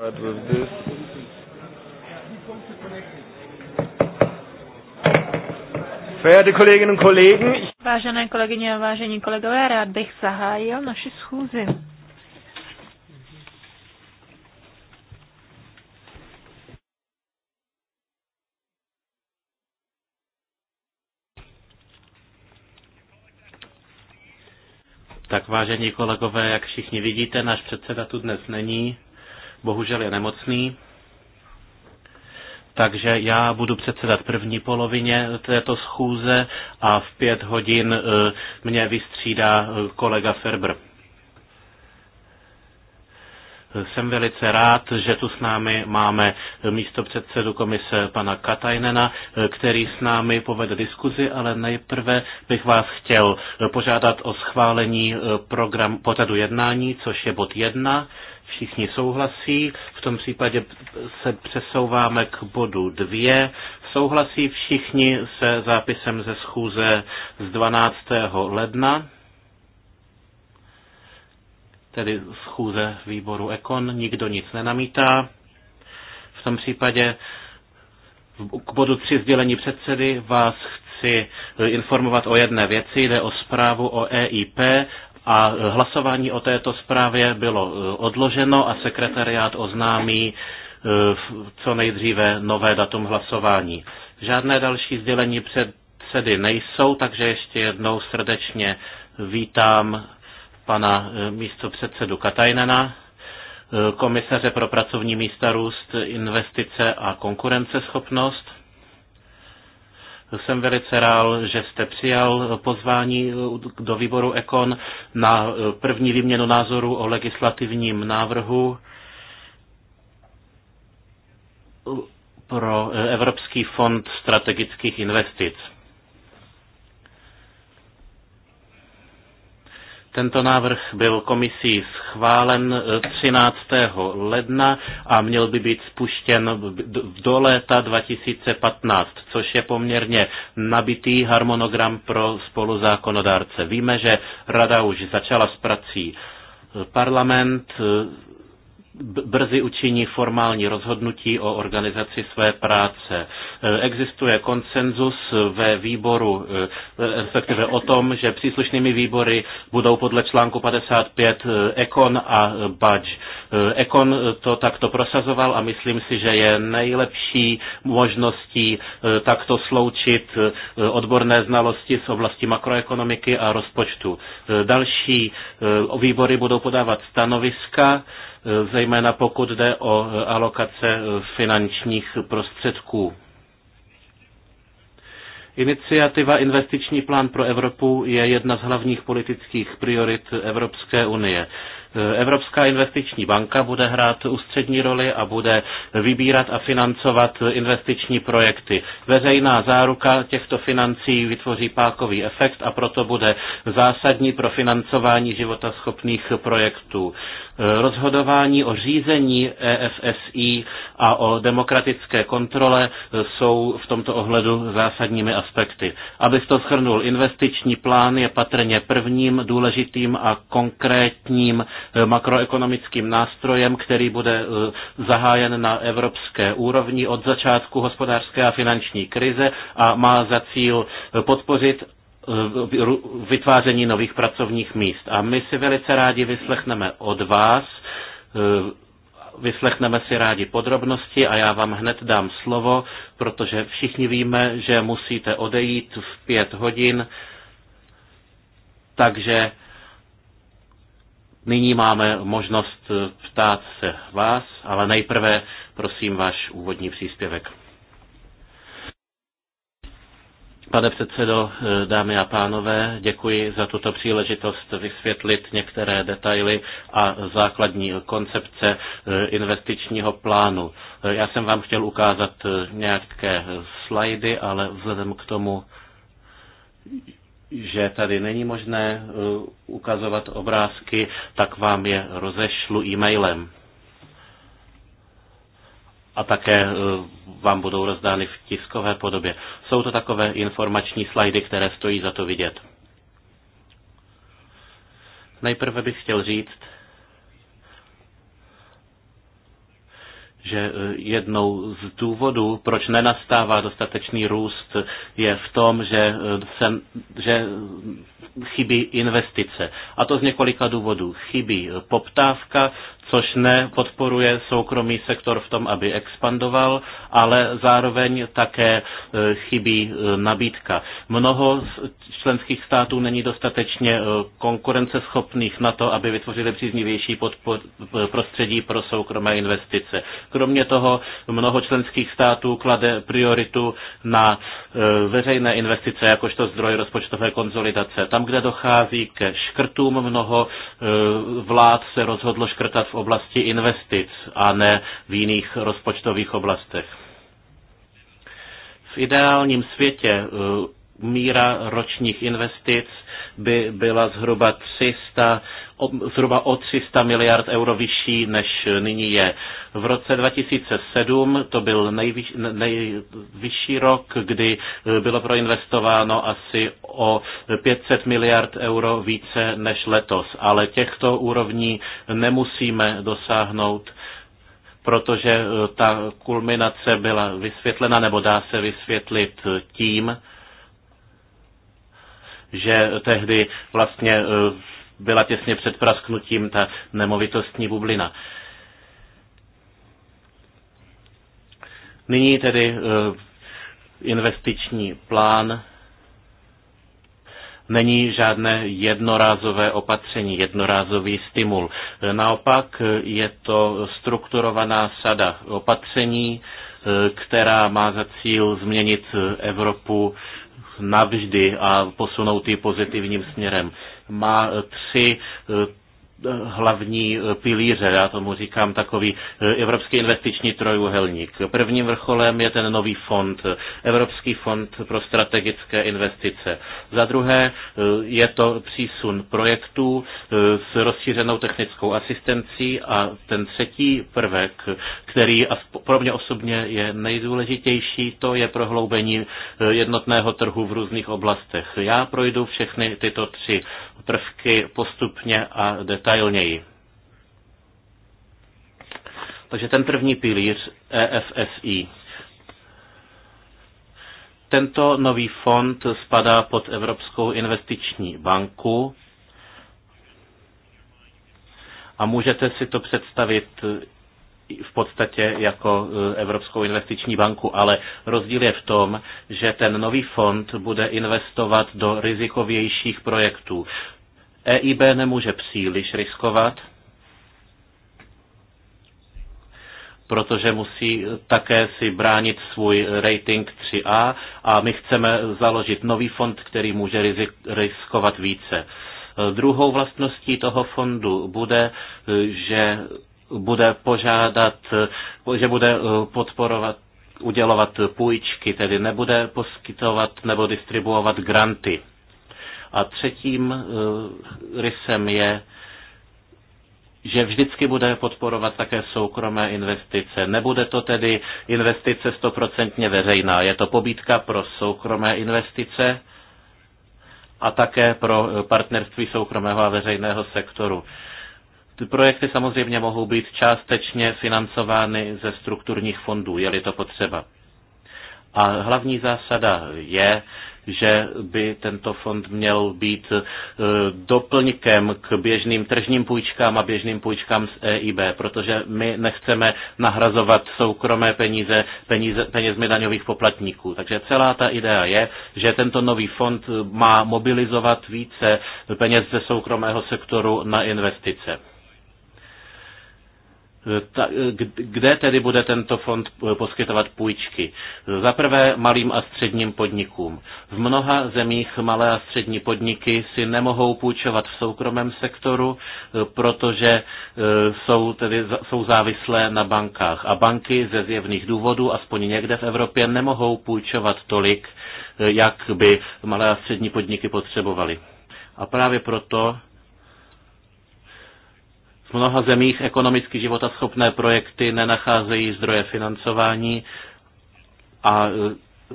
What was this? Verehrte Kolleginnen und Kollegen, Vážené kolegyně a vážení kolegové, rád bych zahájil naši schůzi. Tak vážení kolegové, jak všichni vidíte, náš předseda tu dnes není bohužel je nemocný, takže já budu předsedat první polovině této schůze a v pět hodin eh, mě vystřídá eh, kolega Ferber. Jsem velice rád, že tu s námi máme eh, místo předsedu komise pana Katajnena, který s námi povede diskuzi, ale nejprve bych vás chtěl požádat o schválení program pořadu jednání, což je bod 1 všichni souhlasí. V tom případě se přesouváme k bodu 2. Souhlasí všichni se zápisem ze schůze z 12. ledna, tedy schůze výboru Ekon. Nikdo nic nenamítá. V tom případě k bodu 3 sdělení předsedy vás chci chci informovat o jedné věci, jde o zprávu o EIP a hlasování o této zprávě bylo e, odloženo a sekretariát oznámí e, co nejdříve nové datum hlasování. Žádné další sdělení předsedy nejsou, takže ještě jednou srdečně vítám pana e, místopředsedu Katajnena, komisaře pro pracovní místa, růst, investice a konkurenceschopnost. Jsem velice rád, že jste přijal pozvání eh, do výboru Ekon na eh, první výměnu názoru o legislativním návrhu eh, pro Evropský fond strategických investic. Tento návrh byl komisí schválen 13. Eh, ledna a měl by být spuštěn do léta 2015, což je poměrně nabitý harmonogram pro spoluzákonodárce. Víme, že Rada už začala s prací. Eh, Parlament eh, brzy učiní formální rozhodnutí o organizaci své práce. E, existuje konsenzus ve výboru, e, respektive o tom, že příslušnými výbory budou podle článku 55 Ekon a Budge. Ekon to takto prosazoval a myslím si, že je nejlepší možností e, takto sloučit odborné znalosti z oblasti makroekonomiky a rozpočtu. Další výbory budou podávat stanoviska, zejména pokud jde o eh, alokace eh, finančních prostředků. Iniciativa Investiční plán pro Evropu je jedna z hlavních politických priorit Evropské unie. Eh, Evropská investiční banka bude hrát ústřední roli a bude vybírat a financovat investiční projekty. Veřejná záruka těchto financí vytvoří pákový efekt a proto bude zásadní pro financování životaschopných projektů. Rozhodování o řízení EFSI a o demokratické kontrole jsou v tomto ohledu zásadními aspekty. Abych to shrnul, investiční plán je patrně prvním důležitým a konkrétním eh, makroekonomickým nástrojem, který bude eh, zahájen na evropské úrovni od začátku hospodářské a finanční krize a má za cíl podpořit Eh, vytváření nových pracovních míst. A my si velice rádi vyslechneme od vás, eh, vyslechneme si rádi podrobnosti a já vám hned dám slovo, protože všichni víme, že musíte odejít v pět hodin, takže nyní máme možnost eh, ptát se vás, ale nejprve prosím váš úvodní příspěvek. Pane předsedo, dámy a pánové, děkuji za tuto příležitost vysvětlit některé detaily a základní koncepce eh, investičního plánu. Eh, já jsem vám chtěl ukázat eh, nějaké slajdy, ale vzhledem k tomu, že tady není možné ukazovat obrázky, tak vám je rozešlu e-mailem a také eh, vám budou rozdány v tiskové podobě. Jsou to takové informační slajdy, které stojí za to vidět. Nejprve bych chtěl říct, že e, jednou z důvodů, proč nenastává dostatečný růst, je v tom, že, e, se, že chybí investice. A to z několika důvodů. Chybí poptávka, což nepodporuje soukromý sektor v tom, aby expandoval, ale zároveň také e, chybí nabídka. Mnoho z členských států není dostatečně konkurenceschopných na to, aby vytvořili příznivější podpor, prostředí pro soukromé investice. Kromě toho mnoho členských států klade prioritu na e, veřejné investice jakožto zdroj rozpočtové konzolidace. Tam, kde dochází ke škrtům, mnoho e, vlád se rozhodlo škrtat v oblasti investic a ne v jiných rozpočtových oblastech. V ideálním světě e, míra ročních investic by byla zhruba 300 zhruba o 300 miliard euro vyšší, než nyní je. V roce 2007 to byl nejvyšší, nejvyšší rok, kdy eh, bylo proinvestováno asi o 500 miliard euro více než letos, ale těchto úrovní nemusíme dosáhnout protože eh, ta kulminace byla vysvětlena nebo dá se vysvětlit tím, že tehdy vlastně eh, byla těsně před prasknutím ta nemovitostní bublina. Nyní tedy eh, investiční plán není žádné jednorázové opatření, jednorázový stimul. Eh, naopak eh, je to strukturovaná sada opatření, která má za cíl změnit Evropu navždy a posunout ji pozitivním směrem. Má tři eh, hlavní eh, pilíře, já tomu říkám takový eh, Evropský investiční trojuhelník. Prvním vrcholem je ten nový fond, eh, Evropský fond pro strategické investice. Za druhé je to přísun projektů s rozšířenou technickou asistencí a ten třetí prvek, který pro mě osobně je nejdůležitější, to je prohloubení jednotného trhu v různých oblastech. Já projdu všechny tyto tři prvky postupně a detailně detailněji. Takže ten první pilíř EFSI. Tento nový fond spadá pod Evropskou investiční banku a můžete si to představit v podstatě jako e, Evropskou investiční banku, ale rozdíl je v tom, že ten nový fond bude investovat do rizikovějších projektů. EIB nemůže příliš riskovat, protože musí také si bránit svůj rating 3A a my chceme založit nový fond, který může rizik, riskovat více. Druhou vlastností toho fondu bude, že bude požádat, že bude podporovat udělovat půjčky, tedy nebude poskytovat nebo distribuovat granty. A třetím eh, rysem je, že vždycky bude podporovat také soukromé investice. Nebude to tedy investice stoprocentně veřejná, je to pobídka pro soukromé investice a také pro eh, partnerství soukromého a veřejného sektoru. Ty projekty samozřejmě mohou být částečně financovány ze strukturních fondů, je-li to potřeba. A hlavní zásada je, že by tento fond měl být e, doplňkem k běžným tržním půjčkám a běžným půjčkám z EIB, protože my nechceme nahrazovat soukromé peníze, peníze penězmi daňových poplatníků. Takže celá ta idea je, že tento nový fond má mobilizovat více peněz ze soukromého sektoru na investice kde tedy bude tento fond eh, poskytovat půjčky? Za prvé malým a středním podnikům. V mnoha zemích malé a střední podniky si nemohou půjčovat v soukromém sektoru, eh, protože eh, jsou, tedy, jsou závislé na bankách. A banky ze zjevných důvodů, aspoň někde v Evropě, nemohou půjčovat tolik, jak by malé a střední podniky potřebovaly. A právě proto v mnoha zemích ekonomicky životaschopné projekty nenacházejí zdroje financování a e,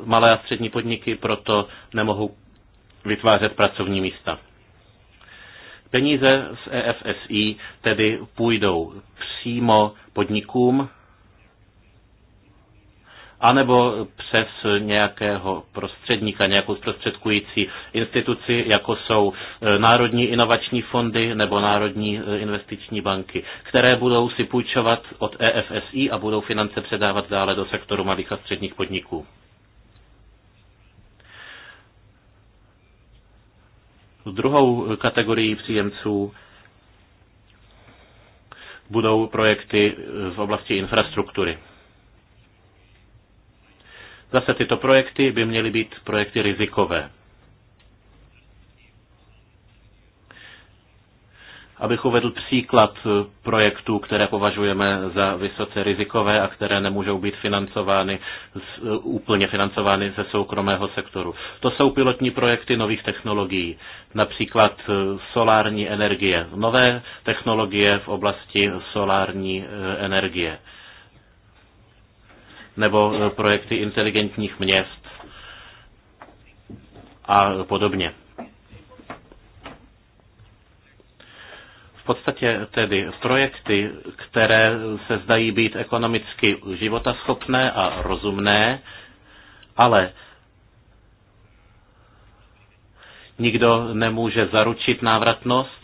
malé a střední podniky proto nemohou vytvářet pracovní místa. Peníze z EFSI tedy půjdou přímo podnikům anebo přes nějakého prostředníka, nějakou zprostředkující instituci, jako jsou e, Národní inovační fondy nebo Národní e, investiční banky, které budou si půjčovat od EFSI a budou finance předávat dále do sektoru malých a středních podniků. Druhou kategorií příjemců budou projekty v oblasti infrastruktury. Zase tyto projekty by měly být projekty rizikové. Abych uvedl příklad projektů, které považujeme za vysoce rizikové a které nemůžou být financovány, úplně financovány ze soukromého sektoru. To jsou pilotní projekty nových technologií, například solární energie, nové technologie v oblasti solární eh, energie nebo e, projekty inteligentních měst a podobně. V podstatě tedy projekty, které se zdají být ekonomicky životaschopné a rozumné, ale nikdo nemůže zaručit návratnost,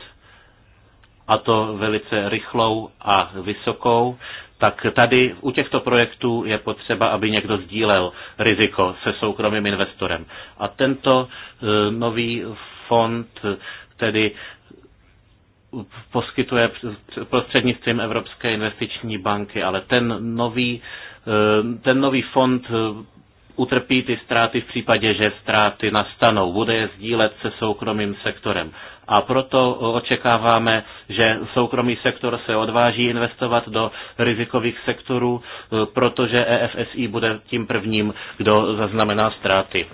a to velice rychlou a vysokou, tak tady u těchto projektů je potřeba, aby někdo sdílel riziko se soukromým investorem. A tento e, nový fond e, tedy poskytuje prostřednictvím Evropské investiční banky, ale ten nový, e, ten nový fond utrpí ty ztráty v případě, že ztráty nastanou. Bude je sdílet se soukromým sektorem. A proto očekáváme, že soukromý sektor se odváží investovat do rizikových sektorů, e, protože EFSI bude tím prvním, kdo zaznamená ztráty.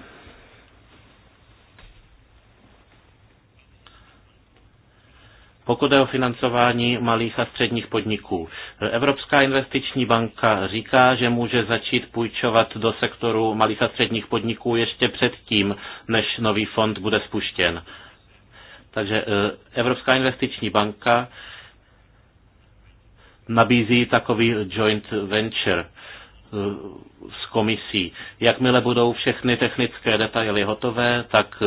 Pokud je o financování malých a středních podniků, Evropská investiční banka říká, že může začít půjčovat do sektoru malých a středních podniků ještě předtím, než nový fond bude spuštěn. Takže eh, Evropská investiční banka nabízí takový joint venture s komisí. Jakmile budou všechny technické detaily hotové, tak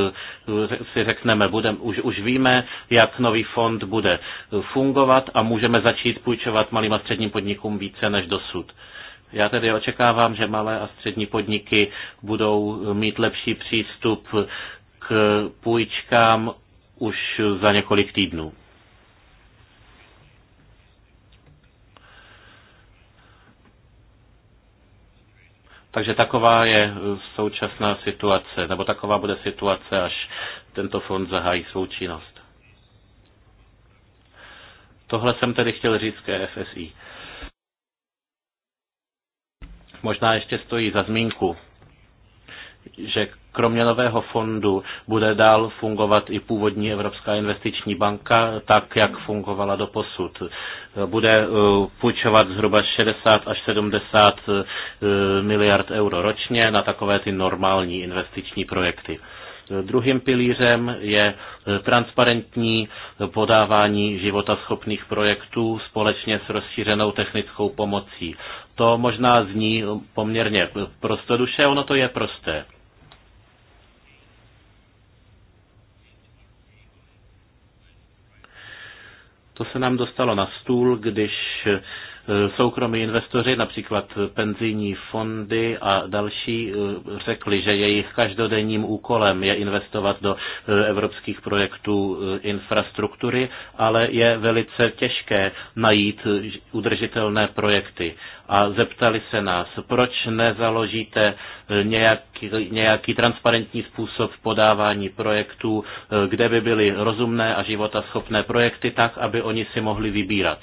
si řekneme, budem, už, už víme, jak nový fond bude eh, fungovat a můžeme začít půjčovat malým a středním podnikům více než dosud. Já tedy očekávám, že malé a střední podniky budou mít lepší přístup k půjčkám už za několik týdnů. Takže taková je eh, současná situace, nebo taková bude situace, až tento fond zahájí svou činnost. Tohle jsem tedy chtěl říct ke FSI. Možná ještě stojí za zmínku, že Kromě nového fondu bude dál fungovat i původní Evropská investiční banka, tak jak fungovala do posud. Bude eh, půjčovat zhruba 60 až 70 eh, miliard euro ročně na takové ty normální investiční projekty. Druhým pilířem je eh, transparentní podávání životaschopných projektů společně s rozšířenou technickou pomocí. To možná zní poměrně prostoduše, ono to je prosté. To se nám dostalo na stůl, když Eh, soukromí investoři, například penzijní fondy a další, eh, řekli, že jejich každodenním úkolem je investovat do eh, evropských projektů infrastruktury, ale je velice těžké najít udržitelné projekty. A zeptali se nás, proč nezaložíte nějaký, nějaký transparentní způsob podávání projektů, kde by byly rozumné a životaschopné projekty tak, aby oni si mohli vybírat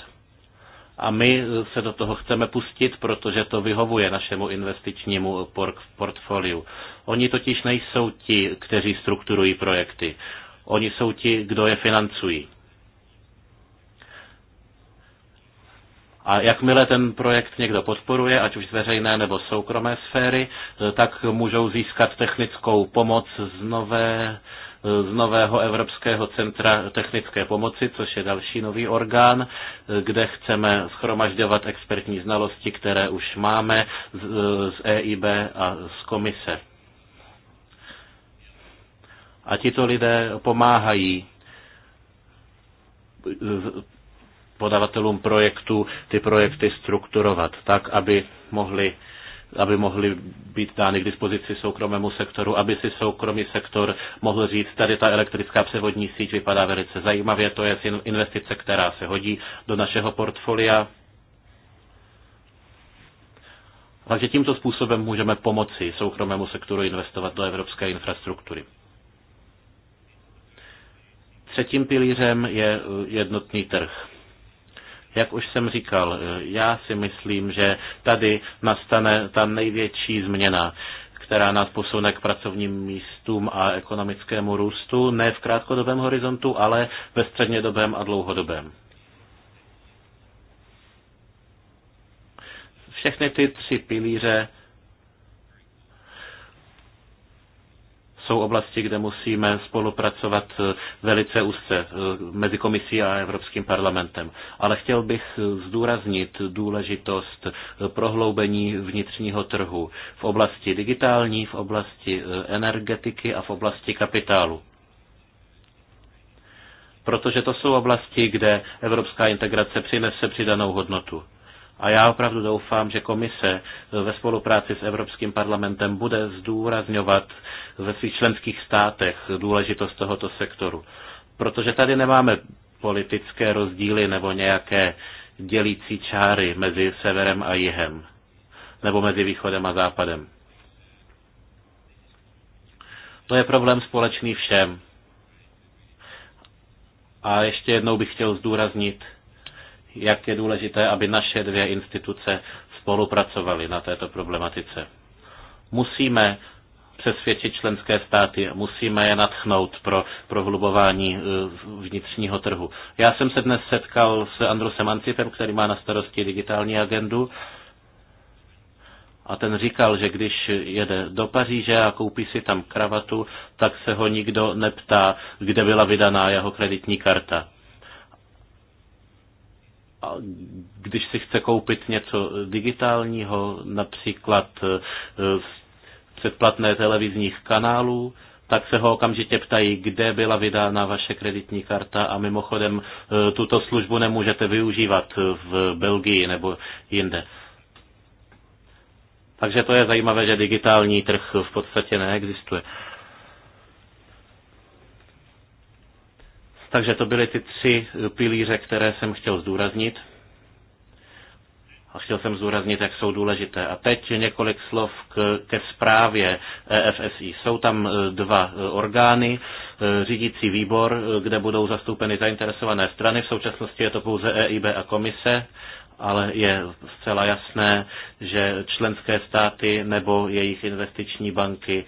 a my se do toho chceme pustit, protože to vyhovuje našemu investičnímu portfoliu. Oni totiž nejsou ti, kteří strukturují projekty. Oni jsou ti, kdo je financují. A jakmile ten projekt někdo podporuje, ať už z veřejné nebo soukromé sféry, tak můžou získat technickou pomoc z nové z nového Evropského centra technické pomoci, což je další nový orgán, kde chceme schromažďovat expertní znalosti, které už máme z EIB a z komise. A tito lidé pomáhají podavatelům projektu ty projekty strukturovat tak, aby mohli aby mohly být dány k dispozici soukromému sektoru, aby si soukromý sektor mohl říct, tady ta elektrická převodní síť vypadá velice zajímavě, to je investice, která se hodí do našeho portfolia. Takže tímto způsobem můžeme pomoci soukromému sektoru investovat do evropské infrastruktury. Třetím pilířem je jednotný trh. Jak už jsem říkal, eh, já si myslím, že tady nastane ta největší změna která nás posune k pracovním místům a ekonomickému růstu, ne v krátkodobém horizontu, ale ve střednědobém a dlouhodobém. Všechny ty tři pilíře jsou oblasti, kde musíme spolupracovat eh, velice úzce eh, mezi komisí a Evropským parlamentem. Ale chtěl bych eh, zdůraznit důležitost prohloubení vnitřního trhu v oblasti digitální, v oblasti energetiky a v oblasti kapitálu protože to jsou oblasti, kde evropská integrace přinese přidanou hodnotu. A já opravdu doufám, že komise ve spolupráci s Evropským parlamentem bude zdůrazňovat ve svých členských státech důležitost tohoto sektoru. Protože tady nemáme politické rozdíly nebo nějaké dělící čáry mezi severem a jihem, nebo mezi východem a západem. To je problém společný všem. A ještě jednou bych chtěl zdůraznit, jak je důležité, aby naše dvě instituce spolupracovaly na této problematice. Musíme přesvědčit členské státy, musíme je natchnout pro prohlubování e, vnitřního trhu. Já jsem se dnes setkal s Androsem Ancipem, který má na starosti digitální agendu a ten říkal, že když jede do Paříže a koupí si tam kravatu, tak se ho nikdo neptá, kde byla vydaná jeho kreditní karta když si chce koupit něco digitálního, například e, předplatné televizních kanálů, tak se ho okamžitě ptají, kde byla vydána vaše kreditní karta a mimochodem e, tuto službu nemůžete využívat v Belgii nebo jinde. Takže to je zajímavé, že digitální trh v podstatě neexistuje. Uh, Takže to byly ty tři eh, pilíře, které jsem chtěl zdůraznit. A chtěl jsem zdůraznit, jak jsou důležité. A teď několik slov k, ke zprávě EFSI. Jsou tam eh, dva eh, orgány, řídící výbor, kde budou zastoupeny zainteresované strany. V současnosti je to pouze EIB a komise, ale je zcela jasné, že členské státy nebo jejich investiční banky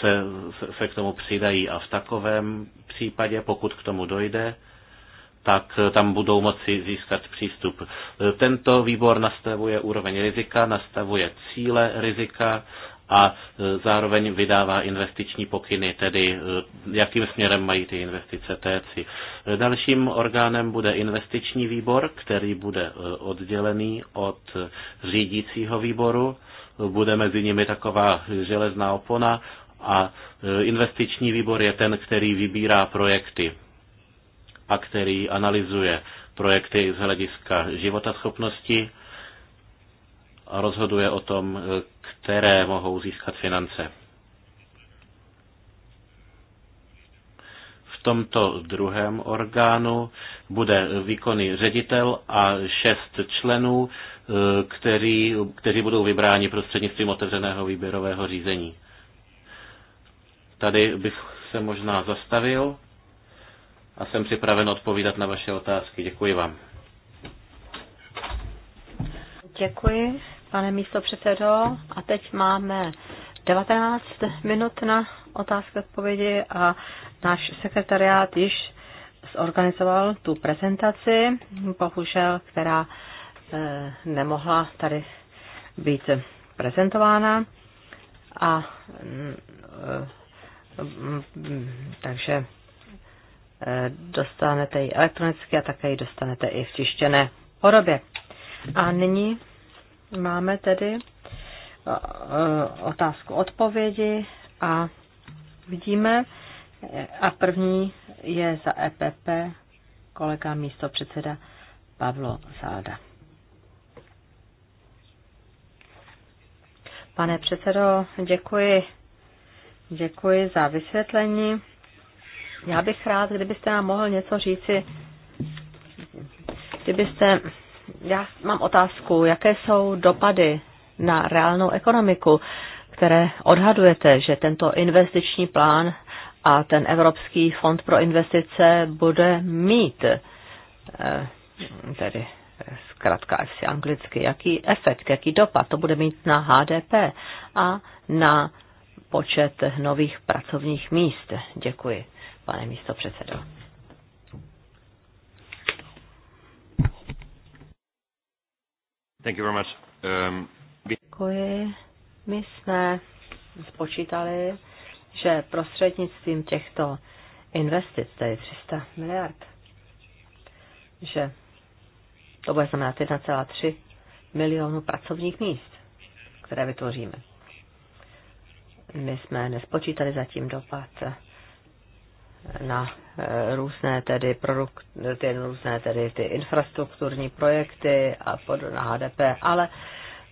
se, se, se k tomu přidají. A v takovém případě, pokud k tomu dojde, tak tam budou moci získat přístup. Tento výbor nastavuje úroveň rizika, nastavuje cíle rizika a zároveň vydává investiční pokyny, tedy jakým směrem mají ty investice téci. Dalším orgánem bude investiční výbor, který bude oddělený od řídícího výboru bude mezi nimi taková železná opona a e, investiční výbor je ten, který vybírá projekty a který analyzuje projekty z hlediska životaschopnosti a rozhoduje o tom, e, které mohou získat finance. V tomto druhém orgánu bude výkonný ředitel a šest členů, Eh, který, kteří budou vybráni prostřednictvím otevřeného výběrového řízení. Tady bych se možná zastavil a jsem připraven odpovídat na vaše otázky. Děkuji vám. Děkuji, pane místo předsedo. A teď máme 19 minut na otázky odpovědi a náš sekretariát již zorganizoval tu prezentaci, bohužel, která E, nemohla tady být prezentována. A mm, e, mm, takže e, dostanete ji elektronicky a také ji dostanete i v tištěné podobě. A nyní máme tedy otázku odpovědi a vidíme. A první je za EPP kolega místo předseda Pavlo Záda. Pane předsedo, děkuji. Děkuji za vysvětlení. Já bych rád, kdybyste nám mohl něco říci, kdybyste, já mám otázku, jaké jsou dopady na reálnou ekonomiku, které odhadujete, že tento investiční plán a ten Evropský fond pro investice bude mít, eh, tedy zkrátka asi anglicky, jaký efekt, jaký dopad to bude mít na HDP a na počet nových pracovních míst. Děkuji, pane místo předsedo. Thank um, Děkuji. My jsme spočítali, že prostřednictvím těchto investic, je 300 miliard, že to bude znamenat 1,3 milionu pracovních míst, které vytvoříme. My jsme nespočítali zatím dopad eh, na eh, různé tedy produkty, různé tedy ty infrastrukturní projekty a pod, na HDP, ale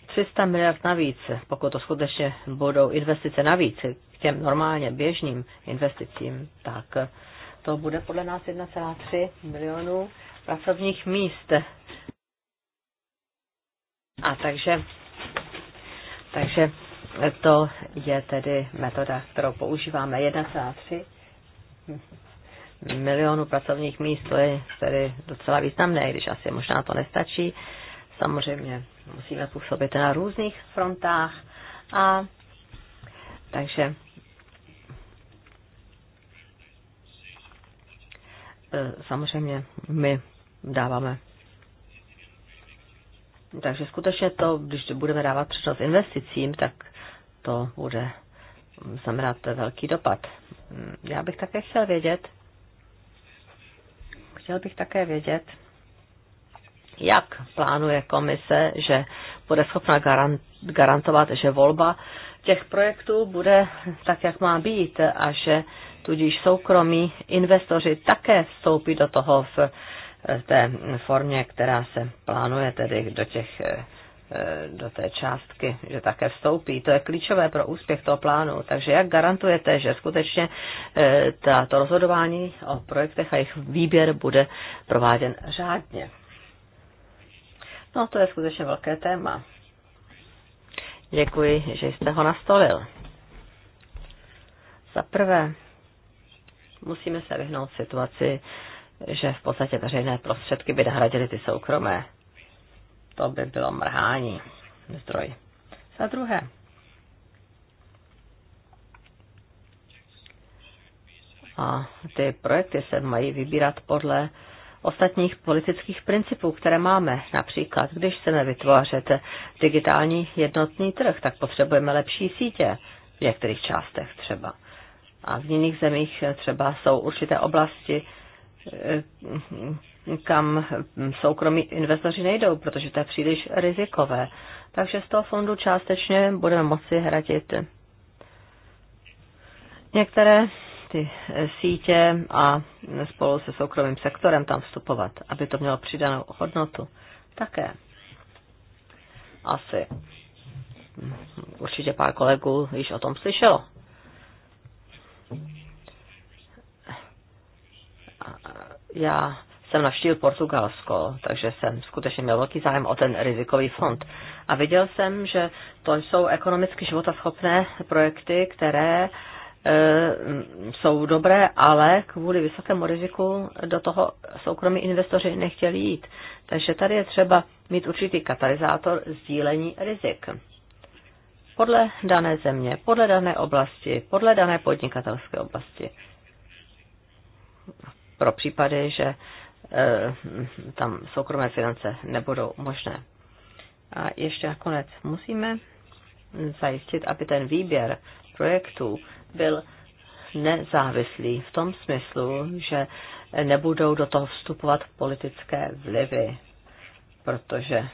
300 miliard navíc, pokud to skutečně budou investice navíc k těm normálně běžným investicím, tak to bude podle nás 1,3 milionů pracovních míst a takže, takže to je tedy metoda, kterou používáme. 1,3 milionů pracovních míst, to je tedy docela významné, když asi možná to nestačí. Samozřejmě musíme působit na různých frontách a takže e, samozřejmě my dáváme takže skutečně to, když budeme dávat přednost investicím, tak to bude znamenat velký dopad. Já bych také chtěl vědět, chtěl bych také vědět, jak plánuje komise, že bude schopna garantovat, že volba těch projektů bude tak, jak má být a že tudíž soukromí investoři také vstoupí do toho v té formě, která se plánuje tedy do těch eh, do té částky, že také vstoupí. To je klíčové pro úspěch toho plánu. Takže jak garantujete, že skutečně eh, to rozhodování o projektech a jejich výběr bude prováděn řádně? No, to je skutečně velké téma. Děkuji, že jste ho nastolil. Za prvé, musíme se vyhnout situaci, že v podstatě veřejné prostředky by nahradily ty soukromé. To by bylo mrhání zdroj. Za druhé, a ty projekty se mají vybírat podle ostatních politických principů, které máme. Například, když chceme vytvářet digitální jednotný trh, tak potřebujeme lepší sítě v některých částech třeba. A v jiných zemích třeba jsou určité oblasti, Eh, kam soukromí investoři nejdou, protože to je příliš rizikové. Takže z toho fondu částečně budeme moci hradit některé ty sítě a spolu se soukromým sektorem tam vstupovat, aby to mělo přidanou hodnotu. Také asi určitě pár kolegů již o tom slyšelo já jsem navštívil Portugalsko, takže jsem skutečně měl velký zájem o ten rizikový fond. A viděl jsem, že to jsou ekonomicky životaschopné projekty, které e, jsou dobré, ale kvůli vysokému riziku do toho soukromí investoři nechtěli jít. Takže tady je třeba mít určitý katalyzátor sdílení rizik. Podle dané země, podle dané oblasti, podle dané podnikatelské oblasti pro případy, že eh, tam soukromé finance nebudou možné. A ještě nakonec musíme zajistit, aby ten výběr projektů byl nezávislý v tom smyslu, že nebudou do toho vstupovat politické vlivy, protože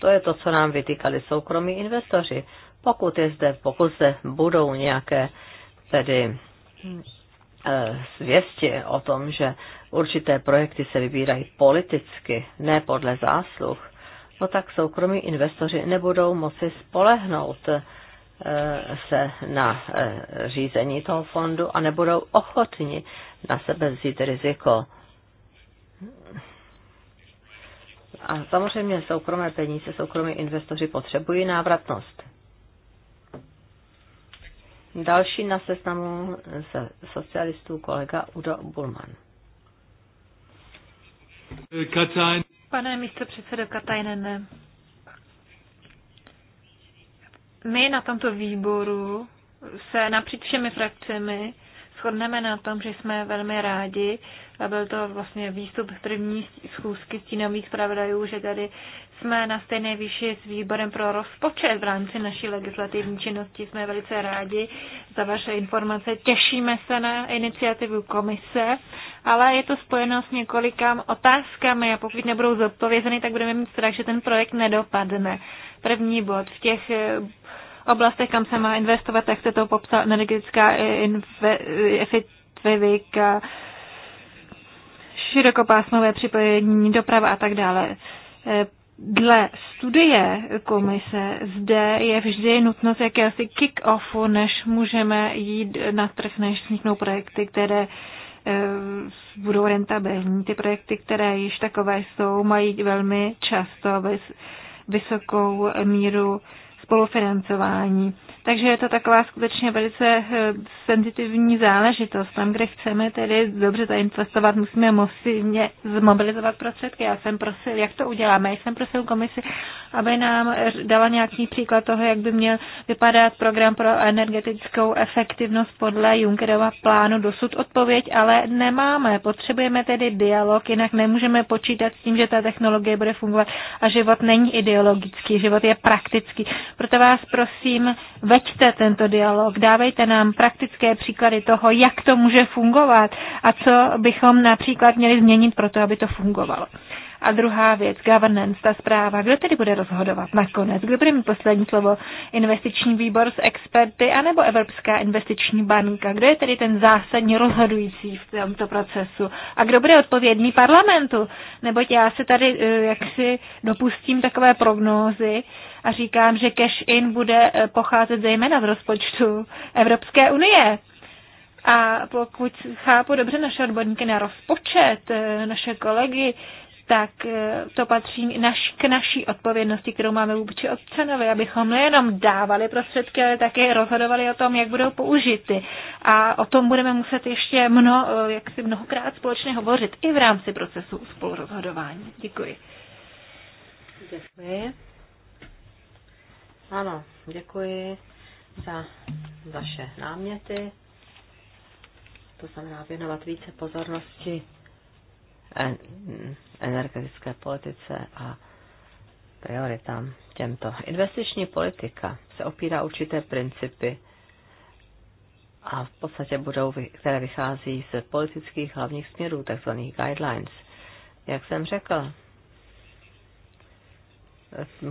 to je to, co nám vytýkali soukromí investoři. Pokud je zde, pokud zde budou nějaké tedy zvěstě eh, o tom, že určité projekty se vybírají politicky, ne podle zásluh, no tak soukromí investoři nebudou moci spolehnout eh, se na eh, řízení toho fondu a nebudou ochotni na sebe vzít riziko. A samozřejmě soukromé peníze, soukromí investoři potřebují návratnost. Další na seznamu se socialistů kolega Udo Bulman. Katajn. Pane místo předsedo Katajnen, my na tomto výboru se napříč všemi frakcemi shodneme na tom, že jsme velmi rádi, a byl to vlastně výstup z první schůzky stínových zpravodajů, že tady jsme na stejné výši s výborem pro rozpočet v rámci naší legislativní činnosti. Jsme velice rádi za vaše informace. Těšíme se na iniciativu komise, ale je to spojeno s několika otázkami a pokud nebudou zodpovězeny, tak budeme mít strach, že ten projekt nedopadne. První bod. V těch eh, oblastech, kam se má investovat, jak se to popsal energetická efektivika, širokopásmové připojení, doprava a tak dále. Eh, dle studie komise zde je vždy nutnost jakéhosi kick-offu, než můžeme jít na trh, než vzniknou projekty, které eh, budou rentabilní. Ty projekty, které již takové jsou, mají velmi často vysokou míru spolufinancování. Takže je to taková skutečně velice eh, senzitivní záležitost. Tam, kde chceme tedy dobře zainvestovat, musíme masivně zmobilizovat prostředky. Já jsem prosil, jak to uděláme, já jsem prosil komisi, aby nám eh, dala nějaký příklad toho, jak by měl vypadat program pro energetickou efektivnost podle Junckerova plánu. Dosud odpověď, ale nemáme. Potřebujeme tedy dialog, jinak nemůžeme počítat s tím, že ta technologie bude fungovat a život není ideologický, život je praktický. Proto vás prosím, veďte tento dialog, dávejte nám praktické příklady toho, jak to může fungovat a co bychom například měli změnit pro to, aby to fungovalo. A druhá věc, governance, ta zpráva. Kdo tedy bude rozhodovat nakonec? Kdo bude mít poslední slovo? Investiční výbor s experty anebo Evropská investiční banka? Kdo je tedy ten zásadně rozhodující v tomto procesu? A kdo bude odpovědný parlamentu? Neboť já se tady eh, jaksi dopustím takové prognózy, a říkám, že cash in bude eh, pocházet zejména z rozpočtu Evropské unie. A pokud chápu dobře naše odborníky na rozpočet, eh, naše kolegy, tak eh, to patří naš, k naší odpovědnosti, kterou máme vůči občanovi, abychom nejenom dávali prostředky, ale také rozhodovali o tom, jak budou použity. A o tom budeme muset ještě mno, eh, jak si mnohokrát společně hovořit i v rámci procesu spolurozhodování. Děkuji. Děkuji. Ano, děkuji za vaše náměty. To znamená věnovat více pozornosti energetické politice a prioritám těmto. Investiční politika se opírá určité principy a v podstatě budou, které vychází z politických hlavních směrů, takzvaných guidelines. Jak jsem řekl,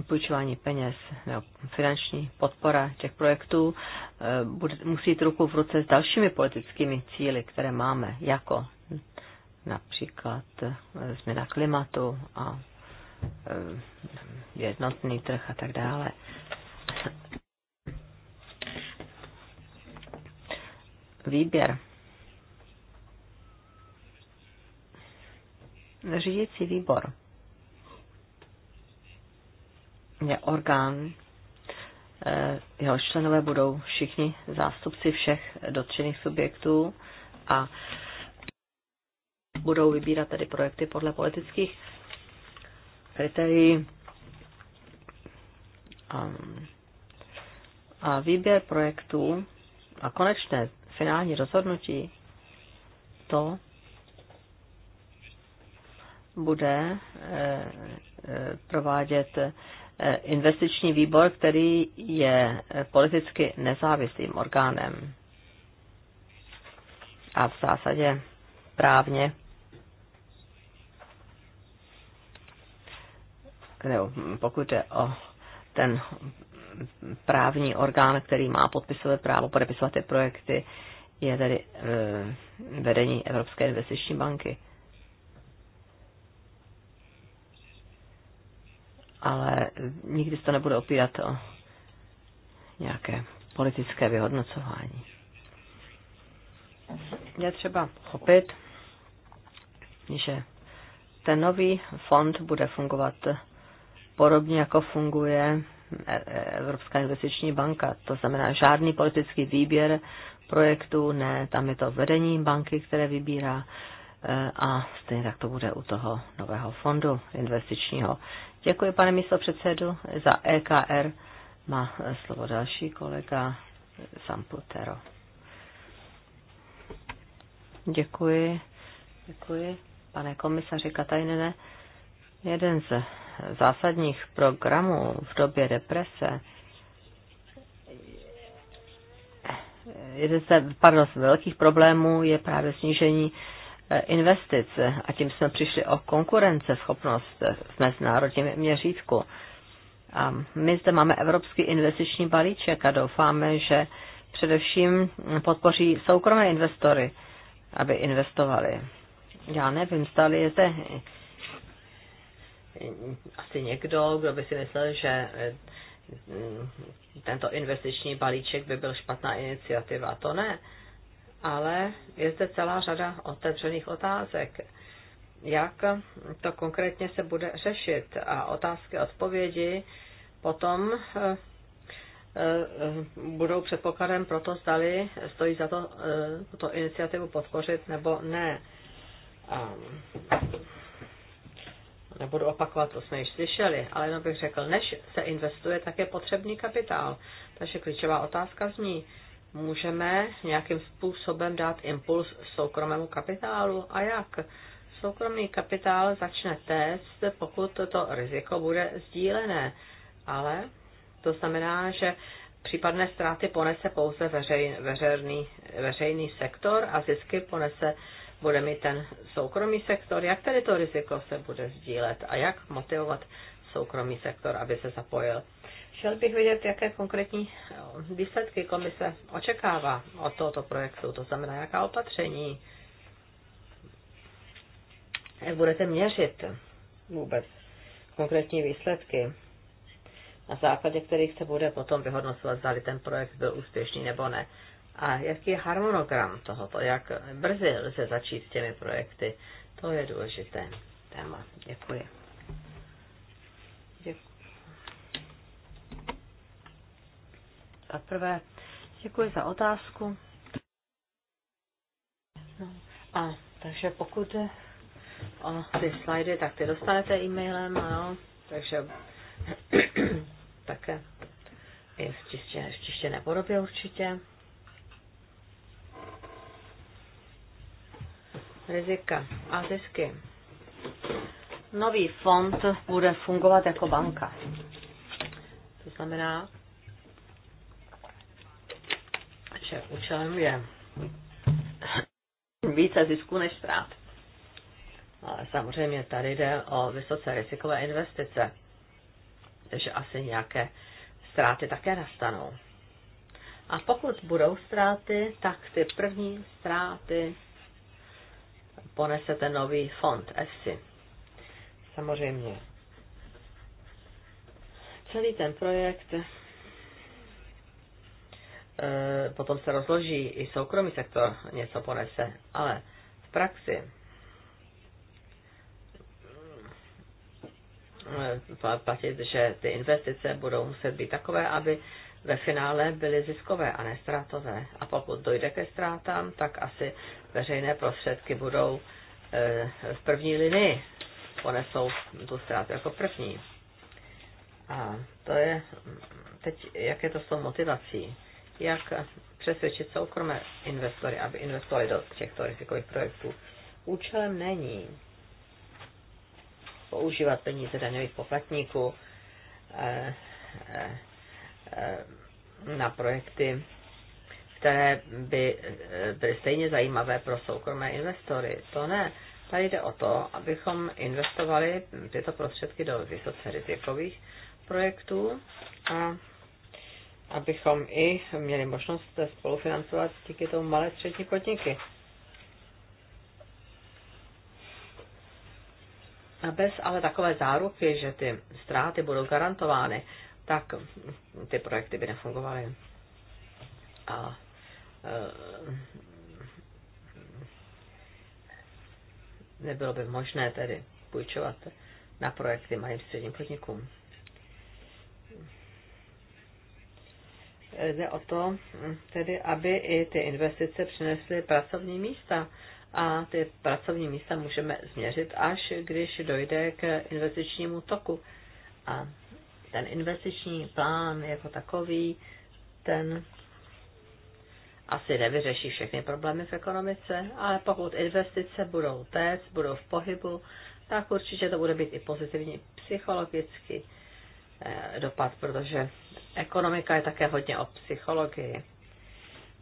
půjčování peněz nebo finanční podpora těch projektů eh, bude, musí jít ruku v ruce s dalšími politickými cíly, které máme, jako například eh, změna klimatu a eh, jednotný trh a tak dále. Výběr. Řídící výbor je orgán, eh, jeho členové budou všichni zástupci všech dotčených subjektů a budou vybírat tedy projekty podle politických kritérií. A, a výběr projektů a konečné finální rozhodnutí, to bude e, e, provádět e, investiční výbor, který je politicky nezávislým orgánem a v zásadě právně nebo pokud jde o ten právní orgán, který má podpisové právo podepisovat ty projekty, je tedy eh, vedení Evropské investiční banky. Ale nikdy se to nebude opírat o nějaké politické vyhodnocování. Je třeba chopit, že ten nový fond bude fungovat podobně jako funguje e- e- Evropská investiční banka. To znamená žádný politický výběr projektu, ne, tam je to vedení banky, které vybírá e, a stejně tak to bude u toho nového fondu investičního. Děkuji, pane místo předsedu, za EKR. Má slovo další kolega Samputero. Děkuji, děkuji, pane komisaři Katajnene. Jeden z zásadních programů v době represe, jeden z, pardon, velkých problémů je právě snížení eh, investic a tím jsme přišli o konkurenceschopnost v mezinárodním měřítku. A my zde máme Evropský investiční balíček a doufáme, že především podpoří soukromé investory, aby investovali. Já nevím, stále je zde asi někdo, kdo by si myslel, že eh, tento investiční balíček by byl špatná iniciativa. To ne. Ale je zde celá řada otevřených otázek. Jak to konkrétně se bude řešit? A otázky odpovědi potom eh, eh, budou předpokladem pro to, zdali stojí za to, to iniciativu podpořit nebo ne nebudu opakovat, to jsme již slyšeli, ale jenom bych řekl, než se investuje, tak je potřebný kapitál. Takže klíčová otázka zní, můžeme nějakým způsobem dát impuls soukromému kapitálu a jak? Soukromý kapitál začne test, pokud to riziko bude sdílené, ale to znamená, že případné ztráty ponese pouze veřej, veřejný, veřejný sektor a zisky ponese uh, bude mít ten soukromý sektor, jak tedy to riziko se bude sdílet a jak motivovat soukromý sektor, aby se zapojil. Chtěl bych vědět, jaké konkrétní eh, výsledky komise očekává od tohoto projektu, to znamená, jaká opatření, jak budete měřit vůbec konkrétní výsledky, na základě kterých se bude potom vyhodnocovat, zda ten projekt byl úspěšný nebo ne. A jaký je harmonogram tohoto? Jak brzy lze začít s těmi projekty? To je důležité téma. Děkuji. Děkuji. A prvé, děkuji za otázku. No, a takže pokud o ty slajdy, tak ty dostanete e-mailem, ano, takže také i v čištěné podobě určitě. rizika a zisky. Nový fond bude fungovat jako banka. To znamená, že účelem je více zisků než ztrát. Ale samozřejmě tady jde o vysoce rizikové investice, takže asi nějaké ztráty také nastanou. A pokud budou ztráty, tak ty první ztráty ponesete ten nový fond EFSI. Samozřejmě. Celý ten projekt eh, potom se rozloží i soukromý sektor něco ponese, ale v praxi eh, platit, že ty investice budou muset být takové, aby ve finále byly ziskové a ne ztrátové. A pokud dojde ke ztrátám, tak asi veřejné prostředky budou eh, v první linii. Ponesou tu ztrátu jako první. A to je teď, jak je to s tou motivací. Jak přesvědčit soukromé investory, aby investovali do těchto rizikových projektů. Účelem není používat peníze daňových poplatníků, eh, eh, Eh, na projekty, které by eh, byly stejně zajímavé pro soukromé investory. To ne. Tady jde o to, abychom investovali tyto prostředky do vysoce rizikových projektů a abychom i měli možnost spolufinancovat díky tomu malé střední podniky. A bez ale takové záruky, že ty ztráty budou garantovány, tak ty projekty by nefungovaly. A e, nebylo by možné tedy půjčovat na projekty malým středním podnikům. Jde o to, tedy, aby i ty investice přinesly pracovní místa. A ty pracovní místa můžeme změřit, až když dojde k investičnímu toku. A ten investiční plán jako takový, ten asi nevyřeší všechny problémy v ekonomice, ale pokud investice budou téct, budou v pohybu, tak určitě to bude být i pozitivní psychologický eh, dopad, protože ekonomika je také hodně o psychologii.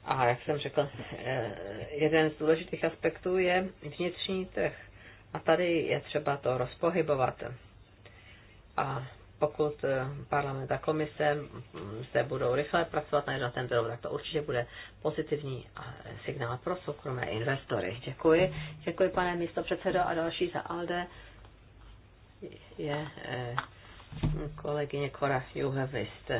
A jak jsem řekl, eh, jeden z důležitých aspektů je vnitřní trh. A tady je třeba to rozpohybovat. A pokud eh, parlament a komise mm, se budou rychle pracovat na jednotném trhu, tak to určitě bude pozitivní eh, signál pro soukromé investory. Děkuji. Děkuji, pane místo předsedo a další za ALDE je eh, kolegyně Kora Juhevist.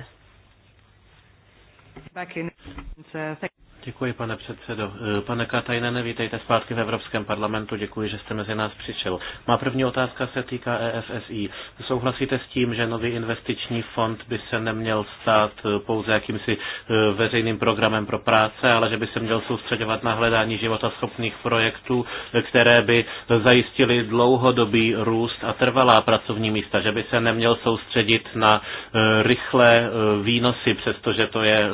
Děkuji, pane předsedo. Eh, pane Katajnene, vítejte zpátky v Evropském parlamentu. Děkuji, že jste mezi nás přišel. Má první otázka se týká EFSI. Souhlasíte s tím, že nový investiční fond by se neměl stát eh, pouze jakýmsi eh, veřejným programem pro práce, ale že by se měl soustředovat na hledání životaschopných projektů, které by zajistily dlouhodobý růst a trvalá pracovní místa, že by se neměl soustředit na rychlé výnosy, přestože to je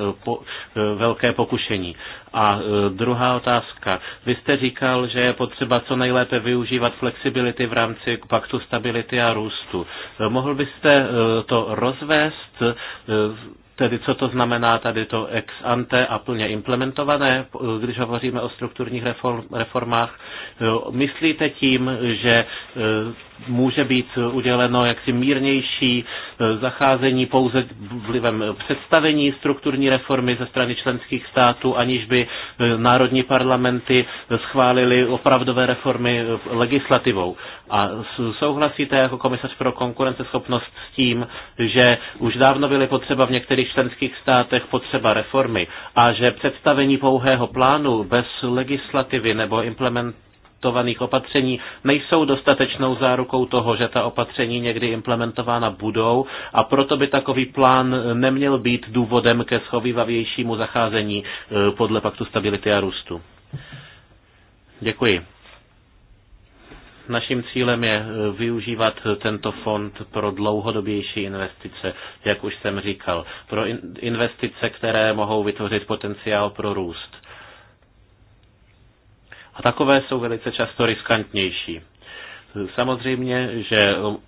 velké pokušení. A e, druhá otázka. Vy jste říkal, že je potřeba co nejlépe využívat flexibility v rámci paktu stability a růstu. E, mohl byste e, to rozvést? Tedy co to znamená tady to ex ante a plně implementované, když hovoříme o strukturních reform, reformách? Myslíte tím, že může být uděleno jaksi mírnější e, zacházení pouze vlivem představení strukturní reformy ze strany členských států, aniž by e, národní parlamenty schválili opravdové reformy e, legislativou. A souhlasíte jako komisař pro konkurenceschopnost s tím, že už dávno byly potřeba v některých členských státech potřeba reformy a že představení pouhého plánu bez legislativy nebo implement implementovaných opatření nejsou dostatečnou zárukou toho, že ta opatření někdy implementována budou a proto by takový plán neměl být důvodem ke schovývavějšímu zacházení eh, podle paktu stability a růstu. Děkuji. Naším cílem je eh, využívat tento fond pro dlouhodobější investice, jak už jsem říkal, pro investice, které mohou vytvořit potenciál pro růst. A takové jsou velice často riskantnější. Samozřejmě, že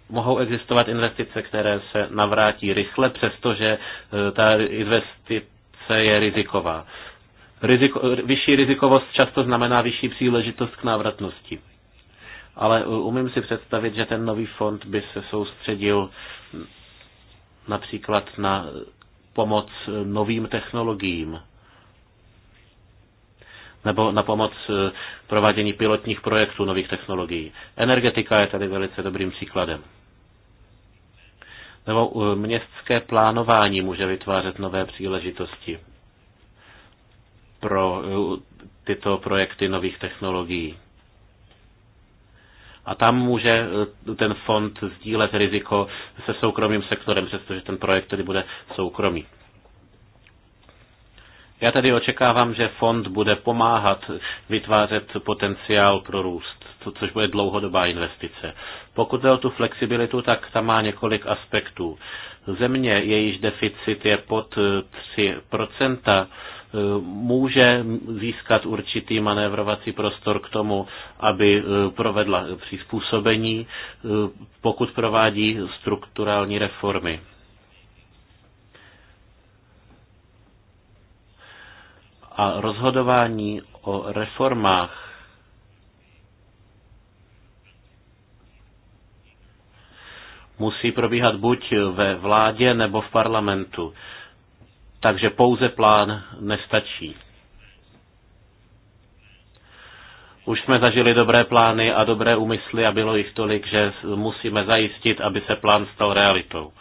mohou existovat investice, které se navrátí rychle, přestože eh, ta investice je riziková. Riziko, vyšší rizikovost často znamená vyšší příležitost k návratnosti. Ale eh, umím si představit, že ten nový fond by se soustředil například na pomoc novým technologiím nebo na pomoc eh, provádění pilotních projektů nových technologií. Energetika je tady velice dobrým příkladem. Nebo eh, městské plánování může vytvářet nové příležitosti pro eh, tyto projekty nových technologií. A tam může ten fond sdílet riziko se soukromým sektorem, přestože ten projekt tedy bude soukromý. Já tady očekávám, že fond bude pomáhat vytvářet potenciál pro růst, což bude dlouhodobá investice. Pokud jde o tu flexibilitu, tak tam má několik aspektů. Země, jejíž deficit je pod 3%, eh, eh, může získat určitý manévrovací prostor k tomu, aby eh, provedla přizpůsobení, pokud provádí strukturální reformy. a rozhodování o reformách musí probíhat buď ve vládě nebo v parlamentu. Takže pouze plán nestačí. Už jsme zažili dobré plány a dobré úmysly a bylo jich tolik, že musíme zajistit, aby se plán stal realitou.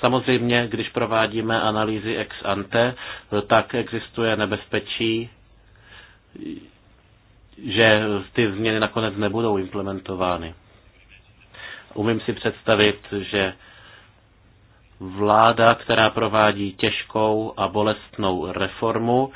Samozřejmě, když provádíme analýzy ex ante, tak existuje nebezpečí, že ty změny nakonec nebudou implementovány. Umím si představit, že vláda, která provádí těžkou a bolestnou reformu,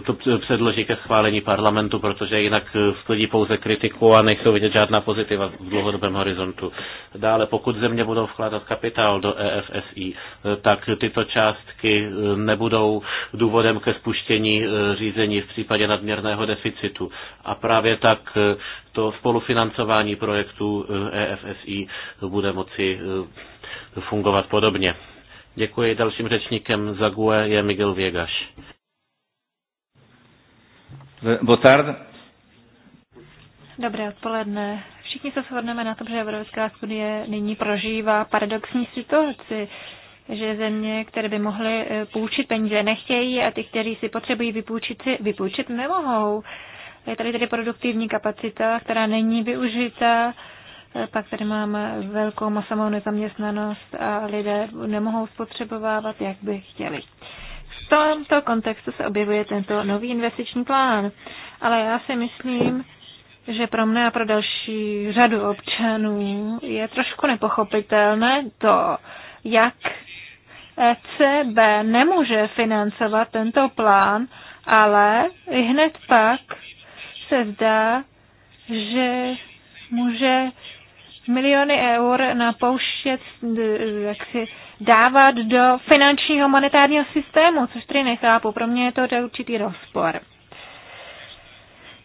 to předloží ke schválení parlamentu, protože jinak eh, sklidí pouze kritiku a nejsou vidět žádná pozitiva v dlouhodobém horizontu. Dále, pokud země budou vkládat kapitál do EFSI, eh, tak tyto částky eh, nebudou důvodem ke spuštění řízení v případě nadměrného deficitu. A právě tak to spolufinancování projektů EFSI e bude moci fungovat podobně. Děkuji dalším řečníkem za GUE je Miguel Věgaš. Dobré odpoledne. Všichni se shodneme na tom, že Evropská studie nyní prožívá paradoxní situaci že země, které by mohly eh, půjčit peníze, nechtějí a ty, kteří si potřebují vypůjčit, si vypůjčit nemohou. Je tady tedy produktivní kapacita, která není využita, eh, pak tady máme velkou masovou nezaměstnanost a lidé nemohou spotřebovávat, jak by chtěli tomto kontextu se objevuje tento nový investiční plán. Ale já si myslím, že pro mne a pro další řadu občanů je trošku nepochopitelné to, jak ECB nemůže financovat tento plán, ale hned pak se zdá, že může miliony eur napouštět eh, jaksi dávat do finančního monetárního systému, což tedy nechápu. Pro mě je to určitý rozpor.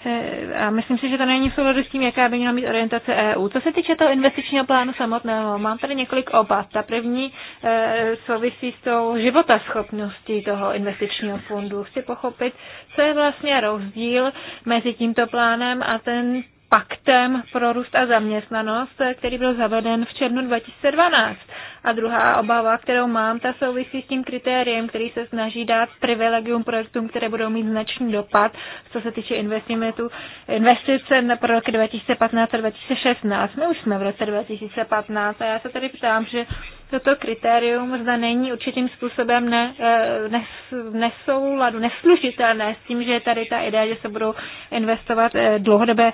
Eh, a myslím si, že to není v souladu s tím, jaká by měla mít orientace EU. Co se týče toho investičního plánu samotného, mám tady několik obav. Ta první eh, souvisí s tou životaschopností toho investičního fondu. Chci pochopit, co je vlastně rozdíl mezi tímto plánem a ten paktem pro růst a zaměstnanost, který byl zaveden v červnu 2012. A druhá obava, kterou mám, ta souvisí s tím kritériem, který se snaží dát privilegium projektům, které budou mít značný dopad, co se týče investimentu, investice pro roky 2015 a 2016. My už jsme v roce 2015 a já se tady ptám, že toto kritérium zda není určitým způsobem ne, eh, ne, nesouladu, neslužitelné s tím, že je tady ta idea, že se budou investovat eh, dlouhodobé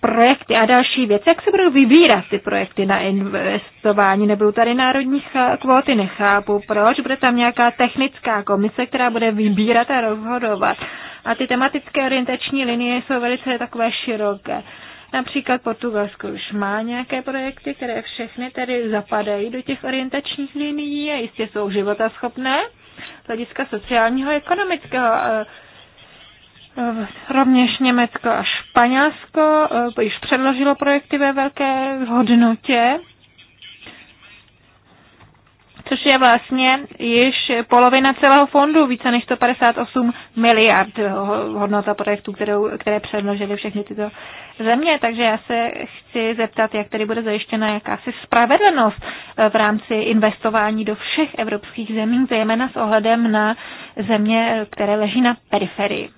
projekty a další věci. Jak se budou vybírat ty projekty na investování? Nebudou tady národní kvóty, nechápu proč. Bude tam nějaká technická komise, která bude vybírat a rozhodovat. A ty tematické orientační linie jsou velice takové široké. Například Portugalsko už má nějaké projekty, které všechny tedy zapadají do těch orientačních linií a jistě jsou životaschopné z hlediska sociálního a ekonomického. Eh, Rovněž Německo a Španělsko eh, již předložilo projekty ve velké hodnotě, což je vlastně již polovina celého fondu, více než 158 miliard hodnota projektů, kterou, které předložily všechny tyto země. Takže já se chci zeptat, jak tady bude zajištěna jakási spravedlnost eh, v rámci investování do všech evropských zemí, zejména s ohledem na země, eh, které leží na periferii.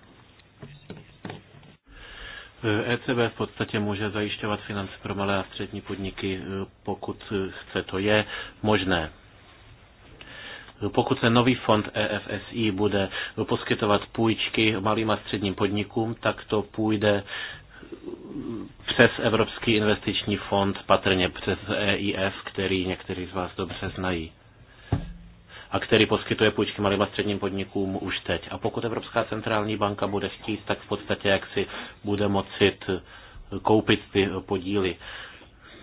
ECB v podstatě může zajišťovat finance pro malé a střední podniky, e, pokud e, chce. To je možné. Pokud se nový fond EFSI bude poskytovat půjčky malým a středním podnikům, tak to půjde e, přes Evropský investiční fond, patrně přes EIF, který někteří z vás dobře znají a který poskytuje půjčky malým a středním podnikům už teď. A pokud Evropská centrální banka bude chtít, tak v podstatě jak si bude mocit koupit ty podíly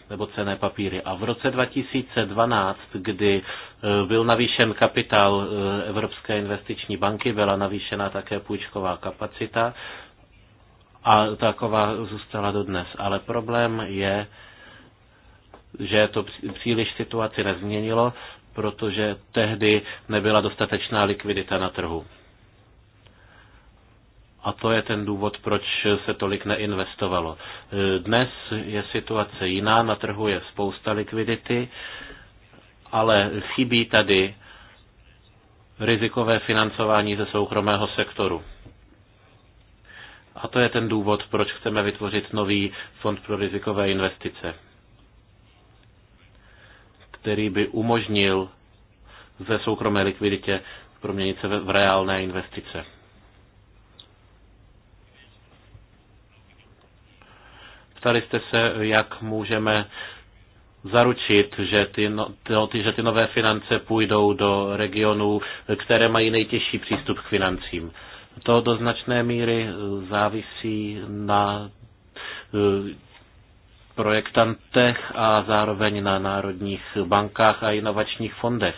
nebo cené papíry. A v roce 2012, kdy e, byl navýšen kapitál e, Evropské investiční banky, byla navýšena také půjčková kapacita a taková zůstala dodnes. Ale problém je, že to příliš situaci nezměnilo protože tehdy nebyla dostatečná likvidita na trhu. A to je ten důvod, proč se tolik neinvestovalo. Dnes je situace jiná, na trhu je spousta likvidity, ale chybí tady rizikové financování ze soukromého sektoru. A to je ten důvod, proč chceme vytvořit nový fond pro rizikové investice který by umožnil ze soukromé likviditě proměnit se v reálné investice. Ptali jste se, jak můžeme zaručit, že ty, no, ty, že ty nové finance půjdou do regionů, které mají nejtěžší přístup k financím. To do značné míry závisí na projektantech a zároveň na národních bankách a inovačních fondech.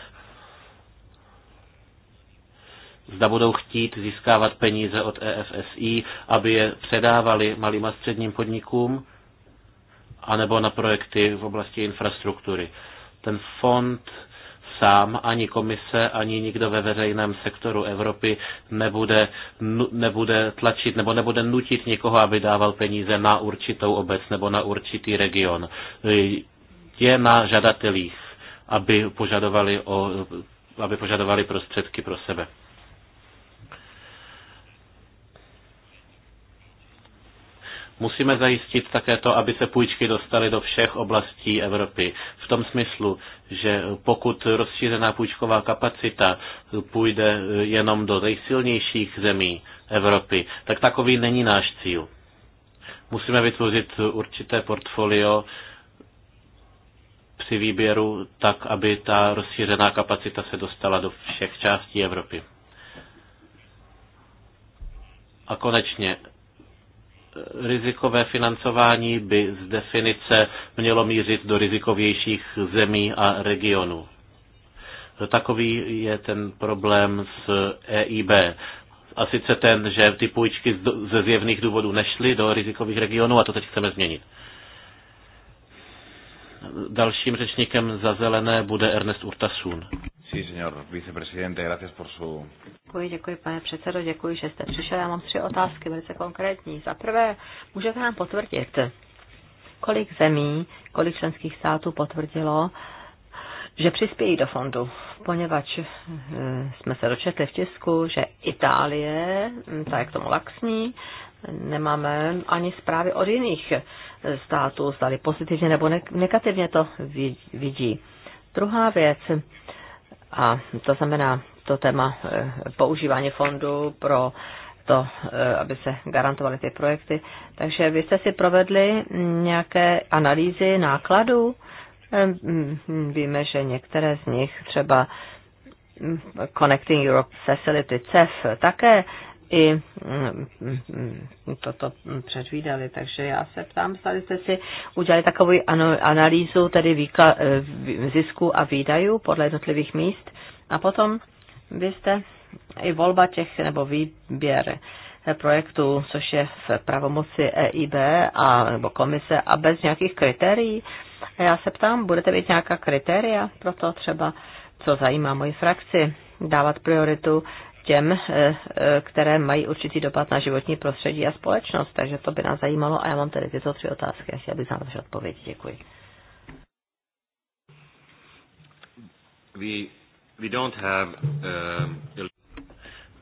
Zda budou chtít získávat peníze od EFSI, aby je předávali malým a středním podnikům, anebo na projekty v oblasti infrastruktury. Ten fond sám, ani komise, ani nikdo ve veřejném sektoru Evropy nebude, nebude tlačit nebo nebude nutit někoho, aby dával peníze na určitou obec nebo na určitý region. Je na žadatelích, aby požadovali, o, aby požadovali prostředky pro sebe. Musíme zajistit také to, aby se půjčky dostaly do všech oblastí Evropy. V tom smyslu, že pokud rozšířená půjčková kapacita půjde jenom do nejsilnějších zemí Evropy, tak takový není náš cíl. Musíme vytvořit určité portfolio, při výběru tak, aby ta rozšířená kapacita se dostala do všech částí Evropy. A konečně rizikové financování by z definice mělo mířit do rizikovějších zemí a regionů. Takový je ten problém s EIB. A sice ten, že ty půjčky ze zjevných důvodů nešly do rizikových regionů a to teď chceme změnit. Dalším řečníkem za zelené bude Ernest Urtasun. Sí, señor vicepresidente, gracias por su... Děkuji, děkuji, pane předsedo, děkuji, že jste přišel. Já mám tři otázky, velice konkrétní. Za prvé, můžete nám potvrdit, kolik zemí, kolik členských států potvrdilo, že přispějí do fondu, poněvadž eh, jsme se dočetli v tisku, že Itálie, hm, ta je k tomu laxní, nemáme ani zprávy od jiných eh, států, zdali pozitivně nebo negativně to vidí. Druhá věc, a to znamená to téma eh, používání fondu pro to, eh, aby se garantovaly ty projekty. Takže vy jste si provedli nějaké analýzy nákladů? Eh, mm, víme, že některé z nich, třeba mm, Connecting Europe Facility CEF, také i mm, toto předvídali. Takže já se ptám, zda jste si udělali takovou analýzu tedy výkla, e, zisku a výdajů podle jednotlivých míst a potom byste i volba těch nebo výběr e, projektů, což je v pravomoci EIB a nebo komise a bez nějakých kritérií. A já se ptám, budete mít nějaká kritéria pro to třeba, co zajímá moji frakci, dávat prioritu těm, eh, eh, které mají určitý dopad na životní prostředí a společnost. Takže to by nás zajímalo a já mám tady tyto tři otázky a chtěl bych znát vaše odpovědi. Děkuji. We, we don't have, um,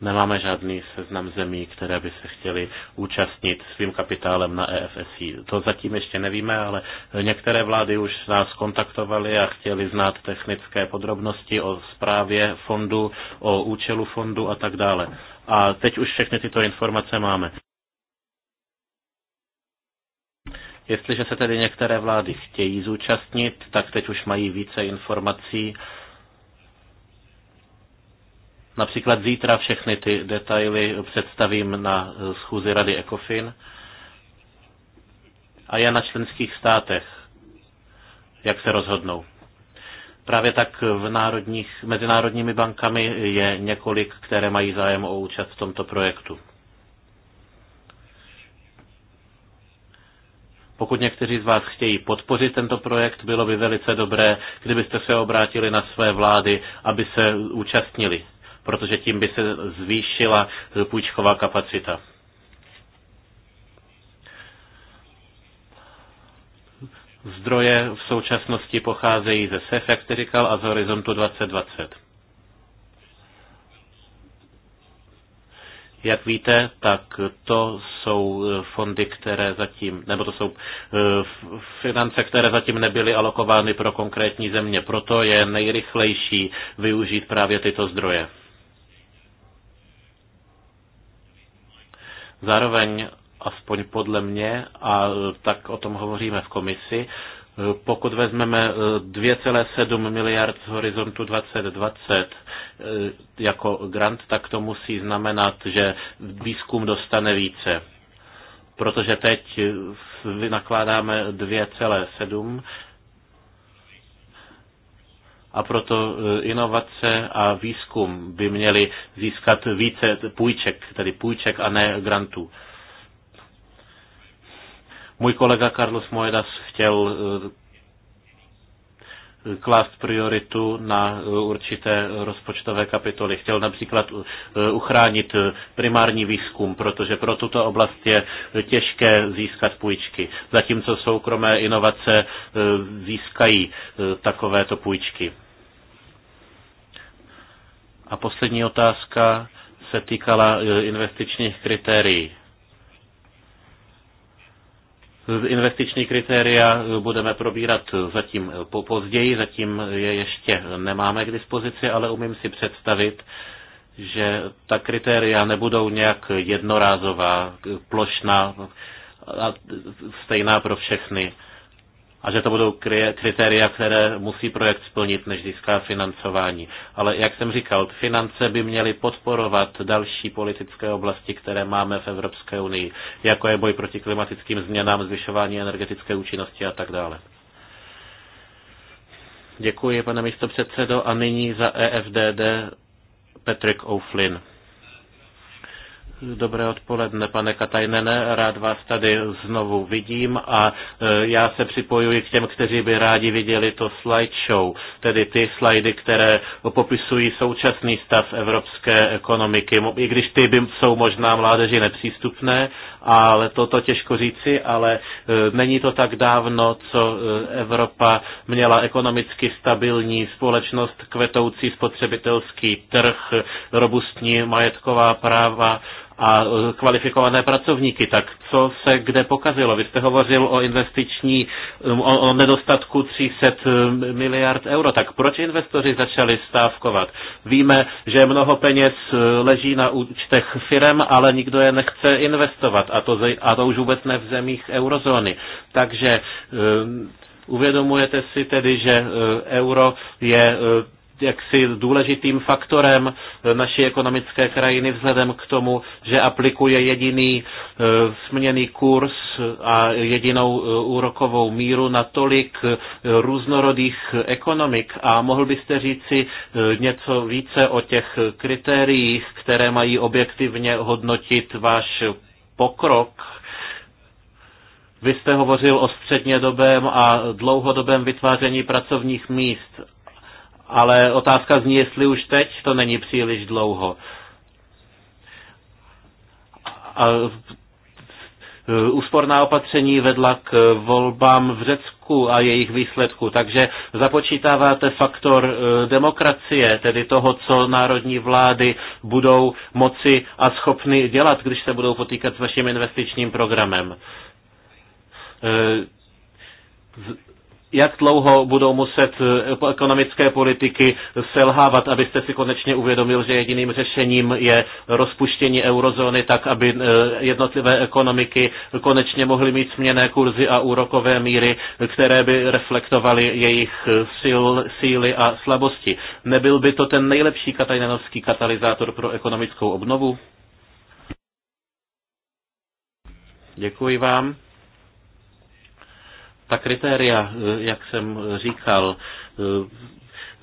Nemáme žádný seznam zemí, které by se chtěly účastnit svým kapitálem na EFSI. To zatím ještě nevíme, ale některé vlády už nás kontaktovaly a chtěli znát technické podrobnosti o zprávě fondu, o účelu fondu a tak dále. A teď už všechny tyto informace máme. Jestliže se tedy některé vlády chtějí zúčastnit, tak teď už mají více informací Například zítra všechny ty detaily představím na eh, schůzi Rady ECOFIN a je na členských státech, jak se rozhodnou. Právě tak v národních, mezinárodními bankami je několik, které mají zájem o účast v tomto projektu. Pokud někteří z vás chtějí podpořit tento projekt, bylo by velice dobré, kdybyste se obrátili na své vlády, aby se účastnili protože tím by se zvýšila půjčková kapacita. Zdroje v současnosti pocházejí ze SEF, jak jste říkal, a z Horizontu 2020. Jak víte, tak to jsou fondy, které zatím, nebo to jsou eh, finance, které zatím nebyly alokovány pro konkrétní země. Proto je nejrychlejší využít právě tyto zdroje. Zároveň, aspoň podle mě, a tak o tom hovoříme v komisi, pokud vezmeme 2,7 eh, miliard z horizontu 2020 eh, jako grant, tak to musí znamenat, že výzkum dostane více. Protože teď eh, vynakládáme 2,7 a proto e, inovace a výzkum by měly získat více půjček, tedy půjček a ne grantů. Můj kolega Carlos Moedas chtěl e, klást prioritu na určité rozpočtové kapitoly. Chtěl například uh, uchránit primární výzkum, protože pro tuto oblast je těžké získat půjčky, zatímco soukromé inovace uh, získají uh, takovéto půjčky. A poslední otázka se týkala investičních kritérií. Investiční kritéria eh, budeme probírat zatím eh, později, zatím je ještě nemáme k dispozici, ale umím si představit, že ta kritéria nebudou nějak jednorázová, eh, plošná a stejná pro všechny a že to budou kritéria, které musí projekt splnit, než získá financování. Ale jak jsem říkal, finance by měly podporovat další politické oblasti, které máme v Evropské unii, jako je boj proti klimatickým změnám, zvyšování energetické účinnosti a tak dále. Děkuji, pane místopředsedo, a nyní za EFDD Patrick O'Flynn. Dobré odpoledne, pane Katajnene, rád vás tady znovu vidím a e, já se připojuji k těm, kteří by rádi viděli to slideshow, tedy ty slajdy, které popisují současný stav evropské ekonomiky, i když ty by jsou možná mládeži nepřístupné, ale toto těžko říci, ale e, není to tak dávno, co e, Evropa měla ekonomicky stabilní společnost, kvetoucí spotřebitelský trh, robustní majetková práva, a kvalifikované pracovníky. Tak co se kde pokazilo? Vy jste hovořil o investiční, o, o nedostatku 300 eh, miliard euro. Tak proč investoři začali stávkovat? Víme, že mnoho peněz eh, leží na účtech firem, ale nikdo je nechce investovat a to, a to už vůbec ne v zemích eurozóny. Takže eh, Uvědomujete si tedy, že euro je jaksi důležitým faktorem naší ekonomické krajiny vzhledem k tomu, že aplikuje jediný e, směný kurz a jedinou e, úrokovou míru na tolik e, různorodých ekonomik. A mohl byste říci něco více o těch kritériích, které mají objektivně hodnotit váš pokrok vy jste hovořil o střednědobém a dlouhodobém vytváření pracovních míst ale otázka zní, jestli už teď to není příliš dlouho. A úsporná opatření vedla k volbám v Řecku a jejich výsledku. Takže započítáváte faktor e, demokracie, tedy toho, co národní vlády budou moci a schopny dělat, když se budou potýkat s vaším investičním programem e, jak dlouho budou muset eh, ekonomické politiky selhávat, abyste si konečně uvědomil, že jediným řešením je rozpuštění eurozóny tak, aby eh, jednotlivé ekonomiky konečně mohly mít směné kurzy a úrokové míry, které by reflektovaly jejich eh, sil, síly a slabosti. Nebyl by to ten nejlepší katajnanovský katalyzátor pro ekonomickou obnovu? Děkuji vám. Ta kritéria, eh, jak jsem říkal,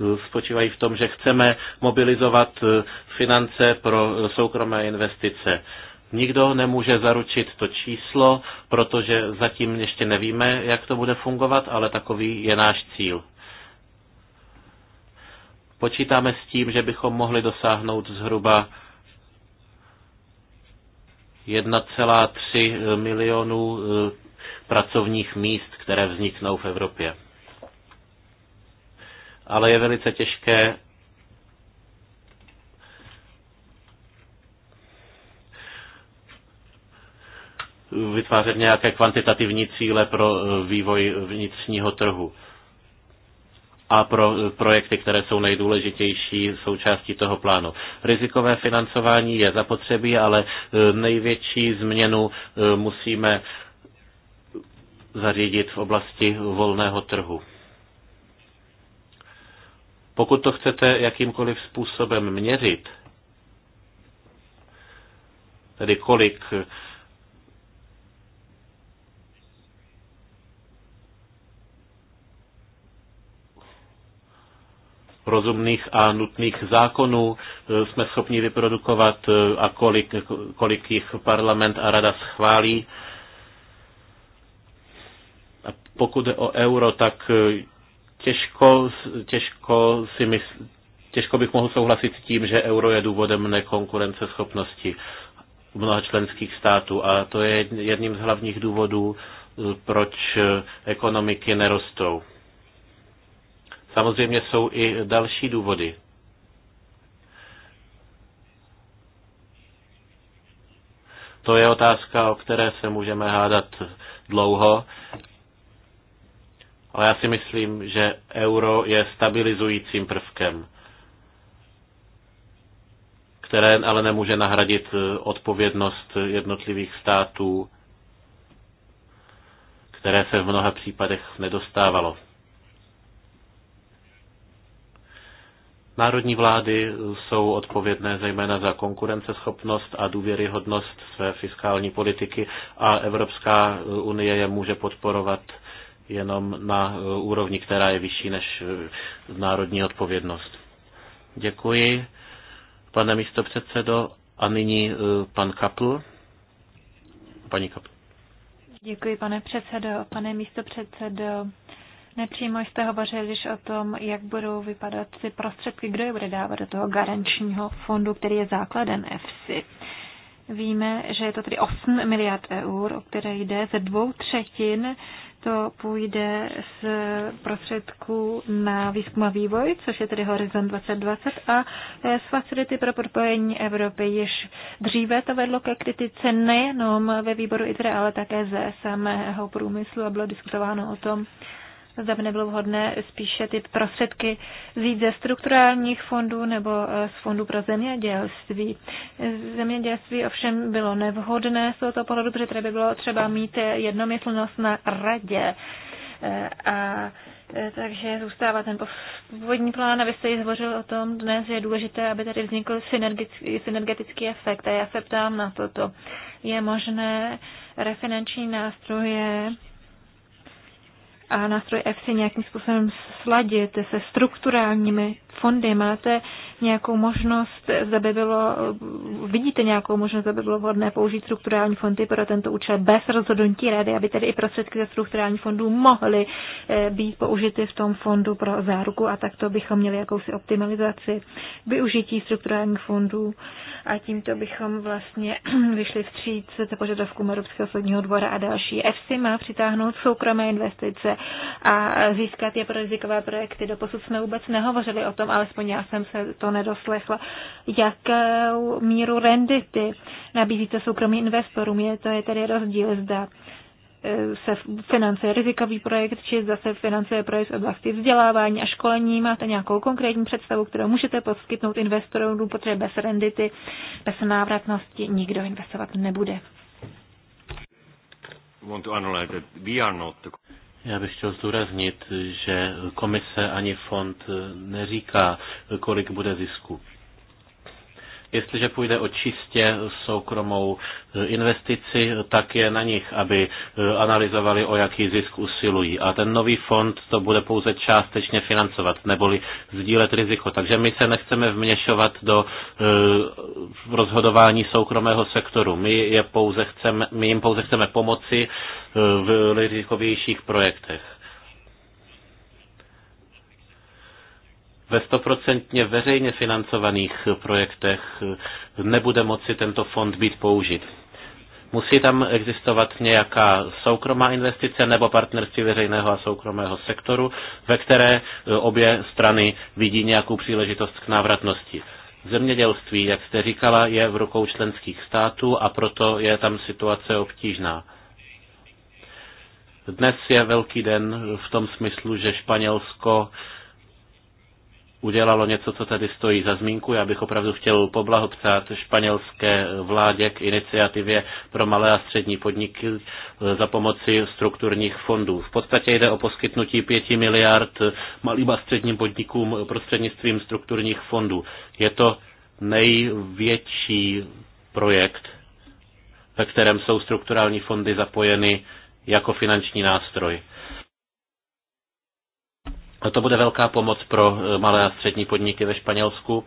eh, spočívají v tom, že chceme mobilizovat eh, finance pro soukromé investice. Nikdo nemůže zaručit to číslo, protože zatím ještě nevíme, jak to bude fungovat, ale takový je náš cíl. Počítáme s tím, že bychom mohli dosáhnout zhruba 1,3 milionů pracovních míst, které vzniknou v Evropě. Ale je velice těžké vytvářet nějaké kvantitativní cíle pro eh, vývoj vnitřního trhu a pro eh, projekty, které jsou nejdůležitější součástí toho plánu. Rizikové financování je zapotřebí, ale eh, největší změnu musíme zařídit v oblasti volného trhu. Pokud to chcete jakýmkoliv způsobem měřit, tedy kolik rozumných a nutných zákonů e, jsme schopni vyprodukovat e, a kolik, e, kolik jich parlament a rada schválí, pokud jde o euro, tak e, těžko, těžko, si mysl, těžko bych mohl souhlasit s tím, že euro je důvodem nekonkurenceschopnosti mnoha členských států. A to je jedním z hlavních důvodů, e, proč e, ekonomiky nerostou. Samozřejmě jsou i další důvody. To je otázka, o které se můžeme hádat dlouho ale já si myslím, že euro je stabilizujícím prvkem, které ale nemůže nahradit eh, odpovědnost jednotlivých států, které se v mnoha případech nedostávalo. Národní vlády jsou odpovědné zejména za konkurenceschopnost a důvěryhodnost své fiskální politiky a Evropská unie je může podporovat jenom na eh, úrovni, která je vyšší než eh, národní odpovědnost. Děkuji, pane místopředsedo. A nyní eh, pan Kapl. Paní Kapl. Děkuji, pane předsedo. Pane místopředsedo, nepřímo jste hovořil již o tom, jak budou vypadat ty prostředky, kdo je bude dávat do toho garančního fondu, který je základem EFSI. Víme, že je to tedy 8 miliard eur, o které jde. Ze dvou třetin to půjde z prostředků na výzkum a vývoj, což je tedy Horizon 2020 a eh, z facility pro propojení Evropy. Již dříve to vedlo ke kritice nejenom ve výboru ITRE, ale také ze samého průmyslu a bylo diskutováno o tom, zda by nebylo vhodné spíše ty prostředky vzít ze strukturálních fondů nebo eh, z fondů pro zemědělství. Zemědělství ovšem bylo nevhodné z tohoto pohledu, protože tady by bylo třeba mít eh, jednomyslnost na radě. Eh, a takže zůstává ten původní plán, abyste ji zvořil o tom dnes, že je důležité, aby tady vznikl synergetický efekt. A já se ptám na toto. Je možné refinanční nástroje a nástroj FC nějakým způsobem sladit se strukturálními fondy? Máte nějakou možnost, zda by bylo, vidíte nějakou možnost, zda by bylo vhodné použít strukturální fondy pro tento účel bez rozhodnutí rady, aby tedy i prostředky ze strukturálních fondů mohly eh, být použity v tom fondu pro záruku a takto bychom měli jakousi optimalizaci využití strukturálních fondů a tímto bychom vlastně vyšli vstříc se požadavkům Evropského soudního dvora a další. EFSI má přitáhnout soukromé investice a získat je pro rizikové projekty. Doposud jsme vůbec nehovořili o tom, alespoň já jsem se to nedoslechla, jakou míru rendity nabízíte soukromým investorům. Je, to je tedy rozdíl zda se financuje rizikový projekt, či zase financuje projekt z oblasti vzdělávání a školení. Máte nějakou konkrétní představu, kterou můžete poskytnout investorům, protože bez rendity, bez návratnosti nikdo investovat nebude. Já bych chtěl zdůraznit, že komise ani fond neříká, kolik bude zisku. Jestliže půjde o čistě soukromou e, investici, tak je na nich, aby e, analyzovali, o jaký zisk usilují. A ten nový fond to bude pouze částečně financovat, neboli sdílet riziko. Takže my se nechceme vměšovat do e, rozhodování soukromého sektoru. My, je pouze chceme, my jim pouze chceme pomoci v rizikovějších projektech. ve stoprocentně veřejně financovaných projektech nebude moci tento fond být použit. Musí tam existovat nějaká soukromá investice nebo partnerství veřejného a soukromého sektoru, ve které e, obě strany vidí nějakou příležitost k návratnosti. Zemědělství, jak jste říkala, je v rukou členských států a proto je tam situace obtížná. Dnes je velký den v tom smyslu, že Španělsko udělalo něco, co tady stojí za zmínku. Já bych opravdu chtěl poblahopřát španělské vládě k iniciativě pro malé a střední podniky za pomoci strukturních fondů. V podstatě jde o poskytnutí 5 miliard malým a středním podnikům prostřednictvím strukturních fondů. Je to největší projekt, ve kterém jsou strukturální fondy zapojeny jako finanční nástroj. To bude velká pomoc pro eh, malé a střední podniky ve Španělsku.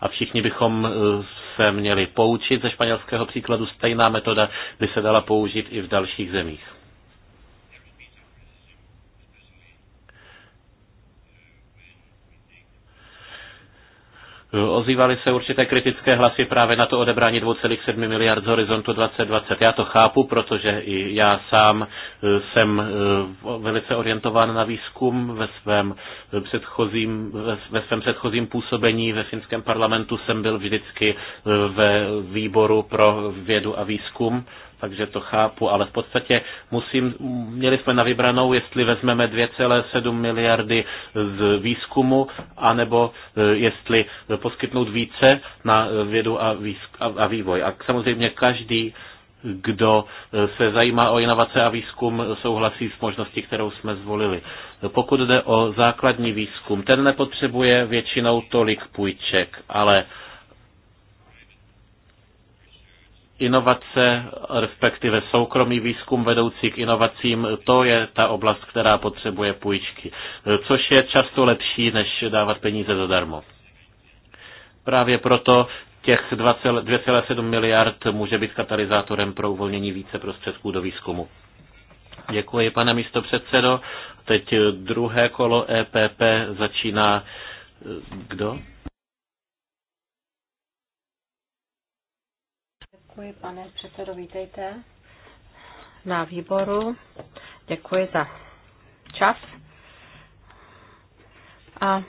A všichni bychom eh, se měli poučit ze španělského příkladu. Stejná metoda by se dala použít i v dalších zemích. Ozývaly se určité kritické hlasy právě na to odebrání 2,7 miliard z horizontu 2020. Já to chápu, protože i já sám e, jsem e, velice orientován na výzkum ve svém e, předchozím, ve svém předchozím působení ve finském parlamentu jsem byl vždycky ve výboru pro vědu a výzkum takže to chápu, ale v podstatě musím, měli jsme na vybranou, jestli vezmeme 2,7 miliardy z výzkumu, anebo e, jestli poskytnout více na vědu a, výzk, a, a vývoj. A samozřejmě každý kdo e, se zajímá o inovace a výzkum, souhlasí s možností, kterou jsme zvolili. Pokud jde o základní výzkum, ten nepotřebuje většinou tolik půjček, ale Inovace, respektive soukromý výzkum vedoucí k inovacím, to je ta oblast, která potřebuje půjčky, což je často lepší, než dávat peníze zadarmo. Právě proto těch 2,7 miliard může být katalyzátorem pro uvolnění více prostředků do výzkumu. Děkuji, pane místopředsedo. Teď druhé kolo EPP začíná kdo? Děkuji, pane předsedo, vítejte na výboru. Děkuji za čas. A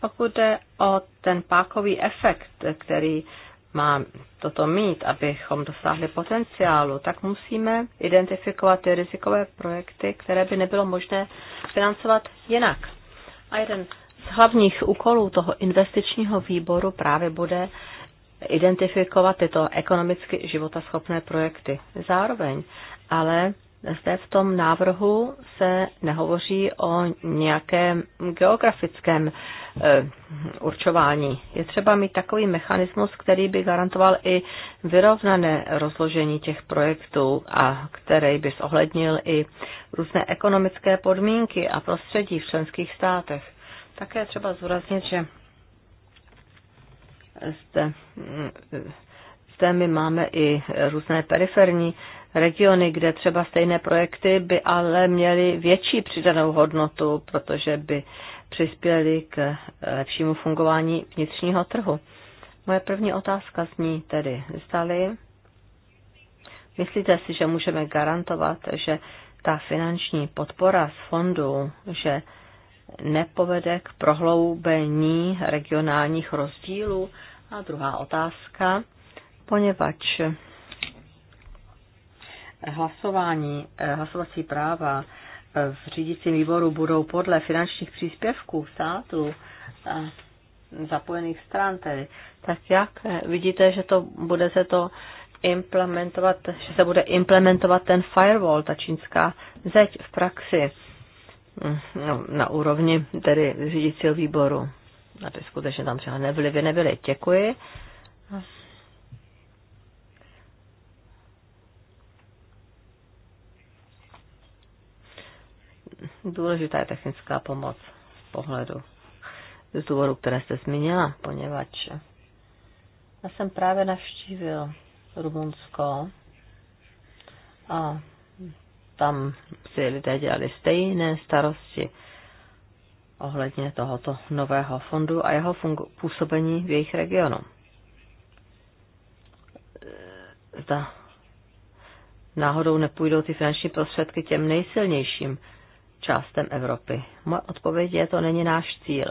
pokud jde o ten pákový efekt, který má toto mít, abychom dosáhli potenciálu, tak musíme identifikovat ty rizikové projekty, které by nebylo možné financovat jinak. A jeden z hlavních úkolů toho investičního výboru právě bude identifikovat tyto ekonomicky životaschopné projekty. Zároveň ale zde v tom návrhu se nehovoří o nějakém geografickém eh, určování. Je třeba mít takový mechanismus, který by garantoval i vyrovnané rozložení těch projektů a který by zohlednil i různé ekonomické podmínky a prostředí v členských státech. Také třeba zúraznit, že zde, zde my máme i různé periferní regiony, kde třeba stejné projekty by ale měly větší přidanou hodnotu, protože by přispěly k lepšímu fungování vnitřního trhu. Moje první otázka zní tedy, zdali myslíte si, že můžeme garantovat, že ta finanční podpora z fondů, že nepovede k prohloubení regionálních rozdílů? A druhá otázka, poněvadž hlasování, eh, hlasovací práva eh, v řídícím výboru budou podle finančních příspěvků státu zapojených stran tedy, tak jak eh, vidíte, že to bude se to implementovat, že se bude implementovat ten firewall, ta čínská zeď v praxi? Mm, no, na úrovni tedy řídícího výboru, aby skutečně tam žádné vlivy nebyly. Děkuji. Důležitá je technická pomoc z pohledu z důvodu, které jste zmínila, poněvadž já jsem právě navštívil Rumunsko a tam si lidé dělali stejné starosti ohledně tohoto nového fondu a jeho působení v jejich regionu. E, zda náhodou nepůjdou ty finanční prostředky těm nejsilnějším částem Evropy. Moje odpověď je, to není náš cíl.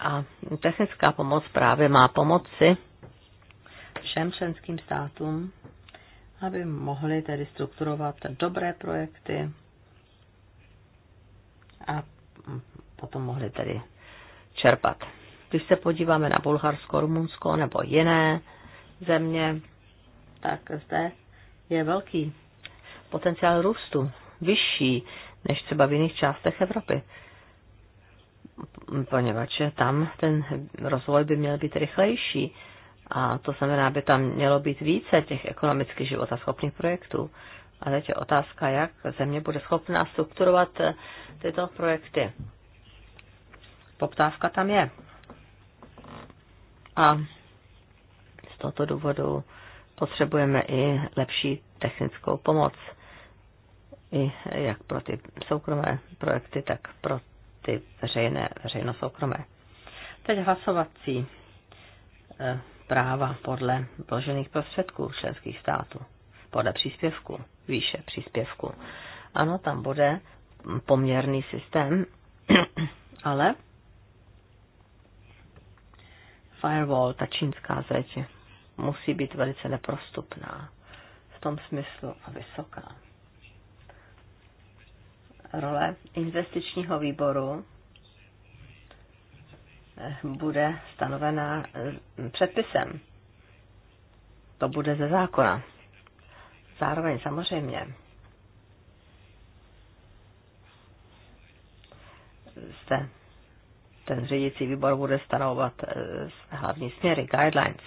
A technická pomoc právě má pomoci všem členským státům aby mohli tedy strukturovat dobré projekty a potom mohli tedy čerpat. Když se podíváme na Bulharsko, Rumunsko nebo jiné země, tak zde je velký potenciál růstu, vyšší než třeba v jiných částech Evropy poněvadž tam ten rozvoj by měl být rychlejší. A to znamená, aby tam mělo být více těch ekonomicky životaschopných projektů. A teď je otázka, jak země bude schopná strukturovat eh, tyto projekty. Poptávka tam je. A z tohoto důvodu potřebujeme i lepší technickou pomoc. I jak pro ty soukromé projekty, tak pro ty veřejné, veřejno-soukromé. Teď hlasovací eh, práva podle vložených prostředků členských států, podle příspěvku, výše příspěvku. Ano, tam bude poměrný systém, ale firewall, ta čínská zeď, musí být velice neprostupná v tom smyslu a vysoká. Role investičního výboru bude stanovena eh, předpisem. To bude ze zákona. Zároveň samozřejmě zde ten řídící výbor bude stanovovat eh, hlavní směry, guidelines.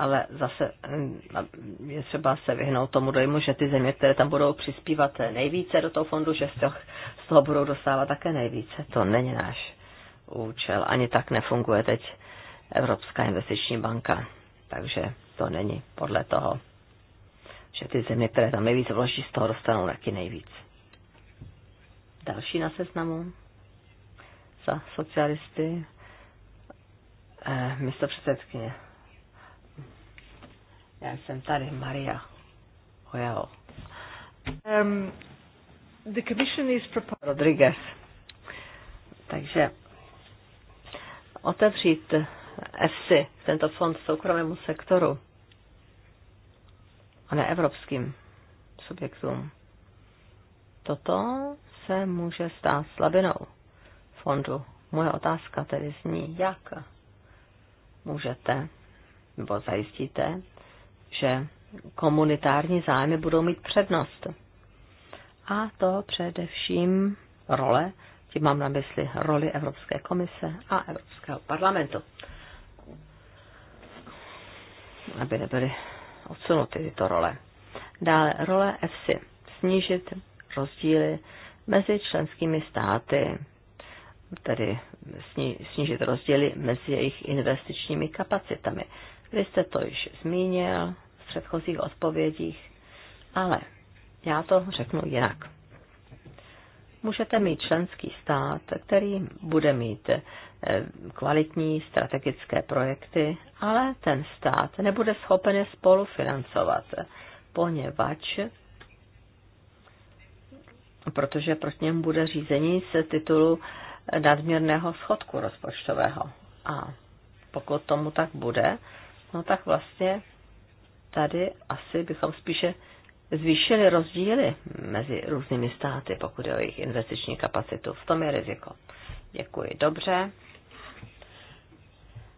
ale zase hm, je třeba se vyhnout tomu dojmu, že ty země, které tam budou přispívat nejvíce do toho fondu, že z toho, z toho budou dostávat také nejvíce. To není náš účel. Ani tak nefunguje teď Evropská investiční banka. Takže to není podle toho, že ty země, které tam nejvíc vloží, z toho dostanou taky nejvíc. Další na seznamu za socialisty, eh, místo předsedkyně já jsem tady, Maria Well. Um, the commission is Rodriguez. Takže otevřít EFSI, tento fond soukromému sektoru a ne evropským subjektům. Toto se může stát slabinou fondu. Moje otázka tedy zní, jak můžete nebo zajistíte, že komunitární zájmy budou mít přednost. A to především role, tím mám na mysli roli Evropské komise a Evropského parlamentu, aby nebyly odsunuty tyto role. Dále role EFSI. Snížit rozdíly mezi členskými státy, tedy snížit rozdíly mezi jejich investičními kapacitami. Vy jste to již zmínil v předchozích odpovědích, ale já to řeknu jinak. Můžete mít členský stát, který bude mít eh, kvalitní strategické projekty, ale ten stát nebude schopen je spolufinancovat, poněvadž protože proti němu bude řízení se titulu nadměrného schodku rozpočtového. A pokud tomu tak bude, no tak vlastně tady asi bychom spíše zvýšili rozdíly mezi různými státy, pokud je o jejich investiční kapacitu. V tom je riziko. Děkuji. Dobře.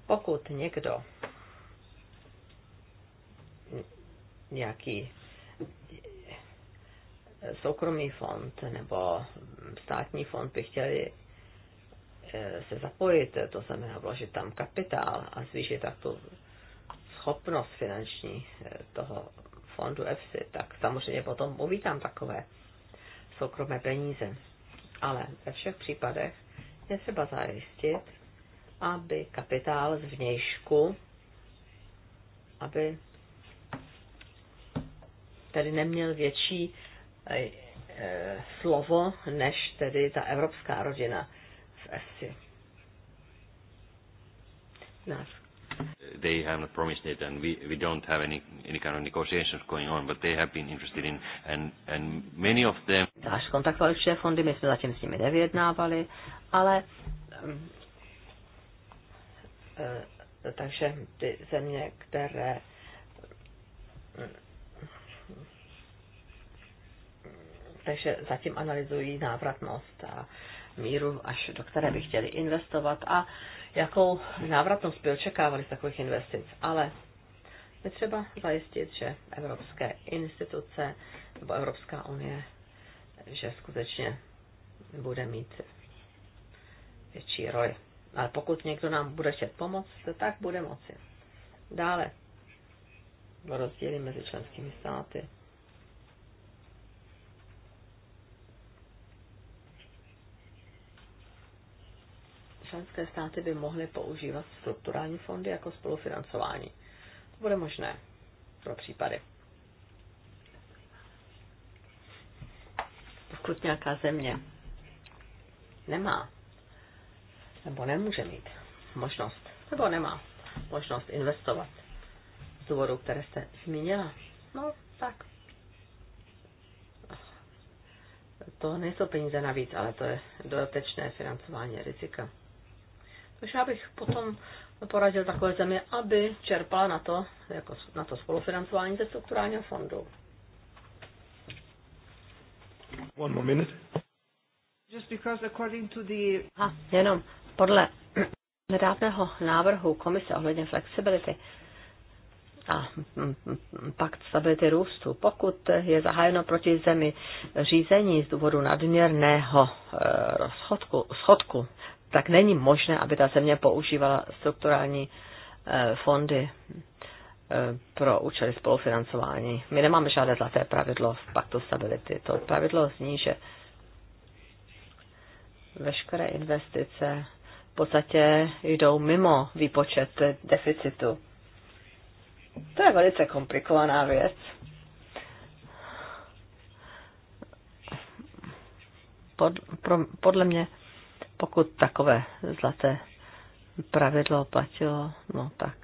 Pokud někdo nějaký soukromý fond nebo státní fond by chtěli eh, se zapojit, to znamená vložit tam kapitál a zvýšit tak tu schopnost finanční eh, toho fondu EFSI, tak samozřejmě potom uvítám takové soukromé peníze. Ale ve všech případech je třeba zajistit, aby kapitál z vnějšku, aby tedy neměl větší eh, eh, slovo, než tedy ta evropská rodina v EFSI. Nás they have not promised it, and we, we don't have any, any kind of negotiations going on, but they have been interested in, and, and many of them... Až kontaktovali vše fondy, my jsme zatím s nimi nevyjednávali, ale Um, uh, takže ty země, které mm, takže zatím analyzují návratnost a míru, až do které by chtěli investovat a jakou návratnost by očekávali z takových investic. Ale je třeba zajistit, že evropské instituce nebo Evropská unie, že skutečně bude mít větší roli. Ale pokud někdo nám bude chtět pomoct, to tak bude moci. Dále rozdíly mezi členskými státy. členské státy by mohly používat strukturální fondy jako spolufinancování. To bude možné pro případy. Pokud nějaká země nemá nebo nemůže mít možnost, nebo nemá možnost investovat z důvodu, které jste zmínila, no tak to nejsou peníze navíc, ale to je dodatečné financování rizika. Takže já bych potom poradil takové země, aby čerpala na to, jako na to spolufinancování ze strukturálního fondu. One more minute. Just because according to the... A, jenom podle nedávného návrhu komise ohledně flexibility a pakt stability růstu, pokud je zahájeno proti zemi řízení z důvodu nadměrného eh, schodku, tak není možné, aby ta země používala strukturální eh, fondy eh, pro účely spolufinancování. My nemáme žádné zlaté pravidlo v paktu stability. To pravidlo zní, že veškeré investice v podstatě jdou mimo výpočet deficitu. To je velice komplikovaná věc. Pod, pro, podle mě pokud takové zlaté pravidlo platilo, no tak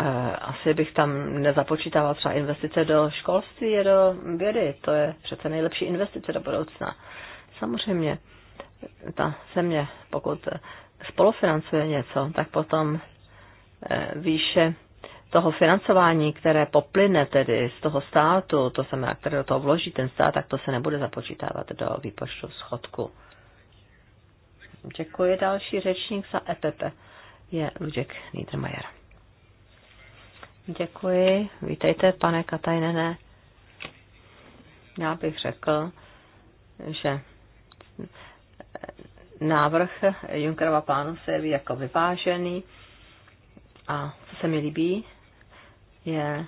eh, asi bych tam nezapočítával třeba investice do školství a do vědy. To je přece nejlepší investice do budoucna. Samozřejmě, ta země, pokud spolufinancuje něco, tak potom eh, výše toho financování, které poplyne tedy z toho státu, to znamená, které do toho vloží ten stát, tak to se nebude započítávat do výpočtu schodku. Děkuji. Další řečník za EPP je Luděk Niedermayer. Děkuji. Vítejte, pane Katajnene. Já bych řekl, že návrh Junkerova plánu se jeví jako vyvážený a co se mi líbí, je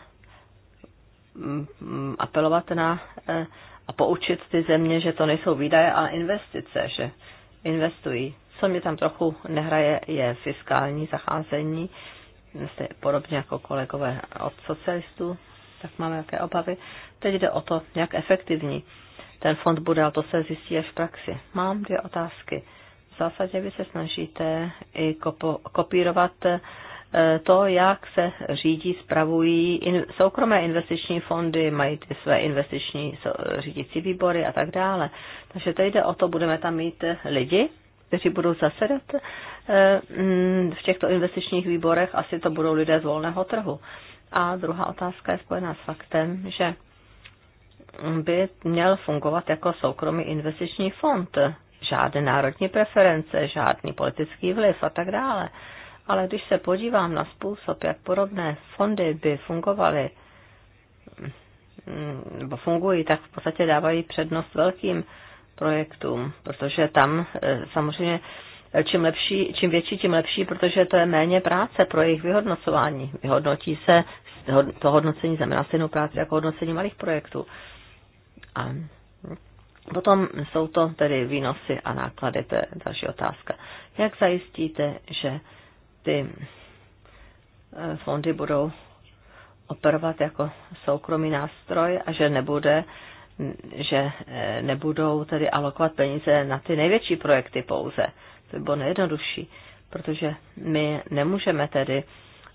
mm, mm, apelovat na eh, a poučit ty země, že to nejsou výdaje, ale investice, že investují. Co mě tam trochu nehraje, je fiskální zacházení, Jste podobně jako kolegové od socialistů, tak máme jaké obavy. Teď jde o to, jak efektivní ten fond bude, ale to se zjistí až v praxi. Mám dvě otázky. V zásadě vy se snažíte i kopírovat eh, Eh, to, jak se řídí, spravují in, soukromé investiční fondy, mají ty své investiční řídící výbory a tak dále. Takže to jde o to, budeme tam mít lidi, kteří budou zasedat eh, mm, v těchto investičních výborech, asi to budou lidé z volného trhu. A druhá otázka je spojená s faktem, že by měl fungovat jako soukromý investiční fond. Žádné národní preference, žádný politický vliv a tak dále. Ale když se podívám na způsob, jak podobné fondy by fungovaly, mm, nebo fungují, tak v podstatě dávají přednost velkým projektům, protože tam e, samozřejmě e, čím, lepší, čím větší, tím lepší, protože to je méně práce pro jejich vyhodnocování. Vyhodnotí se, to hodnocení znamená stejnou práci jako hodnocení malých projektů. A potom jsou to tedy výnosy a náklady, to je další otázka. Jak zajistíte, že ty eh, fondy budou operovat jako soukromý nástroj a že nebude že eh, nebudou tedy alokovat peníze na ty největší projekty pouze. To by bylo nejjednodušší, protože my nemůžeme tedy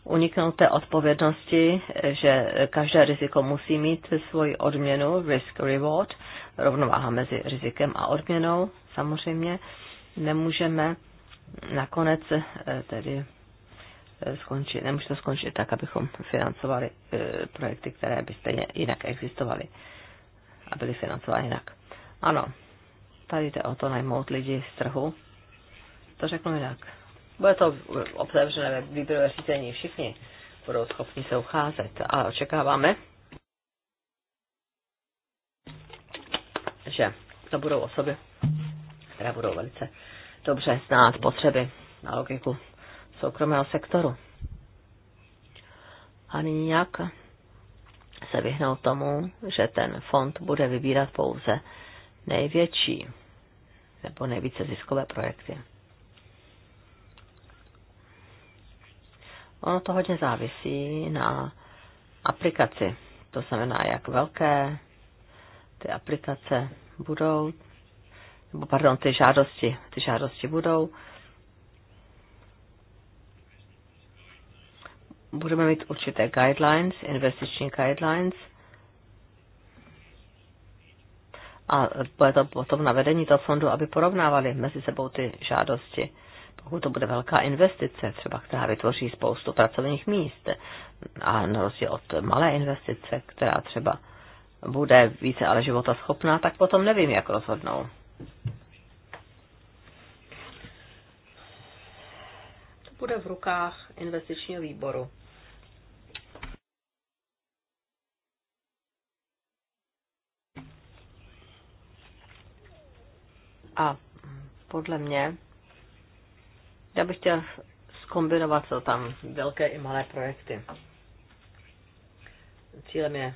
uniknout té odpovědnosti, eh, že každé riziko musí mít svoji odměnu, risk-reward, rovnováha mezi rizikem a odměnou samozřejmě. Nemůžeme nakonec tedy skončit, nemůže to skončit tak, abychom financovali e, projekty, které by stejně jinak existovaly a byly financovány jinak. Ano, tady jde o to najmout lidi z trhu. To řeknu jinak. Bude to otevřené výběrové řízení, všichni budou schopni se ucházet, ale očekáváme, že to budou osoby, které budou velice dobře znát potřeby na logiku soukromého sektoru. A nyní jak se vyhnout tomu, že ten fond bude vybírat pouze největší nebo nejvíce ziskové projekty. Ono to hodně závisí na aplikaci. To znamená, jak velké ty aplikace budou, nebo pardon, ty žádosti, ty žádosti budou budeme mít určité guidelines, investiční guidelines, a bude to potom na vedení toho fondu, aby porovnávali mezi sebou ty žádosti. Pokud to bude velká investice, třeba která vytvoří spoustu pracovních míst, a na rozdíl od malé investice, která třeba bude více ale života schopná, tak potom nevím, jak rozhodnou. To bude v rukách investičního výboru. A podle mě, já bych chtěl skombinovat co tam, velké i malé projekty. Cílem je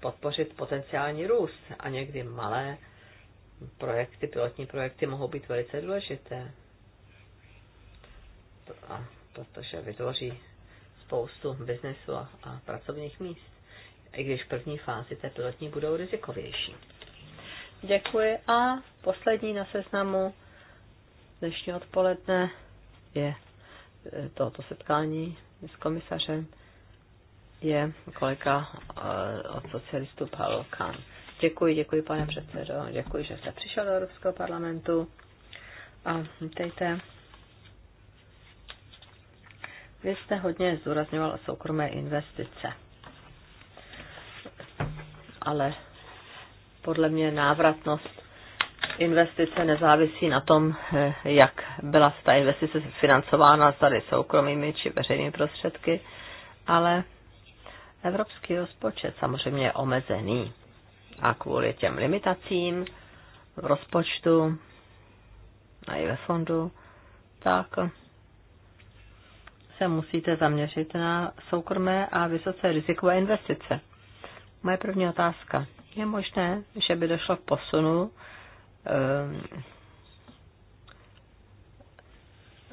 podpořit potenciální růst a někdy malé projekty, pilotní projekty mohou být velice důležité, a protože vytvoří spoustu biznesu a, a pracovních míst, i když v první fázi té pilotní budou rizikovější. Děkuji a poslední na seznamu dnešní odpoledne je e, tohoto setkání s komisařem je kolega e, od socialistů Pavel Kahn. Děkuji, děkuji pane předsedo, děkuji, že jste přišel do Evropského parlamentu a vítejte. Vy jste hodně zdůrazňoval soukromé investice, ale podle mě návratnost investice nezávisí na tom, eh, jak byla ta investice financována tady soukromými či veřejnými prostředky, ale evropský rozpočet samozřejmě je omezený. A kvůli těm limitacím v rozpočtu a i ve fondu, tak se musíte zaměřit na soukromé a vysoce rizikové investice. Moje první otázka. Je možné, že by došlo k posunu eh,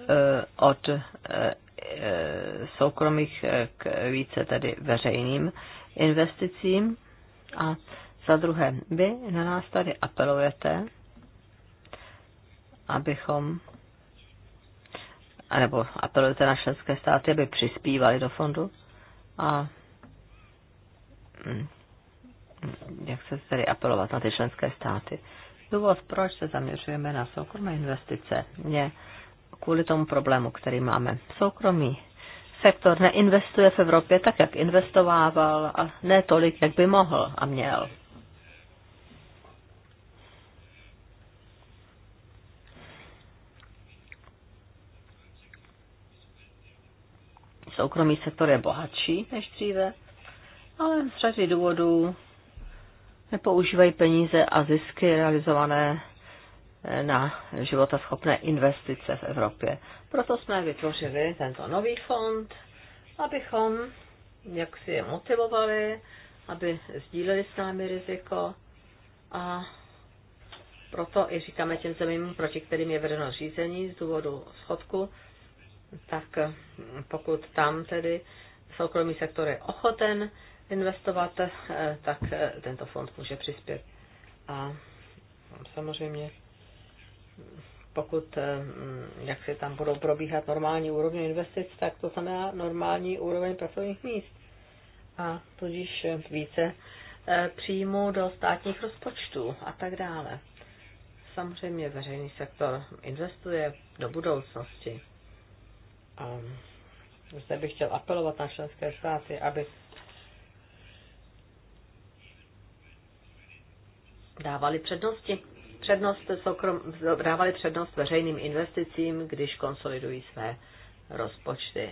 eh, od eh, soukromých k více tedy veřejným investicím. A za druhé, vy na nás tady apelujete, abychom, nebo apelujete na členské státy, aby přispívali do fondu a hm, jak se tedy apelovat na ty členské státy. Důvod, proč se zaměřujeme na soukromé investice, je kvůli tomu problému, který máme. Soukromý sektor neinvestuje v Evropě tak, jak investovával a ne tolik, jak by mohl a měl. Soukromý sektor je bohatší než dříve, ale z řady důvodů nepoužívají peníze a zisky realizované eh, na životaschopné investice v Evropě. Proto jsme vytvořili tento nový fond, abychom jak si je motivovali, aby sdíleli s námi riziko a proto i říkáme těm zemím, proti kterým je vedeno řízení z důvodu schodku, tak pokud tam tedy soukromý sektor je ochoten investovat, eh, tak eh, tento fond může přispět. A samozřejmě, pokud eh, mm, jak se tam budou probíhat normální úrovně investic, tak to znamená normální úroveň pracovních míst. A tudíž více příjmu do státních rozpočtů a tak dále. Samozřejmě veřejný sektor investuje do budoucnosti. A zde bych chtěl apelovat na členské státy, aby dávali přednosti. Přednost soukrom, dávali přednost veřejným investicím, když konsolidují své rozpočty,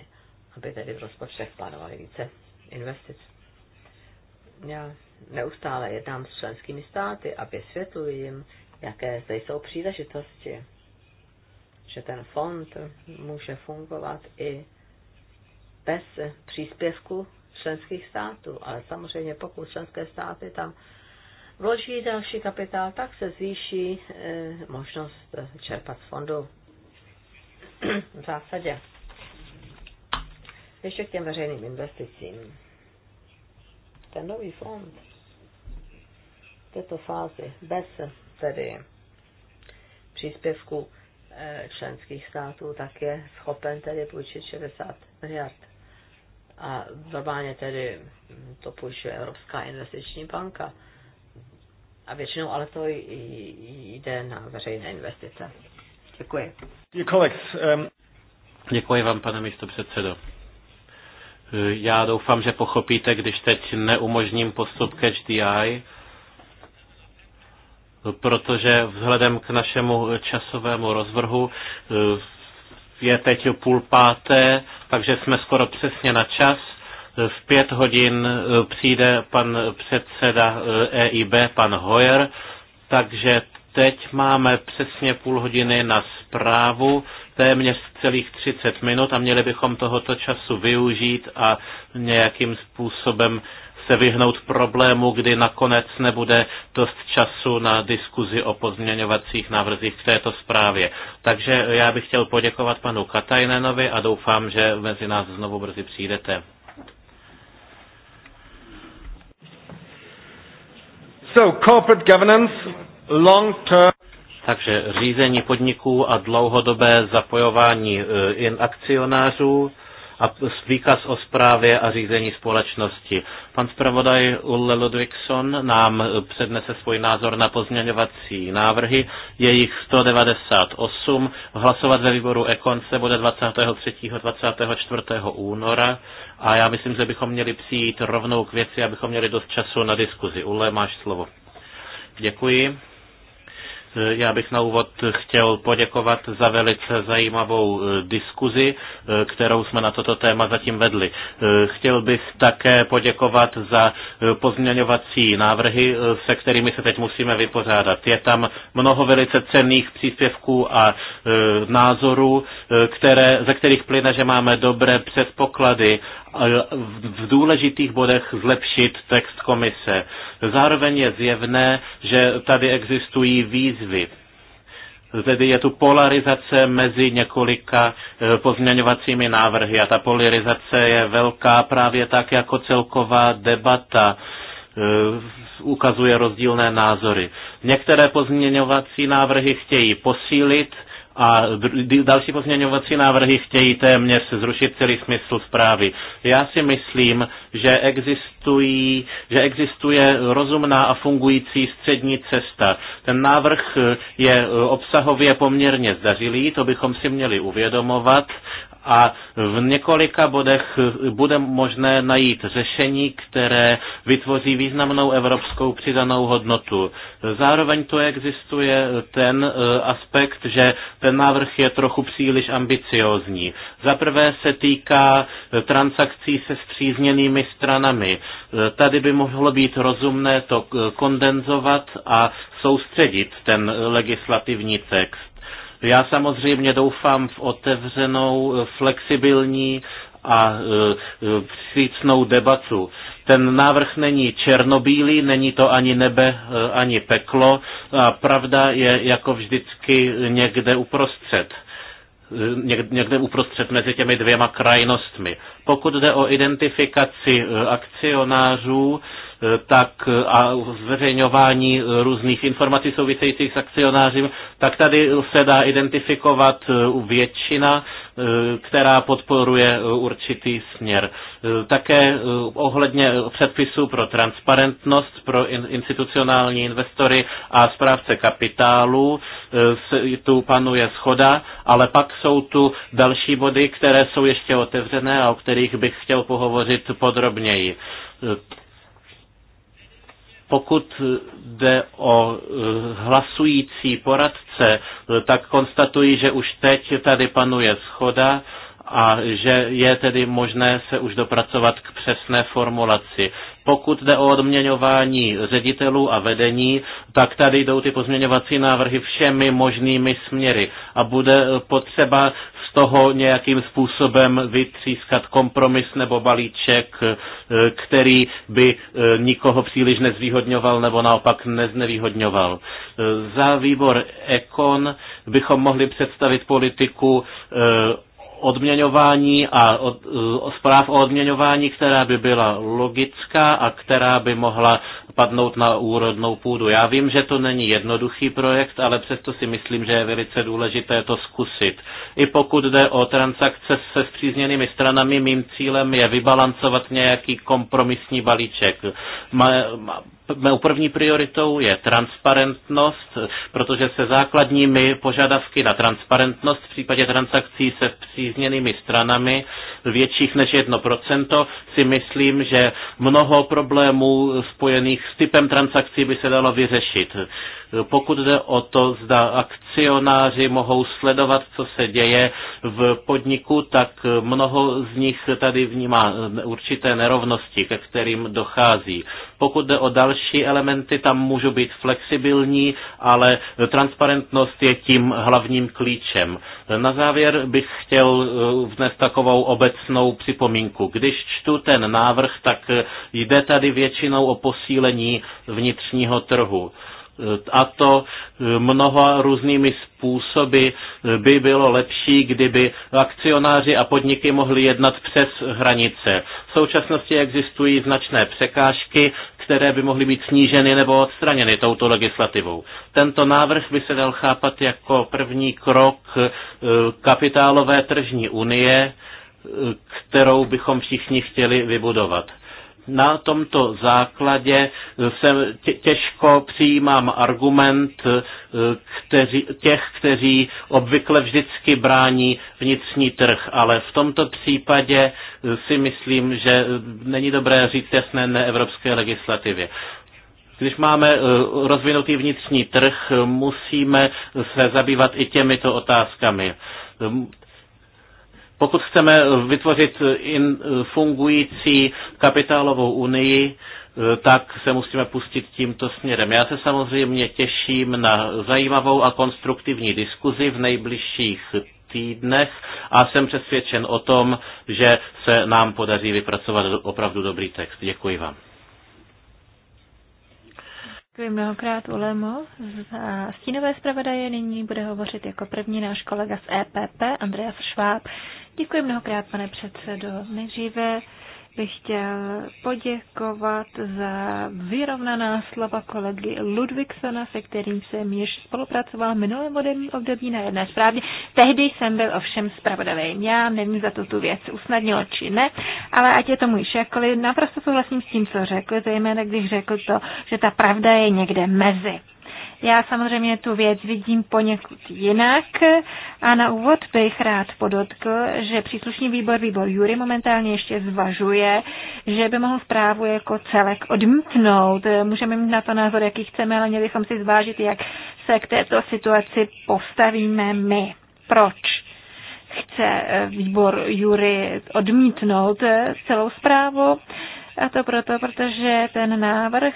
aby tedy v rozpočtech plánovali více investic. Já neustále jednám s členskými státy a vysvětluji jim, jaké zde jsou příležitosti, že ten fond může fungovat i bez příspěvku členských států, ale samozřejmě pokud členské státy tam vloží další kapitál, tak se zvýší eh, možnost eh, čerpat z fondu. v zásadě. Ještě k těm veřejným investicím. Ten nový fond v této fázi bez tedy příspěvku eh, členských států, tak je schopen tedy půjčit 60 miliard. A normálně tedy to půjčuje Evropská investiční banka a většinou ale to jde na veřejné investice. Děkuji. Um, Děkuji vám, pane místo předsedo. Já doufám, že pochopíte, když teď neumožním postup Catch the protože vzhledem k našemu časovému rozvrhu eh, je teď půl páté, takže jsme skoro přesně na čas v pět hodin eh, přijde pan předseda EIB, eh, e pan Hoyer, takže teď máme přesně půl hodiny na zprávu, téměř celých 30 minut a měli bychom tohoto času využít a nějakým způsobem se vyhnout problému, kdy nakonec nebude dost času na diskuzi o pozměňovacích návrzích k této zprávě. Takže já bych chtěl poděkovat panu Katajnenovi a doufám, že mezi nás znovu brzy přijdete. So, corporate governance, long term. Takže řízení podniků a dlouhodobé zapojování in eh, akcionářů a výkaz o zprávě a řízení společnosti. Pan zpravodaj Ulle Ludvigson nám přednese svůj názor na pozměňovací návrhy. Je jich 198. Hlasovat ve výboru Ekon se bude 23. 24. února a já myslím, že bychom měli přijít rovnou k věci, abychom měli dost času na diskuzi. Ulle, máš slovo. Děkuji. Já bych na úvod chtěl poděkovat za velice zajímavou eh, diskuzi, eh, kterou jsme na toto téma zatím vedli. Eh, chtěl bych také poděkovat za pozměňovací návrhy, se kterými se teď musíme vypořádat. Je tam mnoho velice cenných příspěvků a názorů, které, ze kterých plyne, že máme dobré předpoklady v důležitých bodech zlepšit text komise. Zároveň je zjevné, že tady existují výzvy. Tedy je tu polarizace mezi několika e, pozměňovacími návrhy a ta polarizace je velká právě tak jako celková debata e, ukazuje rozdílné názory. Některé pozměňovací návrhy chtějí posílit a další pozměňovací návrhy chtějí téměř zrušit celý smysl zprávy. Já si myslím, že, existují, že existuje rozumná a fungující střední cesta. Ten návrh je obsahově poměrně zdařilý, to bychom si měli uvědomovat a v několika bodech bude možné najít řešení, které vytvoří významnou evropskou přidanou hodnotu. Zároveň tu existuje ten e, aspekt, že ten návrh je trochu příliš ambiciózní. Za prvé se týká e, transakcí se střízněnými stranami. E, tady by mohlo být rozumné to kondenzovat a soustředit ten legislativní text. Já samozřejmě doufám v otevřenou, eh, flexibilní a přícnou eh, eh, debatu. Ten návrh není černobílý, není to ani nebe, ani peklo. A pravda je jako vždycky někde uprostřed někde uprostřed mezi těmi dvěma krajnostmi. Pokud jde o identifikaci akcionářů, tak a zveřejňování různých informací souvisejících s akcionářím, tak tady se dá identifikovat e, většina, e, která podporuje e, určitý směr. Také ohledně předpisů pro transparentnost, pro institucionální investory a správce kapitálu tu panuje schoda, ale pak jsou tu další body, které jsou ještě otevřené a o kterých bych chtěl pohovořit podrobněji. Pokud jde o eh, hlasující poradce, eh, tak konstatuji, že už teď tady panuje schoda a že je tedy možné se už dopracovat k přesné formulaci. Pokud jde o odměňování ředitelů a vedení, tak tady jdou ty pozměňovací návrhy všemi možnými směry a bude potřeba z toho nějakým způsobem vytřískat kompromis nebo balíček, eh, který by eh, nikoho příliš nezvýhodňoval nebo naopak neznevýhodňoval. Eh, za výbor Ekon bychom mohli představit politiku odměňování a eh, od, zpráv o odměňování, která by byla logická a která by mohla padnout na úrodnou půdu. Já vím, že to není jednoduchý projekt, ale přesto si myslím, že je velice důležité to zkusit. I pokud jde o transakce se zpřízněnými stranami, mým cílem je vybalancovat nějaký kompromisní balíček. Mou první prioritou je transparentnost, protože se základními požadavky na transparentnost v případě transakcí se zpřízněnými stranami větších než 1% si myslím, že mnoho problémů spojených jejich typem transakcí by se dalo vyřešit. Pokud jde o to, zda akcionáři mohou sledovat, co se děje v podniku, tak mnoho z nich tady vnímá určité nerovnosti, ke kterým dochází. Pokud jde o další elementy, tam můžu být flexibilní, ale transparentnost je tím hlavním klíčem. Na závěr bych chtěl eh, vnést takovou obecnou připomínku. Když čtu ten návrh, tak jde tady většinou o posílení posílení vnitřního trhu. A to e, mnoha různými způsoby e, by bylo lepší, kdyby akcionáři a podniky mohli jednat přes hranice. V současnosti existují značné překážky, které by mohly být sníženy nebo odstraněny touto legislativou. Tento návrh by se dal chápat jako první krok e, kapitálové tržní unie, kterou bychom všichni chtěli vybudovat na tomto základě se těžko přijímám argument e, kteří, těch, kteří obvykle vždycky brání vnitřní trh, ale v tomto případě e, si myslím, že není dobré říct jasné neevropské evropské legislativě. Když máme e, rozvinutý vnitřní trh, musíme se zabývat i těmito otázkami pokud chceme vytvořit in, fungující kapitálovou unii, tak se musíme pustit tímto směrem. Já se samozřejmě těším na zajímavou a konstruktivní diskuzi v nejbližších týdnech a jsem přesvědčen o tom, že se nám podaří vypracovat opravdu dobrý text. Děkuji vám. Děkuji mnohokrát Ulemo. Za stínové zpravodaje nyní bude hovořit jako první náš kolega z EPP Andreas Schwab. Děkuji mnohokrát, pane předsedo. Nejdříve bych chtěl poděkovat za vyrovnaná slova kolegy Ludvigsona, se kterým jsem již spolupracoval v minulém volebním období na jedné zprávě. Tehdy jsem byl ovšem spravodavým. Já nevím, za to tu věc usnadnilo či ne, ale ať je tomu již jakkoliv, naprosto souhlasím s tím, co řekl, zejména když řekl to, že ta pravda je někde mezi. Já samozřejmě tu věc vidím poněkud jinak a na úvod bych rád podotkl, že příslušný výbor, výbor Jury, momentálně ještě zvažuje, že by mohl zprávu jako celek odmítnout. Můžeme mít na to názor, jaký chceme, ale měli bychom si zvážit, jak se k této situaci postavíme my. Proč? chce výbor Jury odmítnout celou zprávu. A to proto, protože ten návrh,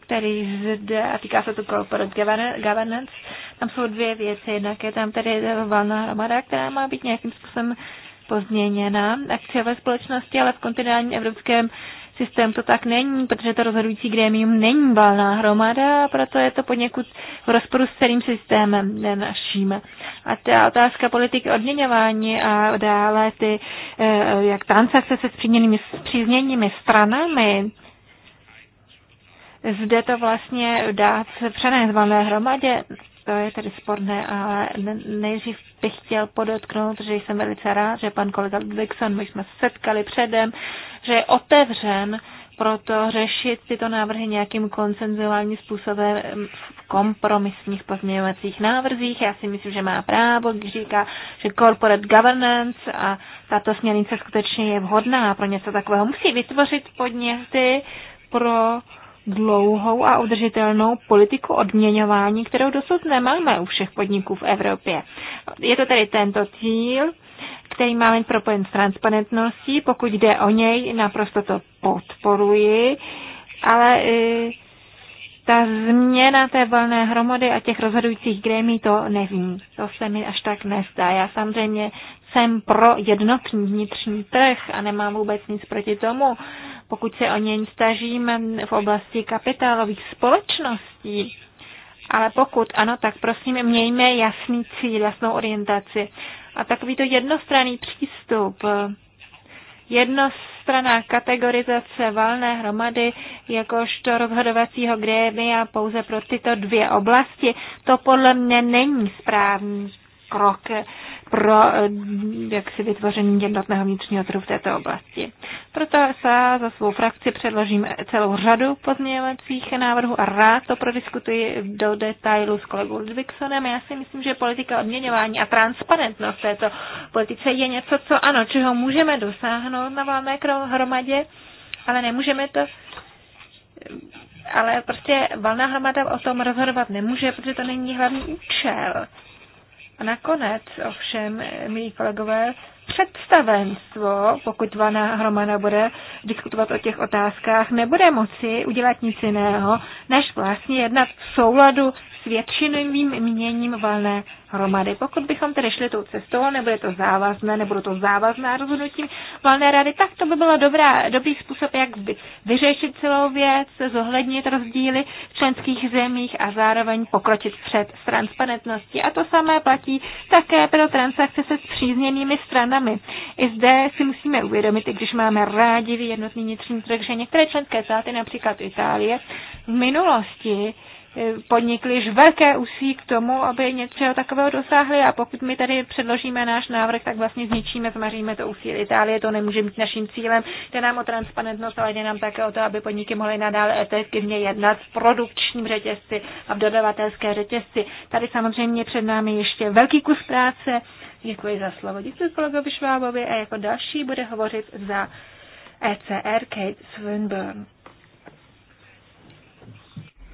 který zde, a týká se to corporate governance, tam jsou dvě věci. Jednak je tam tedy valná hromada, která má být nějakým způsobem pozměněna akciové společnosti, ale v kontinuálním evropském systém to tak není, protože to rozhodující grémium není valná hromada a proto je to poněkud v rozporu s celým systémem naším. A ta otázka politiky odměňování a dále ty eh, jak transakce se spřízněnými, spřízněnými stranami, zde to vlastně dát přenést valné hromadě to je tedy sporné, ale nejdřív bych chtěl podotknout, že jsem velice rád, že pan kolega Dixon, my jsme setkali předem, že je otevřen proto řešit tyto návrhy nějakým konsenzuálním způsobem v kompromisních pozměňovacích návrzích. Já si myslím, že má právo, když říká, že corporate governance a tato směrnice skutečně je vhodná pro něco takového. Musí vytvořit podněty pro uh, dlouhou a udržitelnou politiku odměňování, kterou dosud nemáme u všech podniků v Evropě. Je to tedy tento cíl, který máme propojen s transparentností. Pokud jde o něj, naprosto to podporuji, ale e, ta změna té volné hromady a těch rozhodujících grémí, to nevím. To se mi až tak nezdá. Já samozřejmě jsem pro jednotný vnitřní trh a nemám vůbec nic proti tomu pokud se o něj stažíme v oblasti kapitálových společností, ale pokud ano, tak prosím, mějme jasný cíl, jasnou orientaci. A takovýto jednostranný přístup, jednostranná kategorizace valné hromady jakožto rozhodovacího grémia pouze pro tyto dvě oblasti, to podle mě není správný krok pro eh, jaksi vytvoření jednotného vnitřního trhu v této oblasti. Proto se za svou frakci předložím celou řadu pozměňovacích návrhů a rád to prodiskutuji do detailu s kolegou Ludvigsonem. Já si myslím, že politika odměňování a transparentnost této politice je něco, co ano, čeho můžeme dosáhnout na valné hromadě, ale nemůžeme to ale prostě valná hromada o tom rozhodovat nemůže, protože to není hlavní účel. A nakonec ovšem, milí kolegové, představenstvo, pokud Vana Hromana bude diskutovat o těch otázkách, nebude moci udělat nic jiného, než vlastně jednat v souladu s většinovým měním valné hromady. Pokud bychom tedy šli tou cestou, nebude to závazné, nebudou to závazná rozhodnutí valné rady, tak to by bylo dobrá, dobrý způsob, jak vyřešit celou věc, zohlednit rozdíly v členských zemích a zároveň pokročit před s transparentností. A to samé platí také pro transakce se zpřízněnými stranami. I zde si musíme uvědomit, i když máme rádi jednotný vnitřní trh, že některé členské státy, například Itálie, v minulosti podnikli již velké úsilí k tomu, aby něčeho takového dosáhli a pokud my tady předložíme náš návrh, tak vlastně zničíme, zmaříme to úsilí Itálie, to nemůže být naším cílem. Jde nám o transparentnost, ale jde nám také o to, aby podniky mohly nadále efektivně jednat v produkčním řetězci a v dodavatelské řetězci. Tady samozřejmě před námi ještě velký kus práce. Děkuji za slovo. Děkuji kolegovi Švábovi a jako další bude hovořit za ECR Kate Swinburne.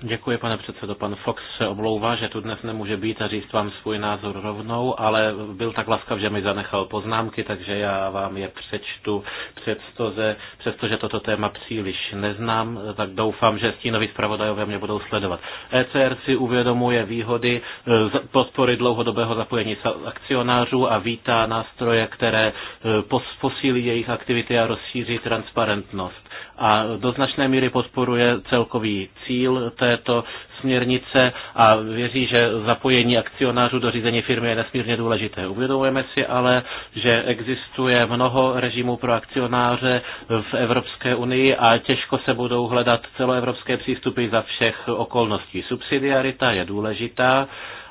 Děkuji, pane předsedo. Pan Fox se omlouvá, že tu dnes nemůže být a říct vám svůj názor rovnou, ale byl tak laskav, že mi zanechal poznámky, takže já vám je přečtu. Přestoze, přestože toto téma příliš neznám, tak doufám, že stínoví zpravodajové mě budou sledovat. ECR si uvědomuje výhody eh, podpory dlouhodobého zapojení akcionářů a vítá nástroje, které eh, posílí jejich aktivity a rozšíří transparentnost a do značné míry podporuje celkový cíl této směrnice a věří, že zapojení akcionářů do řízení firmy je nesmírně důležité. Uvědomujeme si ale, že existuje mnoho režimů pro akcionáře v Evropské unii a těžko se budou hledat celoevropské přístupy za všech okolností. Subsidiarita je důležitá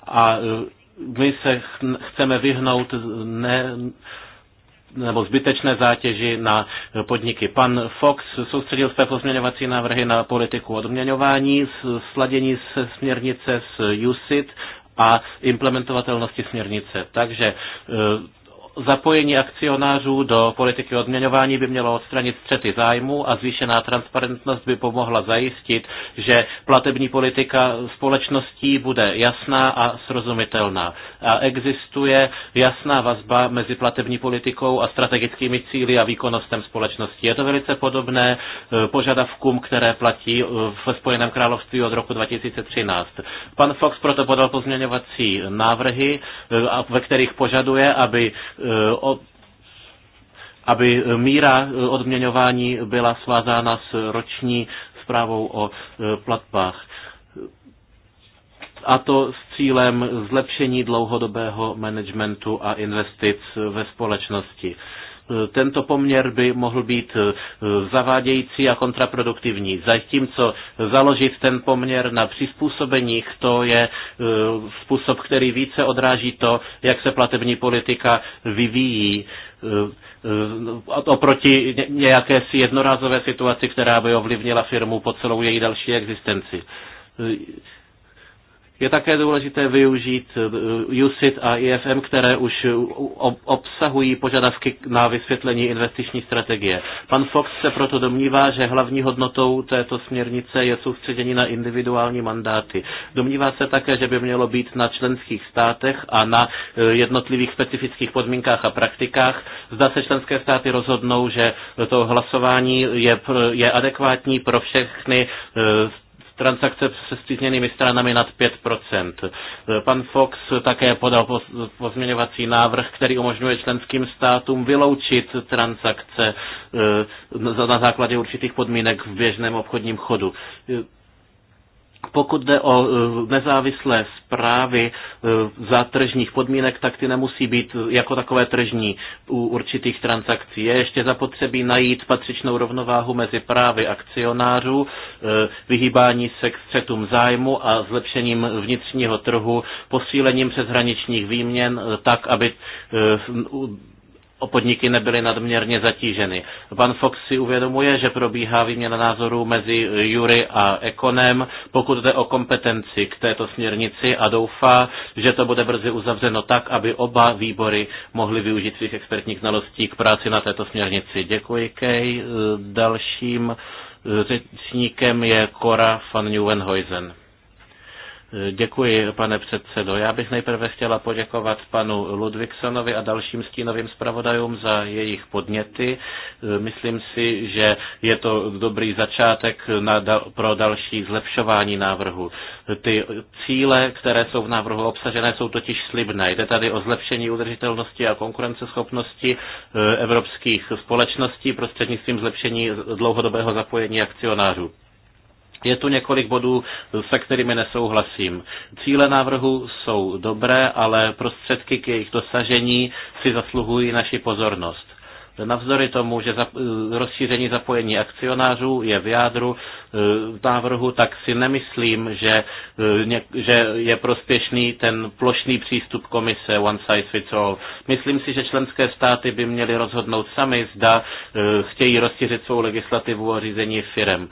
a my se chceme vyhnout ne, nebo zbytečné zátěži na podniky. Pan Fox soustředil své pozměňovací návrhy na politiku odměňování, sladění se směrnice s USIT a implementovatelnosti směrnice. Takže eh, Zapojení akcionářů do politiky odměňování by mělo odstranit střety zájmu a zvýšená transparentnost by pomohla zajistit, že platební politika společností bude jasná a srozumitelná. A existuje jasná vazba mezi platební politikou a strategickými cíly a výkonnostem společnosti. Je to velice podobné e, požadavkům, které platí e, v Spojeném království od roku 2013. Pan Fox proto podal pozměňovací návrhy, e, ve kterých požaduje, aby Eh, o aby míra eh, odměňování byla svázána s roční zprávou o eh, platbách. A to s cílem zlepšení dlouhodobého managementu a investic ve společnosti tento poměr by mohl být e, zavádějící a kontraproduktivní. Zatímco založit ten poměr na přizpůsobeních, to je e, způsob, který více odráží to, jak se platební politika vyvíjí e, oproti nějaké si jednorázové situaci, která by ovlivnila firmu po celou její další existenci je také důležité využít eh, USIT a IFM, které už eh, obsahují požadavky na vysvětlení investiční strategie. Pan Fox se proto domnívá, že hlavní hodnotou této směrnice je soustředění na individuální mandáty. Domnívá se také, že by mělo být na členských státech a na eh, jednotlivých specifických podmínkách a praktikách. Zda se členské státy rozhodnou, že to hlasování je, je adekvátní pro všechny transakce se střízněnými stranami nad 5%. Pan Fox také podal pozměňovací návrh, který umožňuje členským státům vyloučit transakce eh, na základě určitých podmínek v běžném obchodním chodu. Pokud jde o e, nezávislé zprávy e, za tržních podmínek, tak ty nemusí být jako takové tržní u určitých transakcí. Je ještě zapotřebí najít patřičnou rovnováhu mezi právy akcionářů, e, vyhýbání se k střetům zájmu a zlepšením vnitřního trhu, posílením přeshraničních výměn tak, aby podniky nebyly nadměrně zatíženy. Pan Fox si uvědomuje, že probíhá výměna názorů mezi Jury a Ekonem, pokud jde o kompetenci k této směrnici a doufá, že to bude brzy uzavřeno tak, aby oba výbory mohly využít svých expertních znalostí k práci na této směrnici. Děkuji, Kej. Dalším eh, řečníkem je Cora van Nieuwenhuizen. Děkuji, pane předsedo. Já bych nejprve chtěla poděkovat panu Ludvíksonovi a dalším stínovým zpravodajům za jejich podněty. Myslím si, že je to dobrý začátek na, pro další zlepšování návrhu. Ty cíle, které jsou v návrhu obsažené, jsou totiž slibné. Jde tady o zlepšení udržitelnosti a konkurenceschopnosti eh, evropských společností prostřednictvím zlepšení dlouhodobého zapojení akcionářů. Je tu několik bodů, se kterými nesouhlasím. Cíle návrhu jsou dobré, ale prostředky k jejich dosažení si zasluhují naši pozornost. Navzdory tomu, že eh, rozšíření zapojení akcionářů je v jádru eh, návrhu, tak si nemyslím, že, eh, že je prospěšný ten plošný přístup komise one size fits all. Myslím si, že členské státy by měly rozhodnout sami, zda chtějí rozšířit svou legislativu o řízení firem.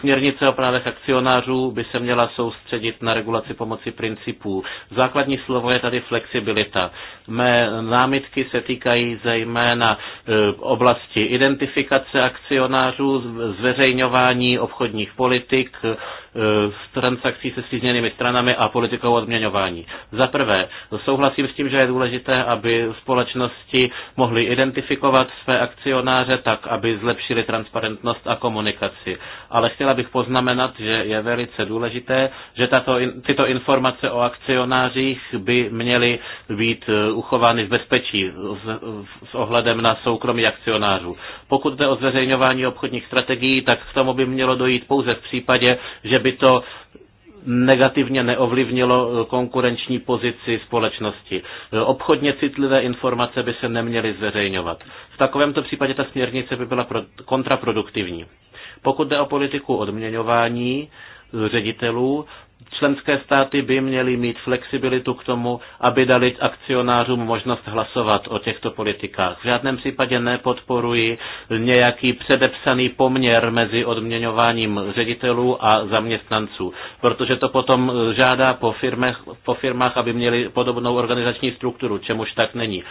Směrnice o právech akcionářů by se měla soustředit na regulaci pomocí principů. Základní slovo je tady flexibilita. Mé námitky se týkají zejména E, oblasti identifikace akcionářů, zveřejňování obchodních politik, Eh, s transakcí se střízněnými stranami a politikou odměňování. Za prvé, souhlasím s tím, že je důležité, aby společnosti mohly identifikovat své akcionáře tak, aby zlepšili transparentnost a komunikaci. Ale chtěla bych poznamenat, že je velice důležité, že tato, tyto informace o akcionářích by měly být eh, uchovány v bezpečí s, s ohledem na soukromí akcionářů. Pokud jde o zveřejňování obchodních strategií, tak k tomu by mělo dojít pouze v případě, že by to negativně neovlivnilo eh, konkurenční pozici společnosti. Eh, obchodně citlivé informace by se neměly zveřejňovat. V takovémto případě ta směrnice by byla kontraproduktivní. Pokud jde o politiku odměňování eh, ředitelů, Členské státy by měly mít flexibilitu k tomu, aby dali akcionářům možnost hlasovat o těchto politikách. V žádném případě nepodporuji nějaký předepsaný poměr mezi odměňováním ředitelů a zaměstnanců, protože to potom žádá po, firmech, po firmách, aby měli podobnou organizační strukturu, čemuž tak není.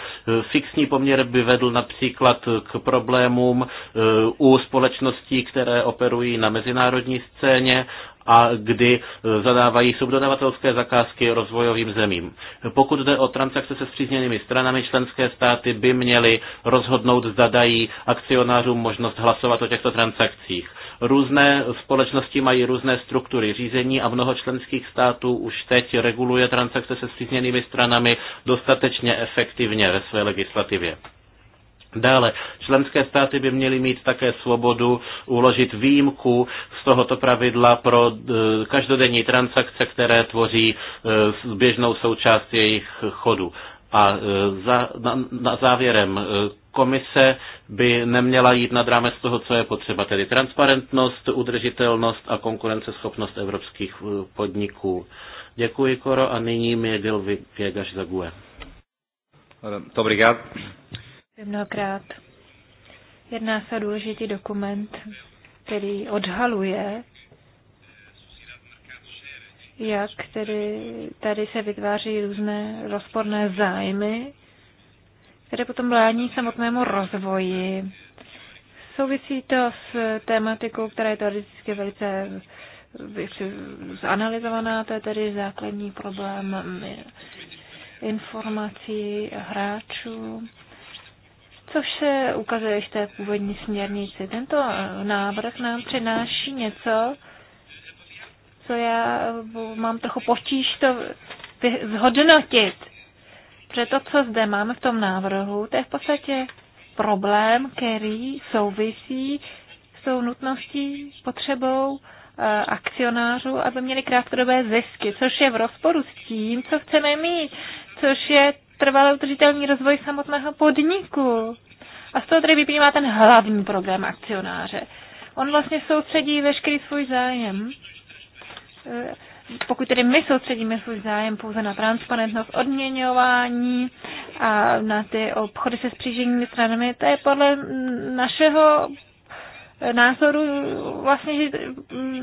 Fixní poměr by vedl například k problémům eh, u společností, které operují na mezinárodní scéně a kdy e, zadávají subdodavatelské zakázky rozvojovým zemím. Pokud jde o transakce se střízněnými stranami, členské státy by měly rozhodnout, zda dají akcionářům možnost hlasovat o těchto transakcích. Různé společnosti mají různé struktury řízení a mnoho členských států už teď reguluje transakce se střízněnými stranami dostatečně efektivně ve své legislativě. Dále, členské státy by měly mít také svobodu uložit výjimku z tohoto pravidla pro e, každodenní transakce, které tvoří e, běžnou součást jejich chodu. A e, za, na, na závěrem, komise by neměla jít nad rámec toho, co je potřeba, tedy transparentnost, udržitelnost a konkurenceschopnost evropských podniků. Děkuji, Koro, a nyní Dilvi Viegas Zague. Dobrý Mnohokrát. Jedná se o důležitý dokument, který odhaluje, jak tedy tady se vytváří různé rozporné zájmy, které potom blání samotnému rozvoji. Souvisí to s tématikou, která je teoreticky velice zanalizovaná, to je tedy základní problém informací hráčů což se ukazuje v té původní směrnici. Tento eh, návrh nám přináší něco, co já eh, mám trochu potíž to zhodnotit. Protože to, co zde máme v tom návrhu, to je v podstatě problém, který souvisí s tou nutností, potřebou eh, akcionářů, aby měli krátkodobé zisky, což je v rozporu s tím, co chceme mít, což je trvalý udržitelný rozvoj samotného podniku. A z toho tedy vyplývá ten hlavní problém akcionáře. On vlastně soustředí veškerý svůj zájem. Eh, pokud tedy my soustředíme svůj zájem pouze na transparentnost odměňování a na ty obchody se spříženými stranami, to je podle našeho názoru vlastně že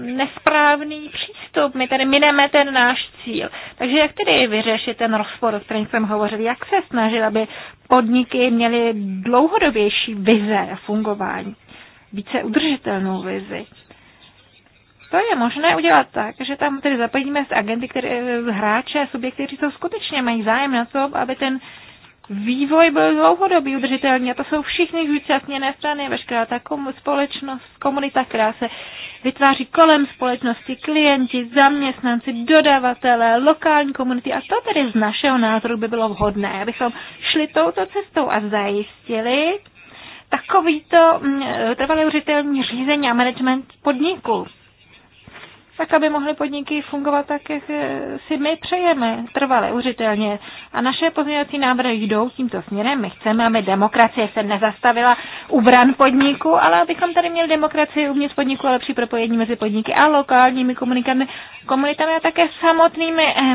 nesprávný přístup. My tady mineme ten náš cíl. Takže jak tedy vyřešit ten rozpor, o kterém jsem hovořil? Jak se snažit, aby podniky měly dlouhodobější vize a fungování? Více udržitelnou vizi? To je možné udělat tak, že tam tedy zapojíme z agenty, které, hráče, subjekty, kteří jsou skutečně mají zájem na to, aby ten vývoj byl dlouhodobý, udržitelný. A to jsou všichni zúčastněné strany, veškerá ta komu, společnost, komunita, která se vytváří kolem společnosti, klienti, zaměstnanci, dodavatelé, lokální komunity. A to tedy z našeho názoru by bylo vhodné, abychom šli touto cestou a zajistili takovýto mm, trvalé udržitelný řízení a management podniku tak aby mohly podniky fungovat tak, jak eh, si my přejeme, trvale, užitelně. A naše pozměňovací návrhy jdou tímto směrem. My chceme, aby demokracie se nezastavila u bran podniku, ale abychom tady měli demokracii uvnitř podniku a lepší propojení mezi podniky a lokálními komunikami, komunitami a také samotnými. Eh,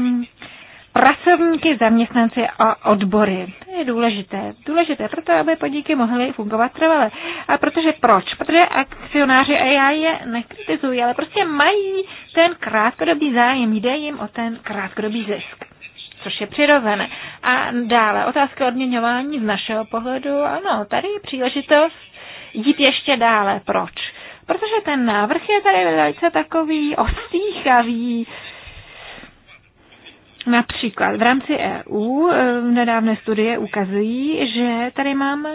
pracovníky, zaměstnanci a odbory. To je důležité. Důležité proto, aby podniky mohly fungovat trvale. A protože proč? Protože akcionáři, a já je nekritizuji, ale prostě mají ten krátkodobý zájem, jde jim o ten krátkodobý zisk což je přirozené. A dále otázka odměňování z našeho pohledu. Ano, tady je příležitost jít ještě dále. Proč? Protože ten návrh je tady velice takový ostýchavý, Například v rámci EU eh, nedávné studie ukazují, že tady máme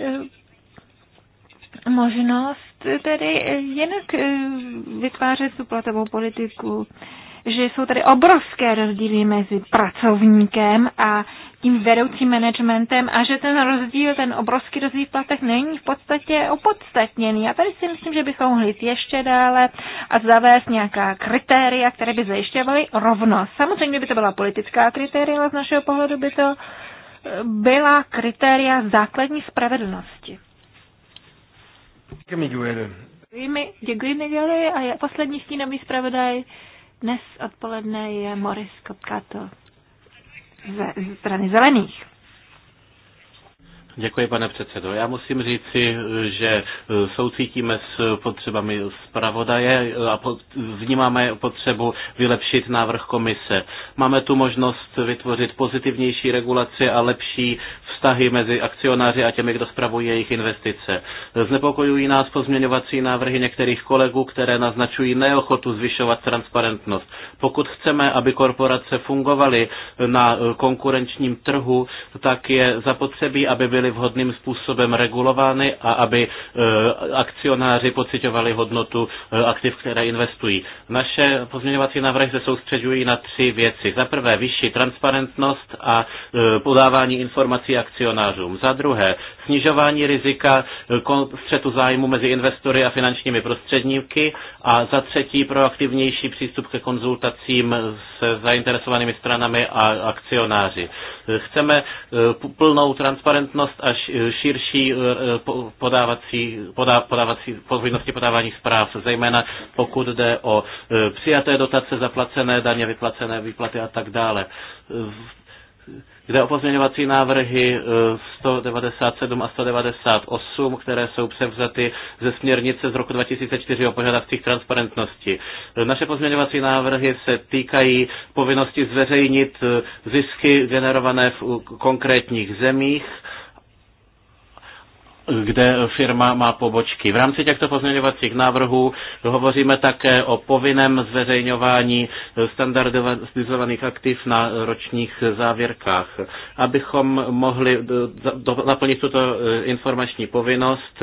eh, možnost tedy eh, jinak vytvářet tu platovou politiku že jsou tady obrovské rozdíly mezi pracovníkem a tím vedoucím managementem a že ten rozdíl, ten obrovský rozdíl v platech není v podstatě opodstatněný. A tady si myslím, že bychom mohli ještě dále a zavést nějaká kritéria, které by zajišťovaly rovnost. Samozřejmě by to byla politická kritéria, ale z našeho pohledu by to eh, byla kritéria základní spravedlnosti. Děkuji, Migueli, a poslední stínový spravodaj. Dnes odpoledne je Moris Kopkato ze strany zelených. Děkuji, pane předsedo. Já musím říci, že e, soucítíme s potřebami zpravodaje a vnímáme potřebu vylepšit návrh komise. Máme tu možnost vytvořit pozitivnější regulaci a lepší vztahy mezi akcionáři a těmi, kdo zpravují jejich investice. Znepokojují nás pozměňovací návrhy některých kolegů, které naznačují neochotu zvyšovat transparentnost. Pokud chceme, aby korporace fungovaly na konkurenčním trhu, tak je zapotřebí, aby byly byly vhodným způsobem regulovány a aby e, akcionáři pocitovali hodnotu e, aktiv, které investují. Naše pozměňovací návrhy se soustředují na tři věci. Za prvé vyšší transparentnost a e, podávání informací akcionářům. Za druhé snižování rizika střetu zájmu mezi investory a finančními prostředníky a za třetí proaktivnější přístup ke konzultacím se zainteresovanými stranami a akcionáři. Chceme plnou transparentnost povinnost a eh, širší eh, eh, podávací, podávací, povinnosti podávání zpráv, zejména pokud jde o přijaté dotace, zaplacené daně, vyplacené výplaty a tak dále. Kde o pozměňovací návrhy 197 a 198, které jsou převzaty ze směrnice z roku 2004 o požadavcích transparentnosti. Naše pozměňovací návrhy se týkají povinnosti zveřejnit zisky generované v konkrétních zemích kde firma má pobočky. V rámci těchto pozměňovacích návrhů hovoříme také o povinném zveřejňování standardizovaných aktiv na ročních závěrkách, abychom mohli naplnit tuto eh, informační povinnost.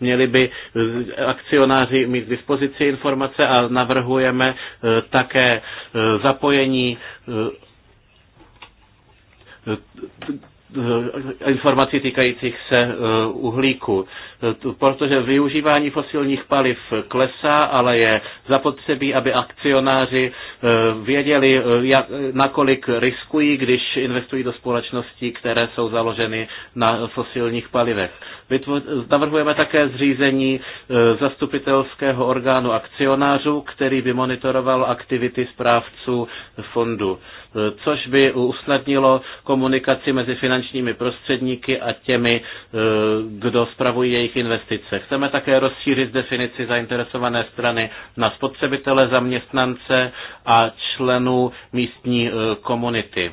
Měli by eh, akcionáři mít k dispozici informace a navrhujeme eh, také zapojení Eh, informací týkajících se eh, uhlíku, eh, protože využívání fosilních paliv klesá, ale je zapotřebí, aby akcionáři věděli, jak, nakolik riskují, když investují do společností, které jsou založeny na fosilních palivech. Navrhujeme také zřízení zastupitelského orgánu akcionářů, který by monitoroval aktivity správců fondu což by usnadnilo komunikaci mezi finančními prostředníky a těmi, eh, kdo spravují jejich investice. Chceme také rozšířit definici zainteresované strany na spotřebitele, zaměstnance a členů místní eh, komunity.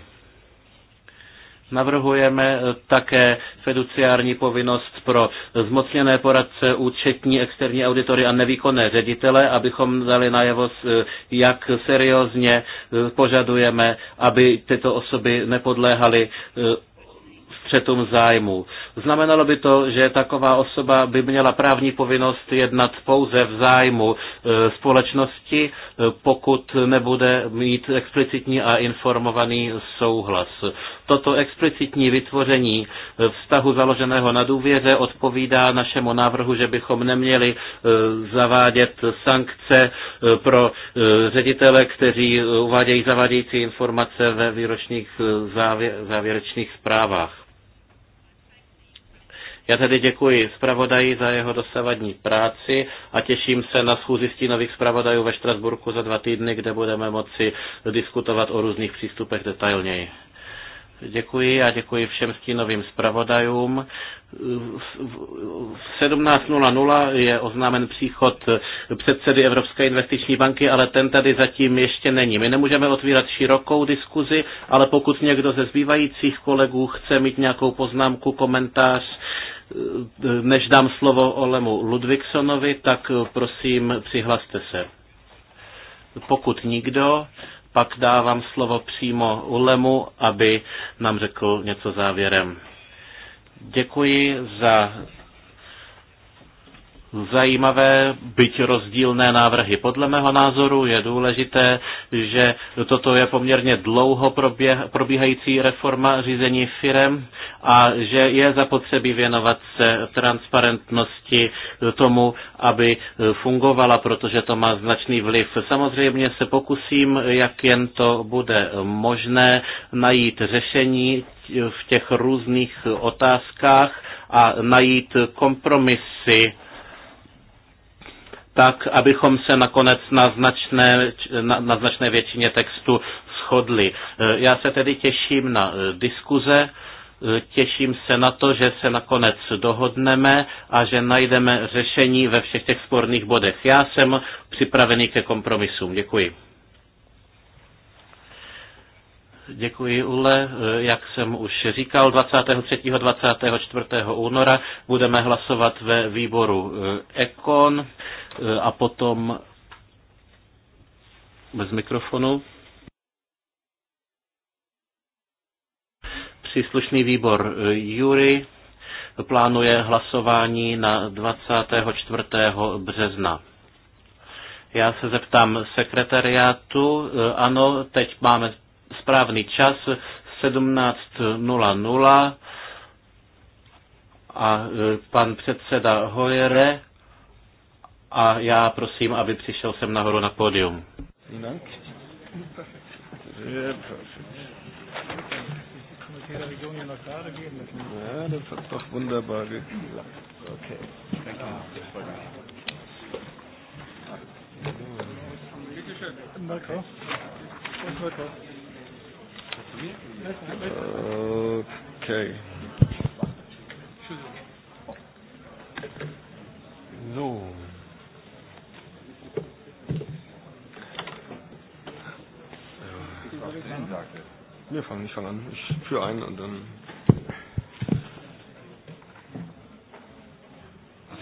Navrhujeme eh, také feduciární povinnost pro zmocněné poradce, účetní, externí auditory a nevýkonné ředitele, abychom dali najevo, eh, jak seriózně eh, požadujeme, aby tyto osoby nepodléhaly střetům zájmů. Znamenalo by to, že taková osoba by měla právní povinnost jednat pouze v zájmu společnosti, pokud nebude mít explicitní a informovaný souhlas. Toto explicitní vytvoření vztahu založeného na důvěře odpovídá našemu návrhu, že bychom neměli e, zavádět sankce e, pro e, ředitele, kteří uvádějí zavádějící informace ve výročních závěrečných zprávách. Já tedy děkuji zpravodaji za jeho dosavadní práci a těším se na schůzi stínových zpravodajů ve Štrasburku za dva týdny, kde budeme moci diskutovat o různých přístupech detailněji. Děkuji a děkuji všem stínovým zpravodajům. V 17.00 je oznámen příchod předsedy Evropské investiční banky, ale ten tady zatím ještě není. My nemůžeme otvírat širokou diskuzi, ale pokud někdo ze zbývajících kolegů chce mít nějakou poznámku, komentář, než dám slovo Olemu Ludvigsonovi, tak prosím přihlaste se. Pokud nikdo, pak dávám slovo přímo Ulemu, aby nám řekl něco závěrem. Děkuji za zajímavé, byť rozdílné návrhy. Podle mého názoru je důležité, že toto je poměrně dlouho proběh, probíhající reforma řízení firem a že je zapotřebí věnovat se transparentnosti tomu, aby fungovala, protože to má značný vliv. Samozřejmě se pokusím, jak jen to bude možné, najít řešení v těch různých otázkách a najít kompromisy tak, abychom se nakonec na značné, na, na značné většině textu shodli. E, já se tedy těším na e, diskuze, e, těším se na to, že se nakonec dohodneme a že najdeme řešení ve všech těch sporných bodech. Já jsem připravený ke kompromisům. Děkuji. Děkuji, Ule. Jak jsem už říkal, 23. 24. února budeme hlasovat ve výboru EKON. Eh, a potom bez mikrofonu. Příslušný výbor eh, Jury plánuje hlasování na 24. března. Já se zeptám sekretariátu. Eh, ano, teď máme správný čas 17.00 a pan předseda Hojere a já prosím, aby přišel sem nahoru na pódium. Jinak? Je, Okay. So. Wir fangen, ich fange an. Ich führe ein und dann.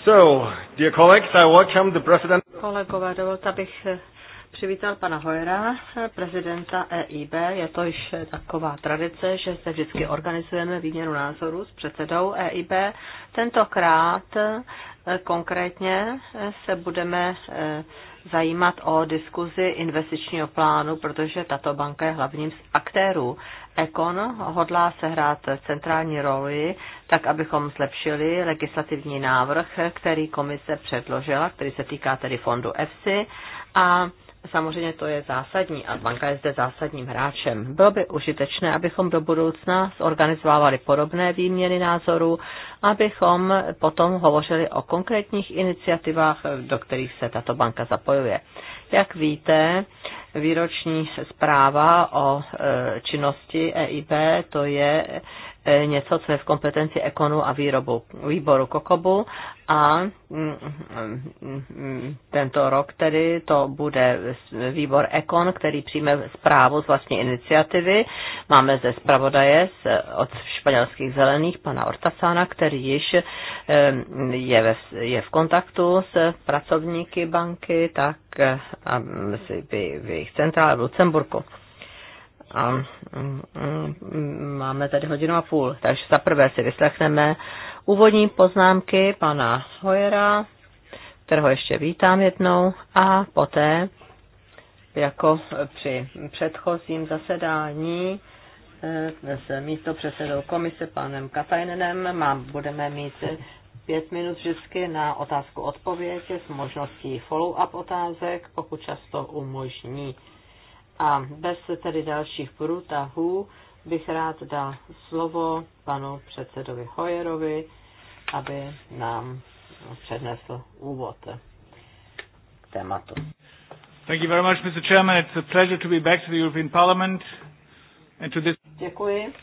So, dear colleagues, I welcome the president. Kolegové, dovolte, abych eh, přivítal pana Hojera, eh, prezidenta EIB. Je to již eh, taková tradice, že se vždycky organizujeme výměnu názorů s předsedou EIB. Tentokrát Konkrétně se budeme eh, zajímat o diskuzi investičního plánu, protože tato banka je hlavním z aktérů. Ekon hodlá hrát centrální roli, tak abychom zlepšili legislativní návrh, který komise předložila, který se týká tedy fondu EFSI a samozřejmě to je zásadní a banka je zde zásadním hráčem. Bylo by užitečné, abychom do budoucna zorganizovávali podobné výměny názorů, abychom potom hovořili o konkrétních iniciativách, do kterých se tato banka zapojuje. Jak víte, výroční zpráva o e, činnosti EIB, to je něco, co je v kompetenci ekonu a výrobu, výboru Kokobu a mm, mm, mm, tento rok tedy to bude výbor Ekon, který přijme zprávu z vlastní iniciativy. Máme zde zpravodaje od španělských zelených, pana Ortasána, který již eh, je, ve, je v kontaktu s pracovníky banky, tak eh, a, v jejich centrále v Lucemburku a máme tady hodinu a půl. Takže za prvé si vyslechneme úvodní poznámky pana Hojera, kterého ještě vítám jednou, a poté, jako při předchozím zasedání eh, s místo předsedou komise panem Katajnenem, mám, budeme mít pět minut vždycky na otázku odpověď s možností follow-up otázek, pokud často umožní a bez tedy dalších průtahů bych rád dal slovo panu předsedovi Hojerovi, aby nám přednesl úvod tématu. Thank you very much, Mr. Chairman. It's a pleasure to be back to the European Parliament and to this. Děkuji.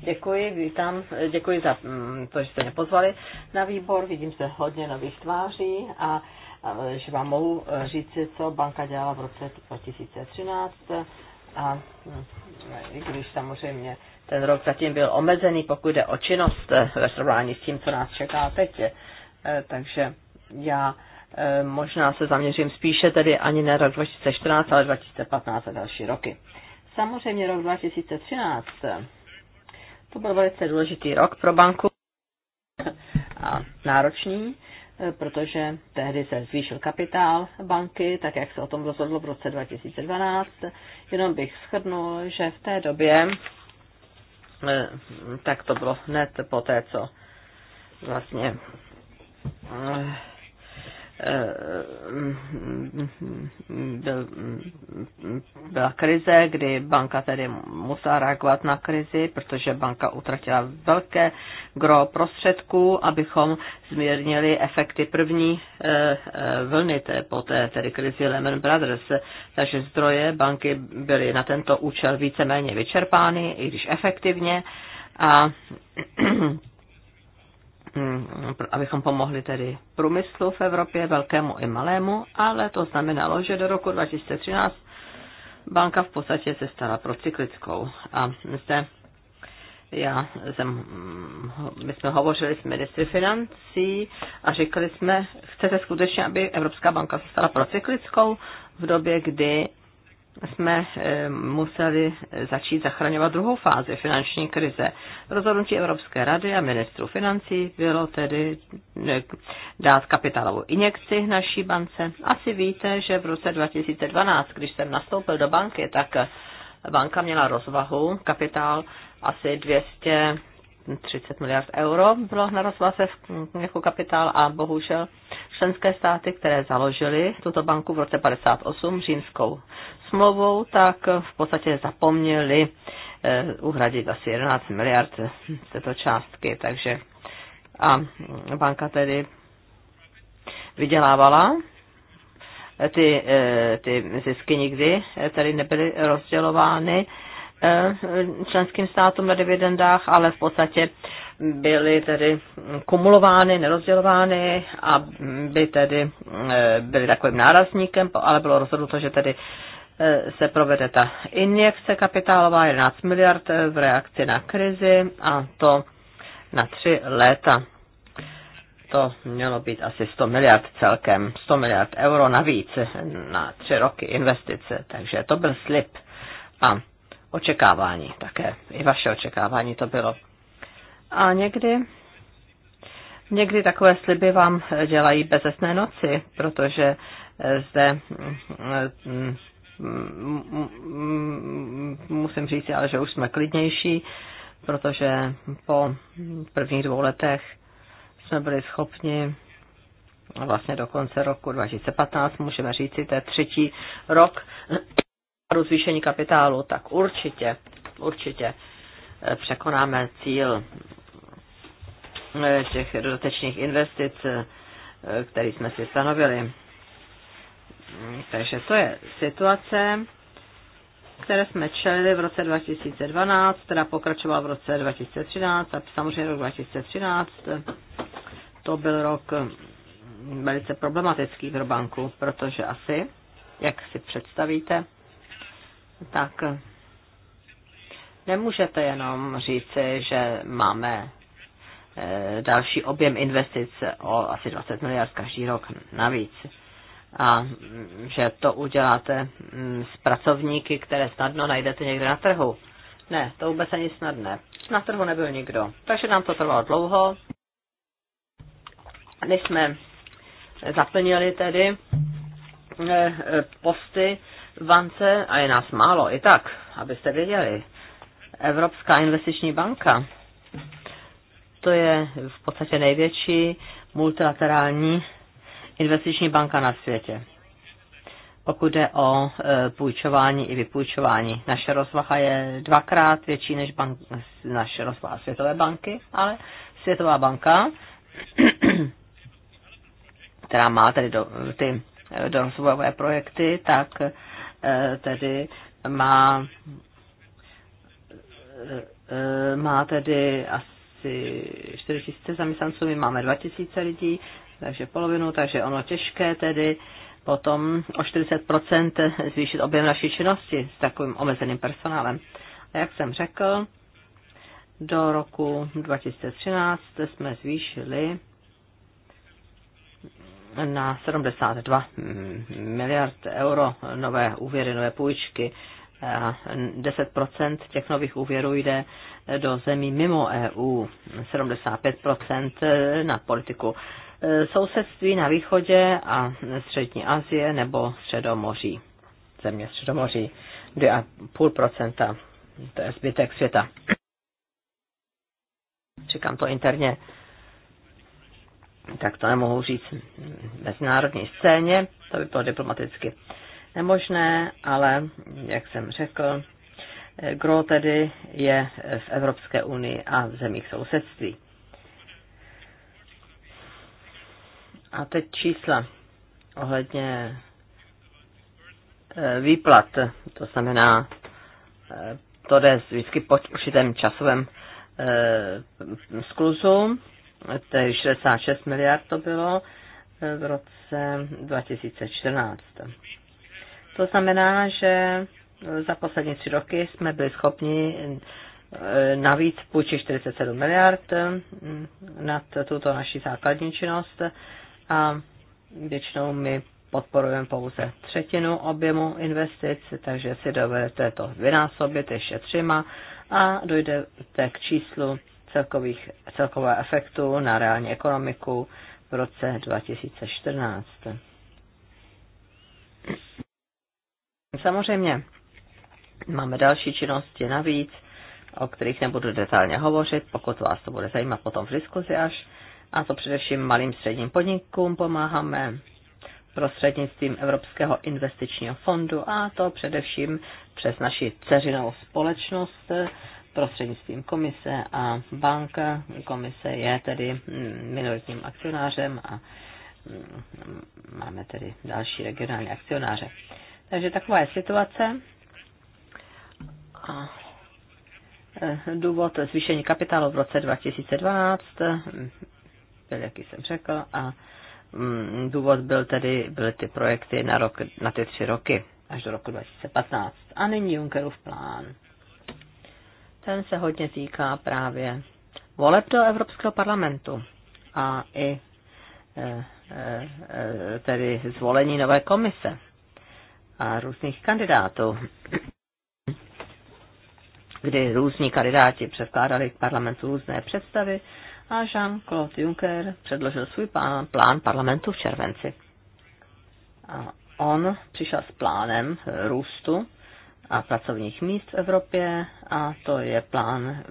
Děkuji, vítám, děkuji za mm, to, že jste mě pozvali na výbor, vidím se hodně nových tváří a že vám mohu e, říct, co banka dělala v roce 2013 a hm, i když samozřejmě ten rok zatím byl omezený, pokud jde o činnost e, ve srovnání s tím, co nás čeká teď. E, takže já možná se zaměřím spíše tedy ani na rok 2014, ale 2015 a další roky. Samozřejmě rok 2013, to byl velice důležitý rok pro banku a náročný, protože tehdy se zvýšil kapitál banky, tak jak se o tom rozhodlo v roce 2012. Jenom bych shrnul, že v té době, eh, tak to bylo hned po té, co vlastně eh, byla krize, kdy banka tedy musela reagovat na krizi, protože banka utratila velké gro prostředků, abychom zmírnili efekty první eh, eh, vlny té, po té tedy krizi Lehman Brothers. Takže zdroje banky byly na tento účel víceméně vyčerpány, i když efektivně. A Hmm, abychom pomohli tedy průmyslu v Evropě, velkému i malému, ale to znamenalo, že do roku 2013 banka v podstatě se stala procyklickou. A zde já jsem, hm, my jsme hovořili s ministry financí a říkali jsme, chcete skutečně, aby Evropská banka se stala procyklickou v době, kdy jsme eh, museli začít zachraňovat druhou fázi finanční krize. Rozhodnutí Evropské rady a ministrů financí bylo tedy eh, dát kapitálovou injekci naší bance. Asi víte, že v roce 2012, když jsem nastoupil do banky, tak banka měla rozvahu, kapitál asi 200 30 miliard euro bylo na rozvaze jako kapitál a bohužel členské státy, které založily tuto banku v roce 58 římskou smlouvou, tak v podstatě zapomněli eh, uhradit asi 11 miliard z této částky, takže a banka tedy vydělávala ty, eh, ty zisky nikdy eh, tady nebyly rozdělovány členským státům na dividendách, ale v podstatě byly tedy kumulovány, nerozdělovány a by tedy byly takovým nárazníkem, ale bylo rozhodnuto, že tedy Eh, se provede ta injekce kapitálová 11 miliard eh, v reakci na krizi a to na tři léta. To mělo být asi 100 miliard celkem, 100 miliard euro navíc eh, na tři roky investice, takže to byl slib a očekávání také. I vaše očekávání to bylo. A někdy, někdy takové sliby vám dělají bezesné noci, protože zde mm, mm, Mm, mm, musím říct, ale že už jsme klidnější, protože po prvních dvou letech jsme byli schopni vlastně do konce roku 2015, můžeme říct, to je třetí rok rozvýšení kapitálu, tak určitě, určitě eh, překonáme cíl eh, těch dodatečných investic, eh, který jsme si stanovili. Takže to je situace, které jsme čelili v roce 2012, která pokračovala v roce 2013 a samozřejmě rok 2013 to byl rok velice problematický pro banku, protože asi, jak si představíte, tak nemůžete jenom říci, že máme eh, další objem investic o asi 20 miliard každý rok navíc a že to uděláte mm, s pracovníky, které snadno najdete někde na trhu. Ne, to vůbec ani snadné. Na trhu nebyl nikdo, takže nám to trvalo dlouho. My jsme zaplnili tedy eh, posty Vance, a je nás málo i tak, abyste věděli, Evropská investiční banka, to je v podstatě největší multilaterální investiční banka na světě. Pokud jde o e, půjčování i vypůjčování, naše rozvaha je dvakrát větší než bank, naše rozvaha Světové banky, ale Světová banka, která má tedy do, ty do e, rozvojové projekty, tak e, tedy má má tedy asi 4 zaměstnanců, my máme 2 lidí takže polovinu, takže ono těžké tedy potom o 40% zvýšit objem naší činnosti s takovým omezeným personálem. A jak jsem řekl, do roku 2013 jsme zvýšili na 72 miliard euro nové úvěry, nové půjčky. 10% těch nových úvěrů jde do zemí mimo EU, 75% na politiku Eh, sousedství na východě a střední Asie nebo středomoří, země středomoří, 2,5%, to je zbytek světa. Říkám to interně, tak to nemohu říct mezinárodní scéně, to by bylo diplomaticky nemožné, ale jak jsem řekl, eh, gro tedy je v Evropské unii a v zemích sousedství. A teď čísla ohledně eh, výplat, to znamená, eh, to jde vždycky po určitém časovém eh, skluzu, to je 66 miliard to bylo v roce 2014. To znamená, že za poslední tři roky jsme byli schopni navíc půjčit 47 miliard mm, nad tuto naši základní činnost a většinou my podporujeme pouze třetinu objemu investic, takže si dovedete to vynásobit ještě třima a dojdete k číslu celkových, celkového efektu na reální ekonomiku v roce 2014. Samozřejmě máme další činnosti navíc, o kterých nebudu detailně hovořit, pokud vás to bude zajímat potom v diskuzi až a to především malým středním podnikům pomáháme prostřednictvím Evropského investičního fondu a to především přes naši ceřinou společnost prostřednictvím komise a banka. Komise je tedy minoritním akcionářem a máme tedy další regionální akcionáře. Takže taková je situace. A eh, důvod zvýšení kapitálu v roce 2012 byl, jak jsem řekl, a mm, důvod byl tedy, byly ty projekty na, rok, na ty tři roky, až do roku 2015. A nyní Junckerův plán. Ten se hodně týká právě voleb do Evropského parlamentu a i e, e, e tedy zvolení nové komise a různých kandidátů, kdy různí kandidáti předkládali k parlamentu různé představy a Jean-Claude Juncker předložil svůj plán, parlamentu v červenci. A on přišel s plánem růstu a pracovních míst v Evropě a to je plán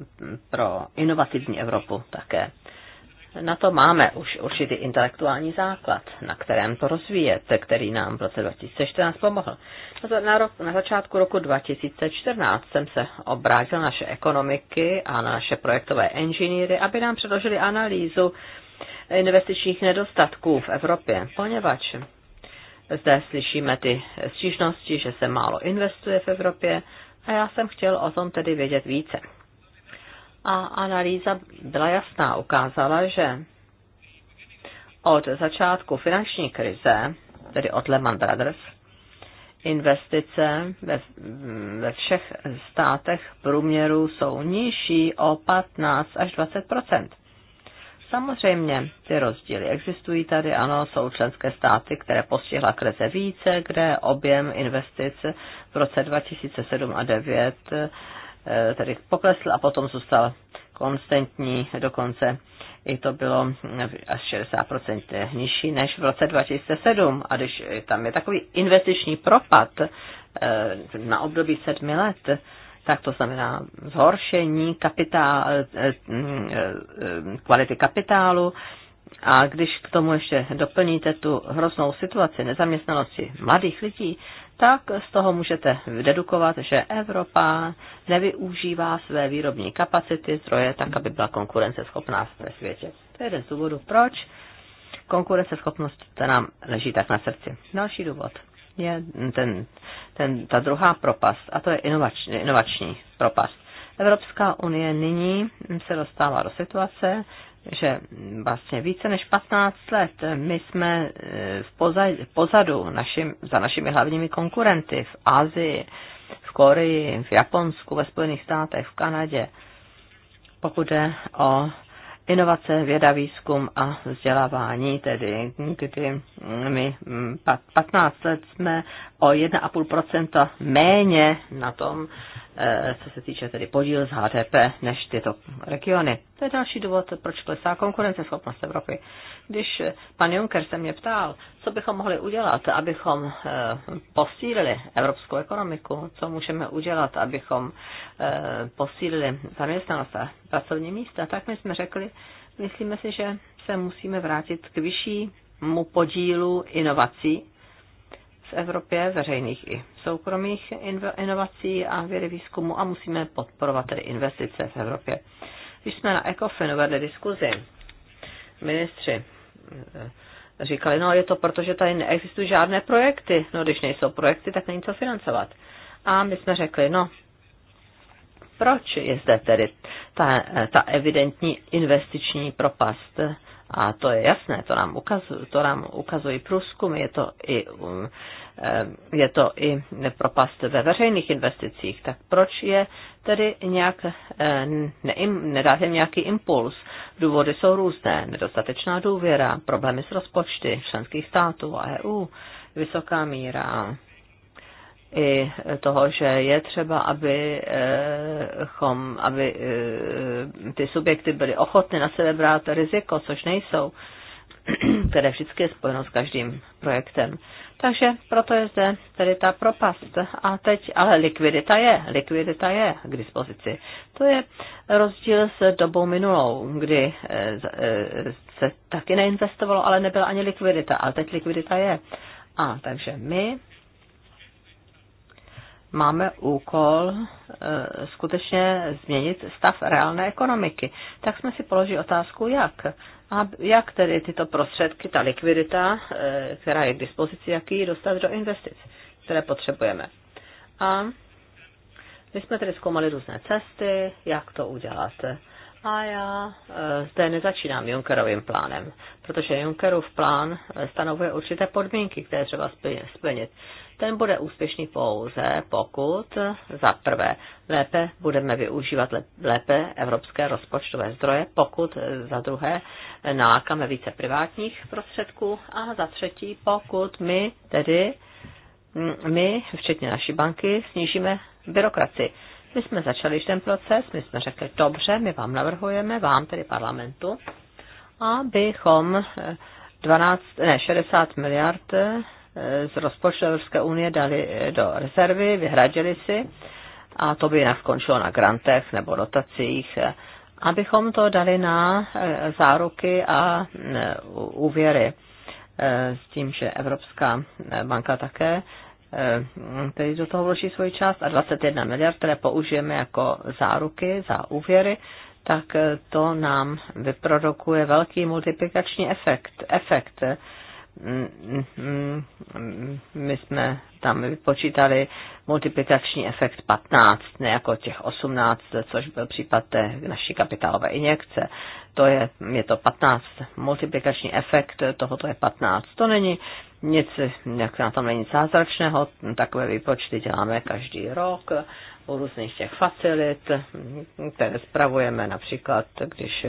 pro inovativní Evropu také na to máme už určitý intelektuální základ, na kterém to rozvíjet, který nám v roce 2014 pomohl. Na, rok, na začátku roku 2014 jsem se obrátil naše ekonomiky a na naše projektové inženýry, aby nám předložili analýzu investičních nedostatků v Evropě, poněvadž zde slyšíme ty stížnosti, že se málo investuje v Evropě a já jsem chtěl o tom tedy vědět více a analýza byla jasná. Ukázala, že od začátku finanční krize, tedy od Lehman Brothers, investice ve, ve všech státech průměru jsou nižší o 15 až 20 Samozřejmě ty rozdíly existují tady, ano, jsou členské státy, které postihla krize více, kde objem investic v roce 2007 a 2009 Eh, tedy poklesl a potom zůstal konstantní dokonce i to bylo hm, až 60% nižší než v roce 2007. A když tam je takový investiční propad eh, na období sedmi let, tak to znamená zhoršení kapitál, eh, hm, kvality kapitálu. A když k tomu ještě doplníte tu hroznou situaci nezaměstnanosti mladých lidí, tak z toho můžete dedukovat, že Evropa nevyužívá své výrobní kapacity, zdroje, tak, aby byla konkurenceschopná ve světě. To je jeden z důvodů, proč konkurenceschopnost ta nám leží tak na srdci. Další důvod je ten, ten, ta druhá propast, a to je inovační, inovační propast. Evropská unie nyní se dostává do situace, že vlastně více než 15 let my jsme e, v pozadu našim, za našimi hlavními konkurenty v Asii, v Koreji, v Japonsku, ve Spojených státech, v Kanadě, pokud jde o inovace, věda, výzkum a vzdělávání, tedy kdy my 15 let jsme o 1,5% méně na tom Eh, co se týče tedy podíl z HDP, než tyto regiony. To je další důvod, proč klesá konkurenceschopnost Evropy. Když pan Juncker se mě ptal, co bychom mohli udělat, abychom eh, posílili evropskou ekonomiku, co můžeme udělat, abychom eh, posílili zaměstnanost a pracovní místa, tak my jsme řekli, myslíme si, že se musíme vrátit k vyššímu podílu inovací v Evropě, veřejných i soukromých inovací a vědy výzkumu a musíme podporovat tedy investice v Evropě. Když jsme na ECOFIN vedli diskuzi, ministři eh, říkali, no je to proto, že tady neexistují žádné projekty. No když nejsou projekty, tak není co financovat. A my jsme řekli, no proč je zde tedy ta, ta evidentní investiční propast a to je jasné, to nám, ukazují, to nám ukazují průzkumy, je to i, um, eh, je to i propast ve veřejných investicích. Tak proč je tedy nějak, eh, ne, nedáte nějaký impuls? Důvody jsou různé, nedostatečná důvěra, problémy s rozpočty členských států a EU, vysoká míra i toho, že je třeba, aby, eh, chom, aby eh, ty subjekty byly ochotny na sebe brát riziko, což nejsou, které vždycky je spojeno s každým projektem. Takže proto je zde tedy ta propast. A teď, ale likvidita je, likvidita je k dispozici. To je rozdíl s dobou minulou, kdy eh, se taky neinvestovalo, ale nebyla ani likvidita, ale teď likvidita je. A takže my máme úkol e, skutečně změnit stav reálné ekonomiky. Tak jsme si položili otázku, jak. A jak tedy tyto prostředky, ta likvidita, e, která je k dispozici, jak ji dostat do investic, které potřebujeme. A my jsme tedy zkoumali různé cesty, jak to udělat. A já e, zde nezačínám Junckerovým plánem, protože Junckerův plán e, stanovuje určité podmínky, které třeba splnit. Ten bude úspěšný pouze, pokud e, za prvé lépe budeme využívat lépe evropské rozpočtové zdroje, pokud za druhé nalákáme více privátních prostředků a za třetí, pokud my tedy my, včetně naší banky, snížíme byrokracii. My jsme začali ten proces, my jsme řekli, dobře, my vám navrhujeme, vám tedy parlamentu, abychom 12, eh, ne, 60 miliard eh, z rozpočtu Evropské unie dali eh, do rezervy, vyhradili si a to by jinak skončilo na grantech nebo dotacích, abychom to dali na záruky a úvěry s tím, že Evropská banka také Eh, který do toho vloží svoji část, a 21 miliard, které použijeme jako záruky za úvěry, tak to nám vyprodukuje velký multiplikační efekt. efekt Mm, mm, mm, my jsme tam vypočítali multiplikační efekt 15, ne jako těch 18, což byl případ té naší kapitálové injekce. To je, je to 15, multiplikační efekt tohoto je 15. To není nic, jak na tom není zázračného, takové výpočty děláme každý rok u různých těch facilit, které spravujeme například, když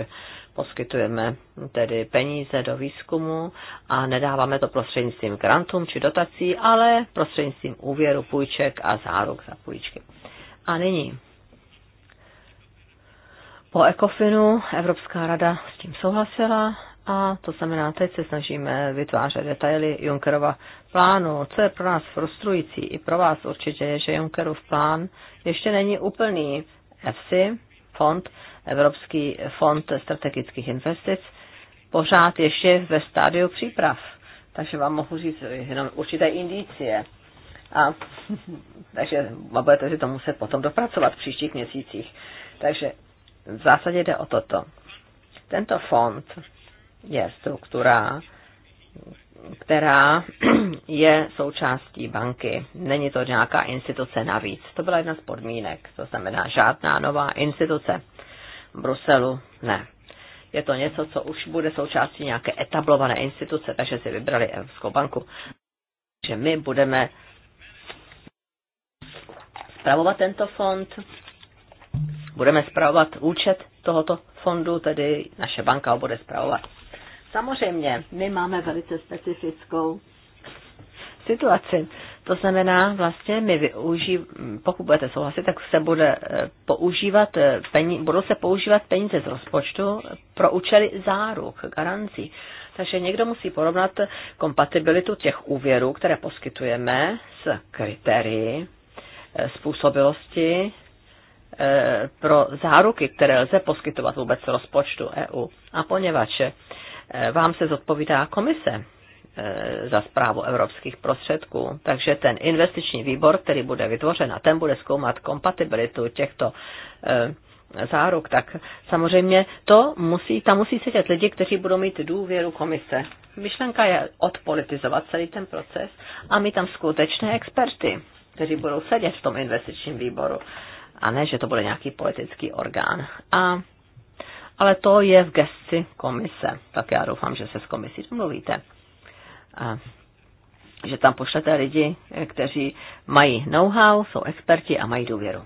poskytujeme tedy peníze do výzkumu a nedáváme to prostřednictvím grantům či dotací, ale prostřednictvím úvěru, půjček a záruk za půjčky. A nyní. Po ECOFINu Evropská rada s tím souhlasila a to znamená, teď se snažíme vytvářet detaily Junckerova plánu. Co je pro nás frustrující i pro vás určitě je, že Junckerův plán ještě není úplný. EFSI, fond, Evropský fond strategických investic, pořád ještě ve stádiu příprav. Takže vám mohu říct jenom určité indicie. A, takže a budete si to muset potom dopracovat v příštích měsících. Takže v zásadě jde o toto. Tento fond je struktura, která je součástí banky. Není to nějaká instituce navíc. To byla jedna z podmínek, to znamená žádná nová instituce. Bruselu. Ne. Je to něco, co už bude součástí nějaké etablované instituce, takže si vybrali Evropskou banku. Že my budeme spravovat tento fond, budeme spravovat účet tohoto fondu, tedy naše banka ho bude spravovat. Samozřejmě, my máme velice specifickou situaci. To znamená, vlastně my využí, pokud budete souhlasit, tak se bude eh, používat, eh, peníze, budou se používat peníze z rozpočtu pro účely záruk, garancí. Takže někdo musí porovnat kompatibilitu těch úvěrů, které poskytujeme, s kritérii eh, způsobilosti pro záruky, které lze poskytovat vůbec rozpočtu EU. A poněvadž vám se zodpovídá komise E, za zprávu evropských prostředků. Takže ten investiční výbor, který bude vytvořen a ten bude zkoumat kompatibilitu těchto e, záruk, tak samozřejmě to musí, tam musí sedět lidi, kteří budou mít důvěru komise. Myšlenka je odpolitizovat celý ten proces a mít tam skutečné experty, kteří budou sedět v tom investičním výboru a ne, že to bude nějaký politický orgán. A, ale to je v gesci komise, tak já doufám, že se s komisí domluvíte a že tam pošlete lidi, kteří mají know-how, jsou experti a mají důvěru.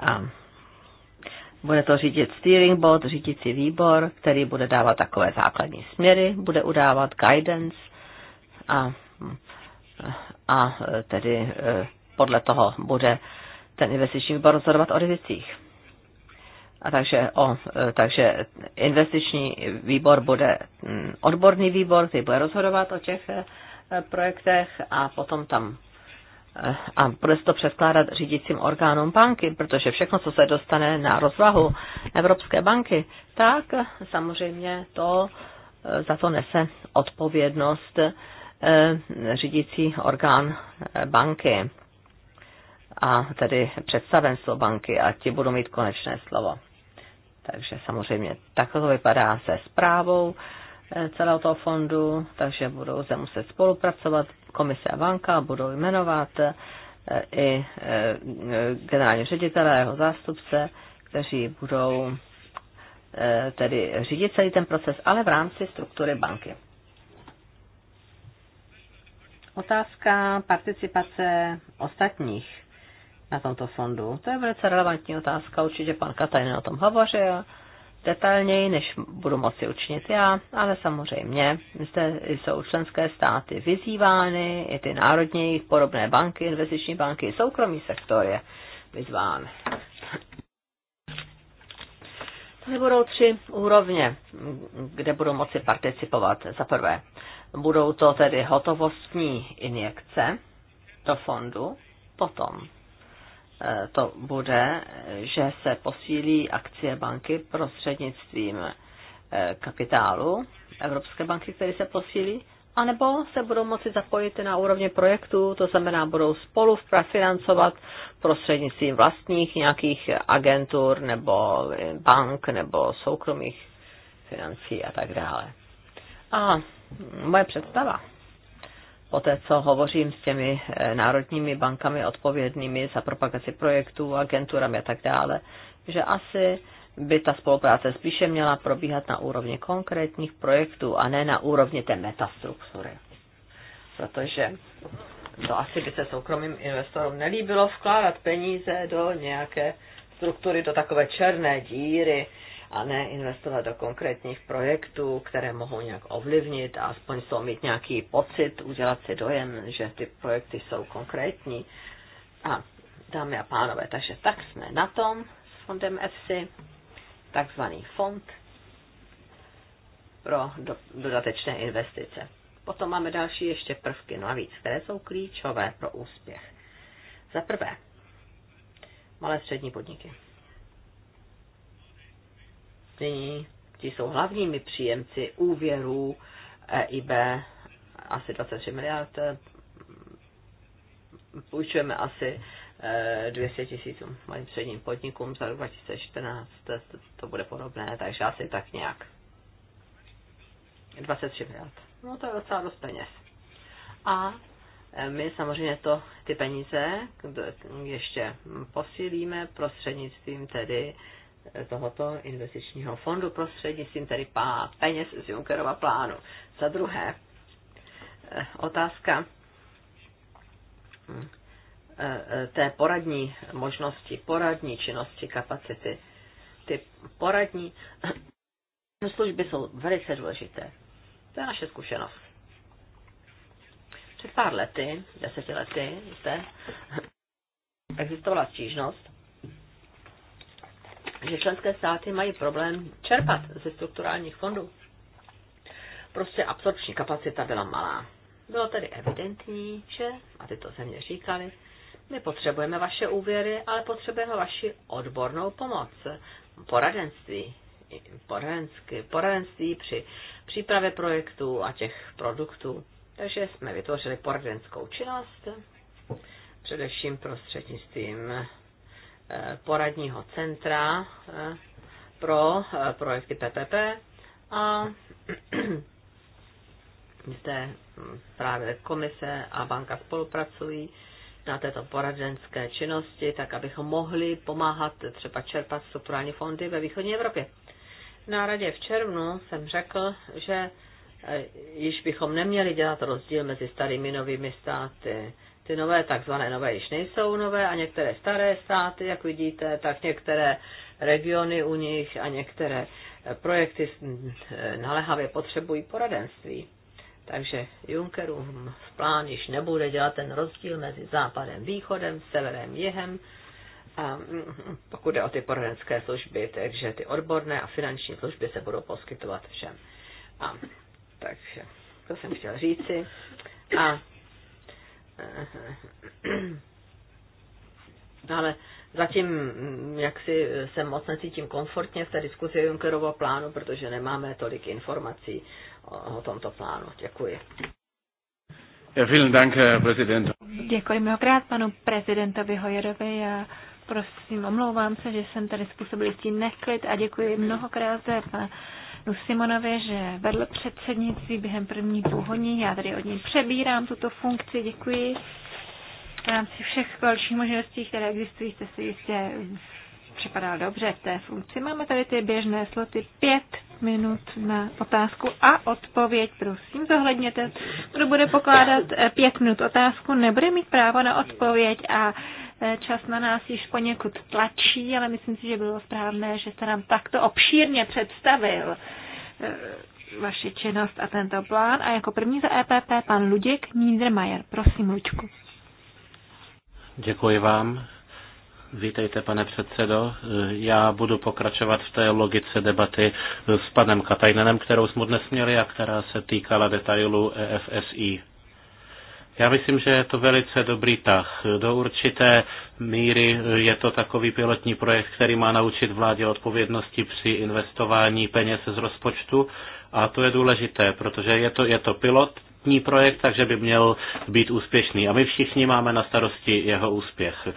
A bude to řídit steering board, řídící výbor, který bude dávat takové základní směry, bude udávat guidance a, a tedy eh, podle toho bude ten investiční výbor rozhodovat o rizicích. A takže, o, takže investiční výbor bude mm, odborný výbor, který bude rozhodovat o těch eh, projektech a potom tam eh, a bude se to přeskládat řídícím orgánům banky, protože všechno, co se dostane na rozvahu Evropské banky, tak samozřejmě to eh, za to nese odpovědnost řídící orgán banky a tedy představenstvo banky a ti budou mít konečné slovo. Takže samozřejmě takhle to vypadá se zprávou eh, celého toho fondu, takže budou se muset spolupracovat komise a banka, budou jmenovat eh, i eh, generální ředitele a jeho zástupce, kteří budou tedy řídit celý ten proces, ale v rámci struktury banky. Otázka participace ostatních na tomto fondu? To je velice relevantní otázka, určitě pan Katajn o tom hovořil detailněji, než budu moci učinit já, ale samozřejmě zde jsou členské státy vyzývány, i ty národní podobné banky, investiční banky, soukromý sektor je vyzván. Tady budou tři úrovně, kde budou moci participovat. Za prvé, budou to tedy hotovostní injekce do fondu, potom Eh, to bude, že se posílí akcie banky prostřednictvím eh, kapitálu Evropské banky, který se posílí, anebo se budou moci zapojit na úrovně projektu, to znamená, budou spolu financovat prostřednictvím vlastních nějakých agentur nebo eh, bank nebo soukromých financí a tak dále. A moje představa té, co hovořím s těmi eh, národními bankami odpovědnými za propagaci projektů, agenturami a tak dále, že asi by ta spolupráce spíše měla probíhat na úrovni konkrétních projektů a ne na úrovni té metastruktury. Protože to asi by se soukromým investorům nelíbilo vkládat peníze do nějaké struktury, do takové černé díry, a ne investovat do konkrétních projektů, které mohou nějak ovlivnit a aspoň jsou mít nějaký pocit, udělat si dojem, že ty projekty jsou konkrétní. A dámy a pánové, takže tak jsme na tom s fondem EFSI, takzvaný fond pro do, dodatečné investice. Potom máme další ještě prvky navíc, které jsou klíčové pro úspěch. Za prvé, malé střední podniky nyní ti jsou hlavními příjemci úvěrů EIB asi 23 miliard, půjčujeme asi 200 eh, tisícům malým středním podnikům za rok 2014, to bude podobné, takže asi tak nějak. 23 miliard. No to je docela dost peněz. A eh, my samozřejmě to, ty peníze ještě posílíme prostřednictvím tedy eh, tohoto investičního fondu prostřednictvím tedy pá, peněz z Junckerova plánu. Za druhé, eh, otázka hm, eh, té poradní možnosti, poradní činnosti, kapacity. Ty poradní služby jsou velice důležité. To je naše zkušenost. Před pár lety, deseti lety, jste, existovala stížnost že členské státy mají problém čerpat ze strukturálních fondů. Prostě absorpční kapacita byla malá. Bylo tedy evidentní, že, a ty to země říkali, my potřebujeme vaše úvěry, ale potřebujeme vaši odbornou pomoc, poradenství, poradenství, poradenství při přípravě projektů a těch produktů. Takže jsme vytvořili poradenskou činnost, především prostřednictvím Eh, poradního centra eh, pro eh, projekty PPP a zde hm, právě komise a banka spolupracují na této poradenské činnosti, tak abychom mohli pomáhat třeba čerpat strukturální fondy ve východní Evropě. Na radě v červnu jsem řekl, že již bychom neměli dělat rozdíl mezi starými novými státy. Ty nové, takzvané nové, již nejsou nové a některé staré státy, jak vidíte, tak některé regiony u nich a některé projekty naléhavě potřebují poradenství. Takže Junckerův plán již nebude dělat ten rozdíl mezi západem, východem, severem, jihem, a mm, pokud je o ty poradenské služby, takže ty odborné a finanční služby se budou poskytovat všem. A, takže to jsem chtěl říci. A No ale zatím mm, jak si eh, se moc necítím komfortně v té diskuzi Junckerova plánu, protože nemáme tolik informací o, tomto plánu. Děkuji. Děkuji mnohokrát panu prezidentovi Hojerovi a prosím, omlouvám se, že jsem tady způsobil tím neklid a děkuji mnohokrát za eh, Simonovi, že vedl předsednictví během první půlhodní. Já tady od něj přebírám tuto funkci. Děkuji. V rámci všech dalších možností, které existují, jste si jistě připadal dobře v té funkci. Máme tady ty běžné sloty pět minut na otázku a odpověď. Prosím, zohledněte, kdo bude pokládat eh, pět minut otázku, nebude mít právo na odpověď a Eh, čas na nás již poněkud tlačí, ale myslím si, že bylo správné, že jste nám takto obšírně představil eh, vaši činnost a tento plán. A jako první za EPP pan Luděk Niedermayer. Prosím, Luďku. Děkuji vám. Vítejte, pane předsedo. Eh, já budu pokračovat v té logice debaty s panem Katajnenem, kterou jsme dnes měli a která se týkala detailů EFSI. Já myslím, že je to velice dobrý tah. Do určité míry je to takový pilotní projekt, který má naučit vládě odpovědnosti při investování peněz z rozpočtu. A to je důležité, protože je to, je to pilotní projekt, takže by měl být úspěšný. A my všichni máme na starosti jeho úspěch.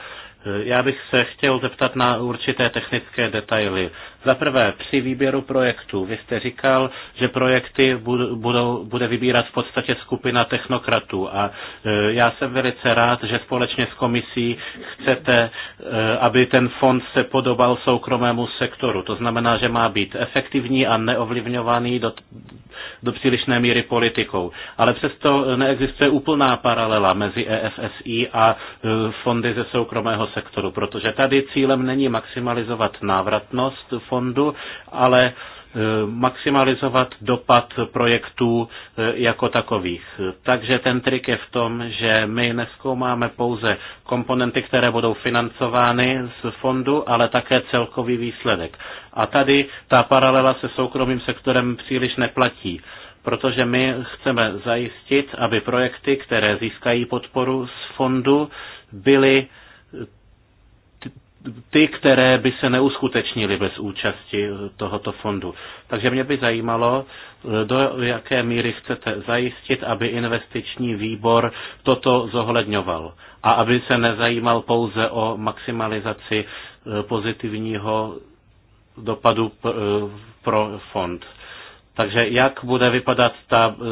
Já bych se chtěl zeptat na určité technické detaily. Za prvé, při výběru projektů. Vy jste říkal, že projekty budou, bude vybírat v podstatě skupina technokratů a e, já jsem velice rád, že společně s komisí chcete, e, aby ten fond se podobal soukromému sektoru. To znamená, že má být efektivní a neovlivňovaný do, do přílišné míry politikou. Ale přesto neexistuje úplná paralela mezi EFSI a e, fondy ze soukromého sektoru, protože tady cílem není maximalizovat návratnost fondu, ale eh, maximalizovat dopad projektů eh, jako takových. Takže ten trik je v tom, že my neskoumáme pouze komponenty, které budou financovány z fondu, ale také celkový výsledek. A tady ta paralela se soukromým sektorem příliš neplatí, protože my chceme zajistit, aby projekty, které získají podporu z fondu, byly ty, které by se neuskutečnily bez účasti tohoto fondu. Takže mě by zajímalo, do jaké míry chcete zajistit, aby investiční výbor toto zohledňoval a aby se nezajímal pouze o maximalizaci e, pozitivního dopadu e, pro fond. Takže jak bude vypadat ta e,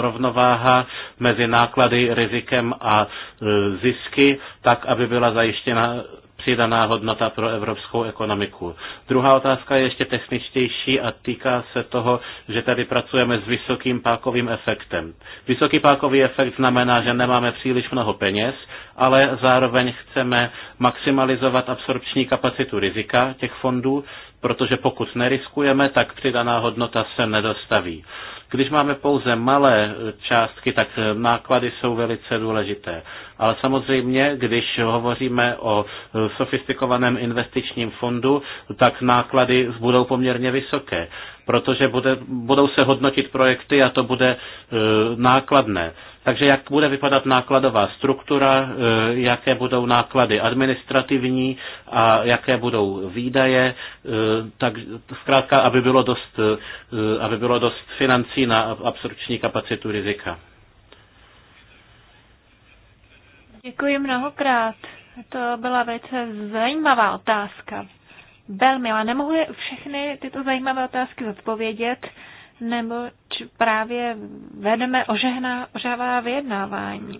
rovnováha mezi náklady, rizikem a zisky, tak aby byla zajištěna přidaná hodnota pro evropskou ekonomiku. Druhá otázka je ještě techničtější a týká se toho, že tady pracujeme s vysokým pákovým efektem. Vysoký pákový efekt znamená, že nemáme příliš mnoho peněz, ale zároveň chceme maximalizovat absorpční kapacitu rizika těch fondů, protože pokud neriskujeme, tak přidaná hodnota se nedostaví. Když máme pouze malé částky, tak náklady jsou velice důležité. Ale samozřejmě, když hovoříme o sofistikovaném investičním fondu, tak náklady budou poměrně vysoké, protože bude, budou se hodnotit projekty a to bude e, nákladné. Takže jak bude vypadat nákladová struktura, eh, jaké budou náklady administrativní a jaké budou výdaje, eh, tak zkrátka, aby bylo dost, eh, aby bylo dost financí na absorpční kapacitu rizika. Děkuji mnohokrát. To byla velice zajímavá otázka. Velmi, ale nemohu všechny tyto zajímavé otázky zodpovědět, nebo právě vedeme ožehná, ožává vyjednávání.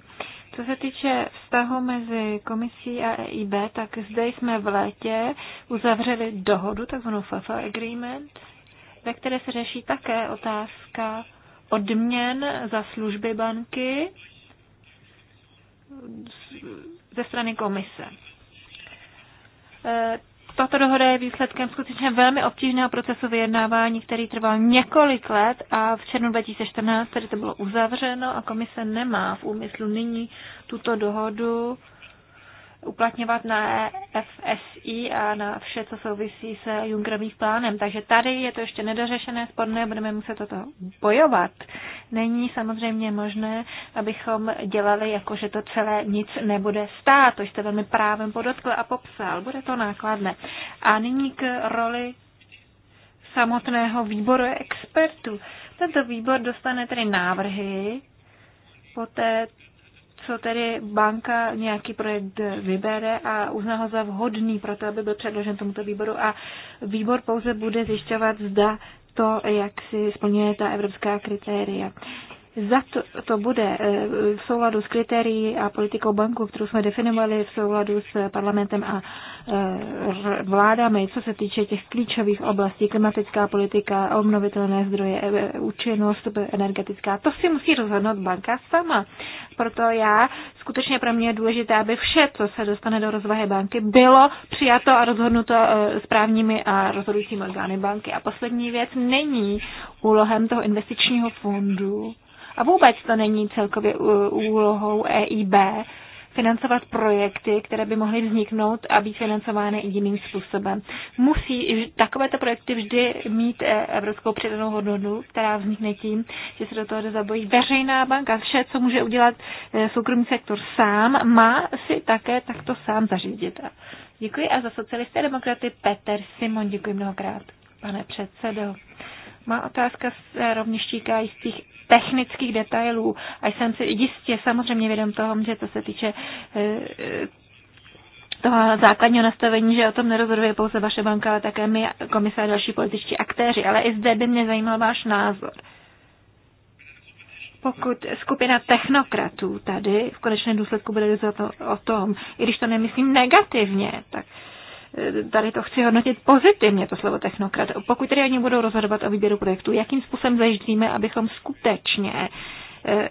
Co se týče vztahu mezi komisí a EIB, tak zde jsme v létě uzavřeli dohodu, takzvanou FAFA Agreement, ve které se řeší také otázka odměn za služby banky ze strany komise. Tato dohoda je výsledkem skutečně velmi obtížného procesu vyjednávání, který trval několik let a v červnu 2014 tedy to bylo uzavřeno a komise nemá v úmyslu nyní tuto dohodu uplatňovat na e FSI a na vše, co souvisí s Junkerovým plánem. Takže tady je to ještě nedořešené, sporné, budeme muset toto bojovat. Není samozřejmě možné, abychom dělali jako, že to celé nic nebude stát. To jste velmi právem podotkl a popsal. Bude to nákladné. A nyní k roli samotného výboru expertů. Tento výbor dostane tedy návrhy, poté co tedy banka nějaký projekt vybere a uzná ho za vhodný pro to, aby byl předložen tomuto výboru a výbor pouze bude zjišťovat, zda to, jak si splňuje ta evropská kritéria za to, to bude eh, v souladu s kritérií a politikou banku, kterou jsme definovali v souladu s parlamentem a eh, vládami, co se týče těch klíčových oblastí, klimatická politika, obnovitelné zdroje, eh, účinnost energetická, to si musí rozhodnout banka sama. Proto já, skutečně pro mě je důležité, aby vše, co se dostane do rozvahy banky, bylo přijato a rozhodnuto správními a rozhodujícími orgány banky. A poslední věc není úlohem toho investičního fondu a vůbec to není celkově uh, úlohou EIB financovat projekty, které by mohly vzniknout a být financovány jiným způsobem. Musí takovéto projekty vždy mít eh, evropskou přidanou hodnotu, která vznikne tím, že se do toho zabojí veřejná banka. Vše, co může udělat eh, soukromý sektor sám, má si také takto sám zařídit. Děkuji a za socialisté demokraty Peter Simon, děkuji mnohokrát, pane předsedo. Má otázka se rovněž týká jistých technických detailů. A jsem si jistě samozřejmě vědom toho, že to se týče eh, eh, toho základního nastavení, že o tom nerozhoduje pouze vaše banka, ale také my, komise a další političtí aktéři. Ale i zde by mě zajímal váš názor. Pokud skupina technokratů tady v konečném důsledku bude rozhodovat o tom, i když to nemyslím negativně, tak tady to chci hodnotit pozitivně, to slovo technokrat. Pokud tedy oni budou rozhodovat o výběru projektu, jakým způsobem zajišťujeme, abychom skutečně eh,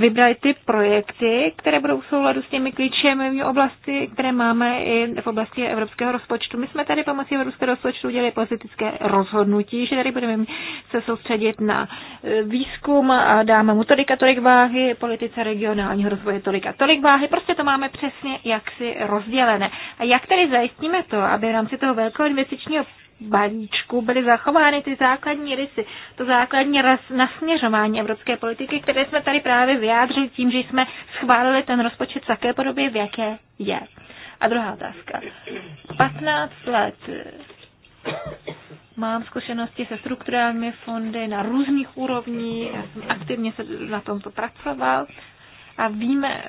vybrali ty projekty, které budou v souladu s těmi klíčovými oblasti, které máme i v oblasti evropského rozpočtu. My jsme tady pomocí evropského rozpočtu udělali politické rozhodnutí, že tady budeme se soustředit na e, výzkum a dáme mu tolik a tolik váhy, politice regionálního rozvoje tolik a tolik váhy. Prostě to máme přesně jaksi rozdělené. A jak tady zajistíme to, aby v rámci toho velkého investičního balíčku byly zachovány ty základní rysy, to základní nasměřování evropské politiky, které jsme tady právě vyjádřili tím, že jsme schválili ten rozpočet v také podobě, v jaké je. A druhá otázka. 15 let mám zkušenosti se strukturálními fondy na různých úrovních, já jsem aktivně se na tomto pracoval a víme,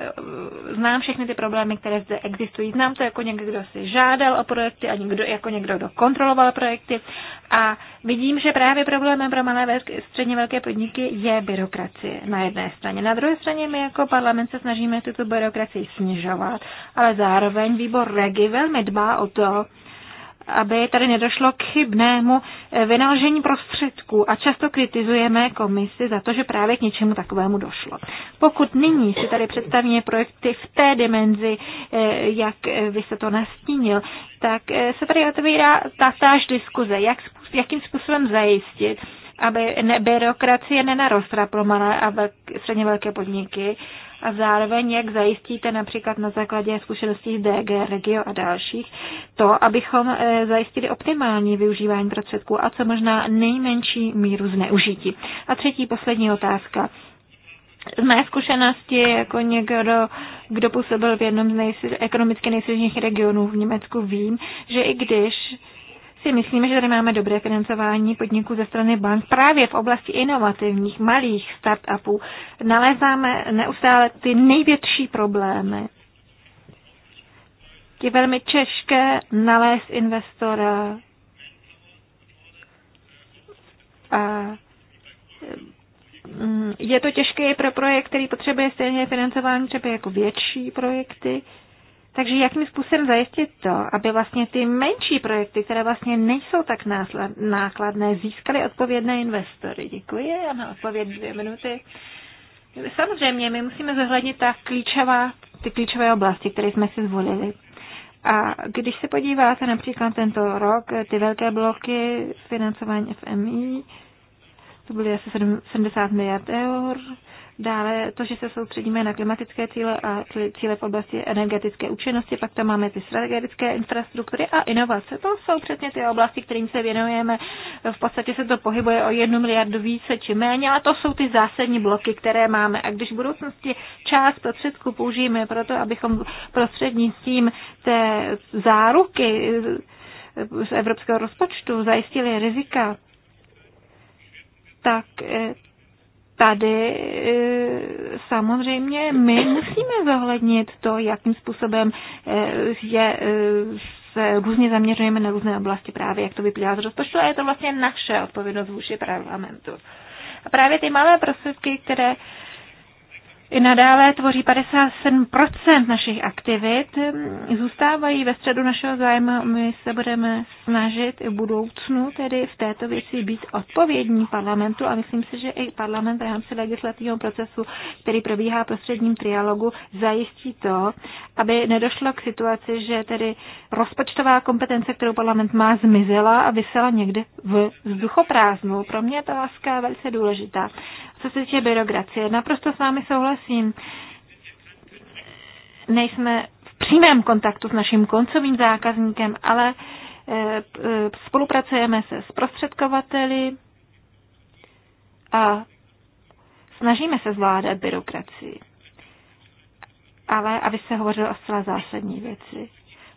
znám všechny ty problémy, které zde existují. Znám to jako někdo, kdo si žádal o projekty a někdo, jako někdo, kdo kontroloval projekty a vidím, že právě problémem pro malé středně velké podniky je byrokracie na jedné straně. Na druhé straně my jako parlament se snažíme tuto byrokracii snižovat, ale zároveň výbor REGI velmi dbá o to, aby tady nedošlo k chybnému eh, vynaložení prostředků a často kritizujeme komisi za to, že právě k něčemu takovému došlo. Pokud nyní si tady představíme projekty v té dimenzi, eh, jak eh, vy se to nastínil, tak se tady otevírá táž diskuze, jak, jakým způsobem zajistit, aby ne, byrokracie nenarostla pro malé a velk, středně velké podniky a zároveň, jak zajistíte například na základě zkušeností DG, Regio a dalších, to, abychom eh, zajistili optimální využívání prostředků a co možná nejmenší míru zneužití. A třetí, poslední otázka z mé zkušenosti jako někdo, kdo působil v jednom z nejsi, ekonomicky nejsilnějších regionů v Německu, vím, že i když si myslíme, že tady máme dobré financování podniků ze strany bank právě v oblasti inovativních malých startupů. Nalézáme neustále ty největší problémy. Je velmi těžké nalézt investora a mm, je to těžké i pro projekt, který potřebuje stejně financování třeba jako větší projekty. Takže jakým způsobem zajistit to, aby vlastně ty menší projekty, které vlastně nejsou tak nákladné, získaly odpovědné investory? Děkuji a na odpověď dvě minuty. Samozřejmě, my musíme zohlednit ta klíčová, ty klíčové oblasti, které jsme si zvolili. A když se podíváte například tento rok, ty velké bloky financování FMI, to byly asi 70 miliard eur, Dále to, že se soustředíme na klimatické cíle a cíle v oblasti energetické účinnosti, pak tam máme ty strategické infrastruktury a inovace. To jsou přesně ty oblasti, kterým se věnujeme. V podstatě se to pohybuje o jednu miliardu více či méně, ale to jsou ty zásadní bloky, které máme. A když v budoucnosti část prostředků použijeme pro to, abychom prostřednictvím té záruky z evropského rozpočtu zajistili rizika, tak eh, tady e, samozřejmě my musíme zohlednit to, jakým způsobem e, je e, se různě zaměřujeme na různé oblasti právě, jak to vyplývá z rozpočtu a je to vlastně naše odpovědnost vůči parlamentu. A právě ty malé prostředky, které i nadále tvoří 57% našich aktivit, zůstávají ve středu našeho zájmu. My se budeme snažit i v budoucnu tedy v této věci být odpovědní parlamentu a myslím si, že i parlament v rámci legislativního procesu, který probíhá prostředním trialogu, zajistí to, aby nedošlo k situaci, že tedy rozpočtová kompetence, kterou parlament má, zmizela a vysela někde v vzduchoprázdnu. Pro mě je ta láska velice důležitá. Co se týče byrokracie, naprosto s vámi souhlasím. Nejsme v přímém kontaktu s naším koncovým zákazníkem, ale e, e, spolupracujeme se s prostředkovateli a snažíme se zvládat byrokracii. Ale, aby se hovořilo o zcela zásadní věci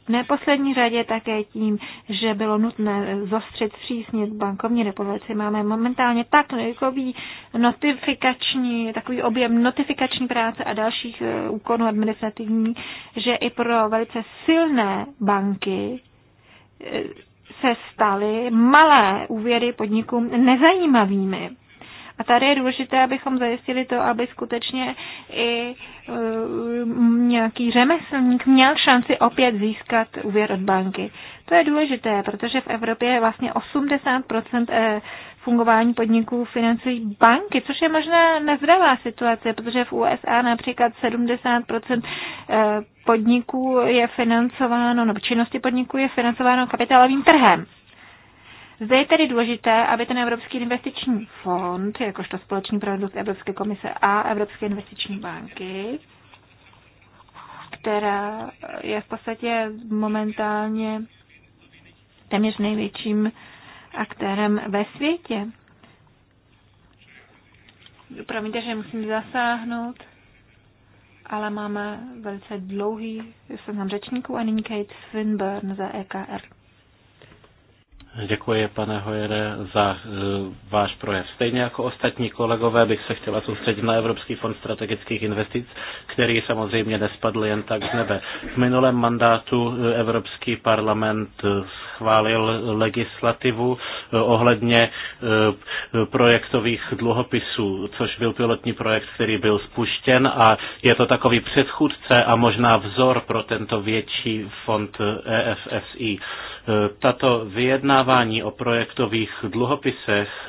v neposlední řadě také tím, že bylo nutné zostřit přísně bankovní regulaci. Máme momentálně takový notifikační, takový objem notifikační práce a dalších eh, úkonů administrativní, že i pro velice silné banky eh, se staly malé úvěry podnikům nezajímavými. A tady je důležité, abychom zajistili to, aby skutečně i e, nějaký řemeslník měl šanci opět získat úvěr od banky. To je důležité, protože v Evropě je vlastně 80 e, fungování podniků financují banky, což je možná nezdravá situace, protože v USA například 70 e, podniků je financováno, nebo činnosti podniků je financováno kapitálovým trhem. Zde je tedy důležité, aby ten Evropský investiční fond, jakožto společný produkt Evropské komise a Evropské investiční banky, která je v podstatě momentálně téměř největším aktérem ve světě. Promiňte, že musím zasáhnout, ale máme velice dlouhý seznam řečníků a nyní Kate Swinburne za EKR. Děkuji, pane Hojere, za uh, váš projev. Stejně jako ostatní kolegové bych se chtěla soustředit na Evropský fond strategických investic, který samozřejmě nespadl jen tak z nebe. V minulém mandátu e, Evropský parlament e, schválil legislativu ohledně projektových dluhopisů, což byl pilotní projekt, který byl spuštěn a je to takový předchůdce a možná vzor pro tento větší fond EFSI. Tato vyjednávání o projektových dluhopisech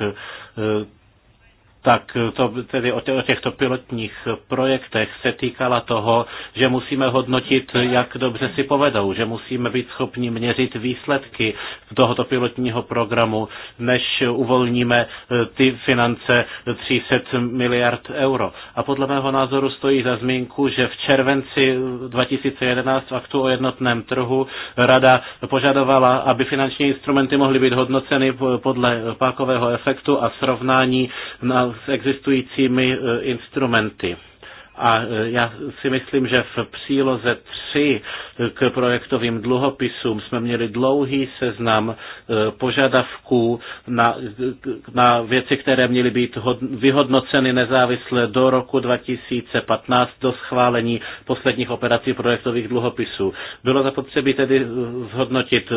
tak to tedy o těchto pilotních projektech se týkala toho, že musíme hodnotit, jak dobře si povedou, že musíme být schopni měřit výsledky tohoto pilotního programu, než uvolníme eh, ty finance 300 miliard euro. A podle mého názoru stojí za zmínku, že v červenci 2011 v aktu o jednotném trhu rada požadovala, aby finanční instrumenty mohly být hodnoceny podle pákového efektu a srovnání na s existujícími eh, instrumenty. A e, já si myslím, že v příloze 3 k projektovým dluhopisům jsme měli dlouhý seznam e, požadavků na, na věci, které měly být vyhodnoceny nezávisle do roku 2015 do schválení posledních operací projektových dluhopisů. Bylo zapotřebí tedy zhodnotit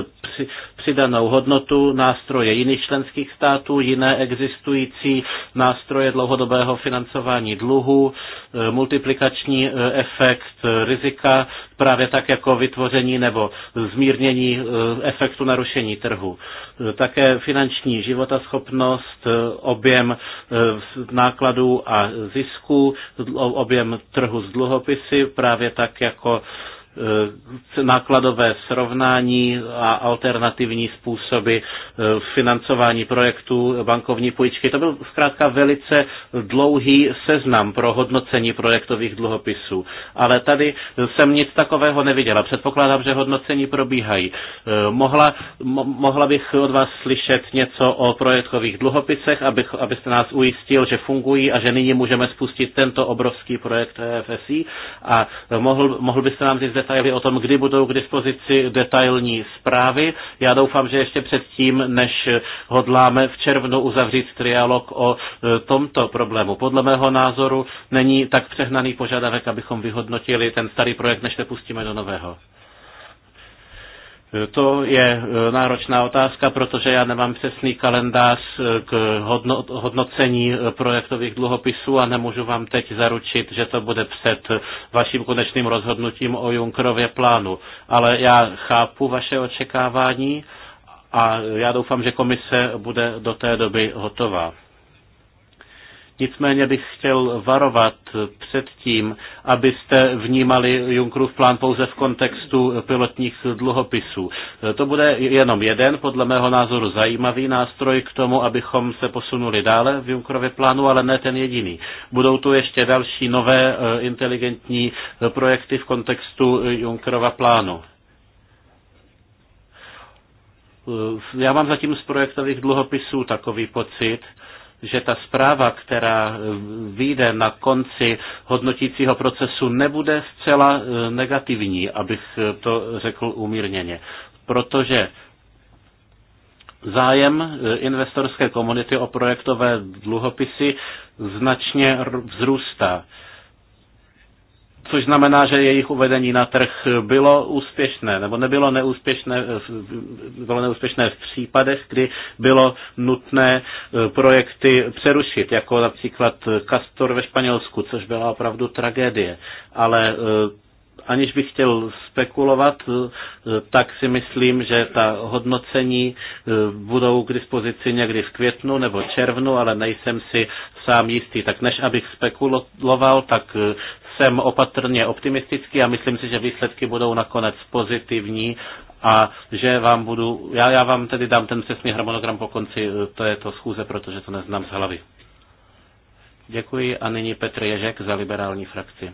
přidanou hodnotu nástroje jiných členských států, jiné existující nástroje dlouhodobého financování dluhu, e, multiplikační eh, efekt eh, rizika, právě tak jako vytvoření nebo zmírnění eh, efektu narušení trhu. Také finanční životaschopnost, objem nákladů a zisku, objem trhu s dluhopisy, právě tak jako Eh, nákladové srovnání a alternativní způsoby eh, financování projektů bankovní půjčky. To byl zkrátka velice dlouhý seznam pro hodnocení projektových dluhopisů. Ale tady jsem nic takového neviděla. Předpokládám, že hodnocení probíhají. Eh, mohla, mo, mohla bych od vás slyšet něco o projektových dluhopisech, abych, abyste nás ujistil, že fungují a že nyní můžeme spustit tento obrovský projekt FSI a mohl, mohl byste nám říct, detaily o tom, kdy budou k dispozici detailní zprávy. Já doufám, že ještě předtím, než hodláme v červnu uzavřít trialog o e, tomto problému. Podle mého názoru není tak přehnaný požadavek, abychom vyhodnotili ten starý projekt, než se pustíme do nového. To je e, náročná otázka, protože já nemám přesný kalendář e, k hodnocení e, projektových dluhopisů a nemůžu vám teď zaručit, že to bude před vaším konečným rozhodnutím o Junkerově plánu. Ale já chápu vaše očekávání a já doufám, že komise bude do té doby hotová. Nicméně bych chtěl varovat před tím, abyste vnímali Junckerův plán pouze v kontextu pilotních dluhopisů. To bude jenom jeden, podle mého názoru, zajímavý nástroj k tomu, abychom se posunuli dále v Junckerově plánu, ale ne ten jediný. Budou tu ještě další nové eh, inteligentní eh, projekty v kontextu Junckerova plánu. Eh, já mám zatím z projektových dluhopisů takový pocit, že ta zpráva, která eh, vyjde na konci hodnotícího procesu, nebude zcela eh, negativní, abych eh, to řekl umírněně. Protože zájem investorské komunity o projektové dluhopisy značně vzrůstá což znamená, že jejich uvedení na trh bylo úspěšné, nebo nebylo neúspěšné, bylo neúspěšné v případech, kdy bylo nutné e, projekty přerušit, jako například Castor ve Španělsku, což byla opravdu tragédie. Ale e, aniž bych chtěl spekulovat, eh, tak si myslím, že ta hodnocení eh, budou k dispozici někdy v květnu nebo červnu, ale nejsem si sám jistý. Tak než abych spekuloval, tak eh, jsem opatrně optimistický a myslím si, že výsledky budou nakonec pozitivní a že vám budu, já, já vám tedy dám ten přesný harmonogram po konci této schůze, protože to neznám z hlavy. Děkuji a nyní Petr Ježek za liberální frakci.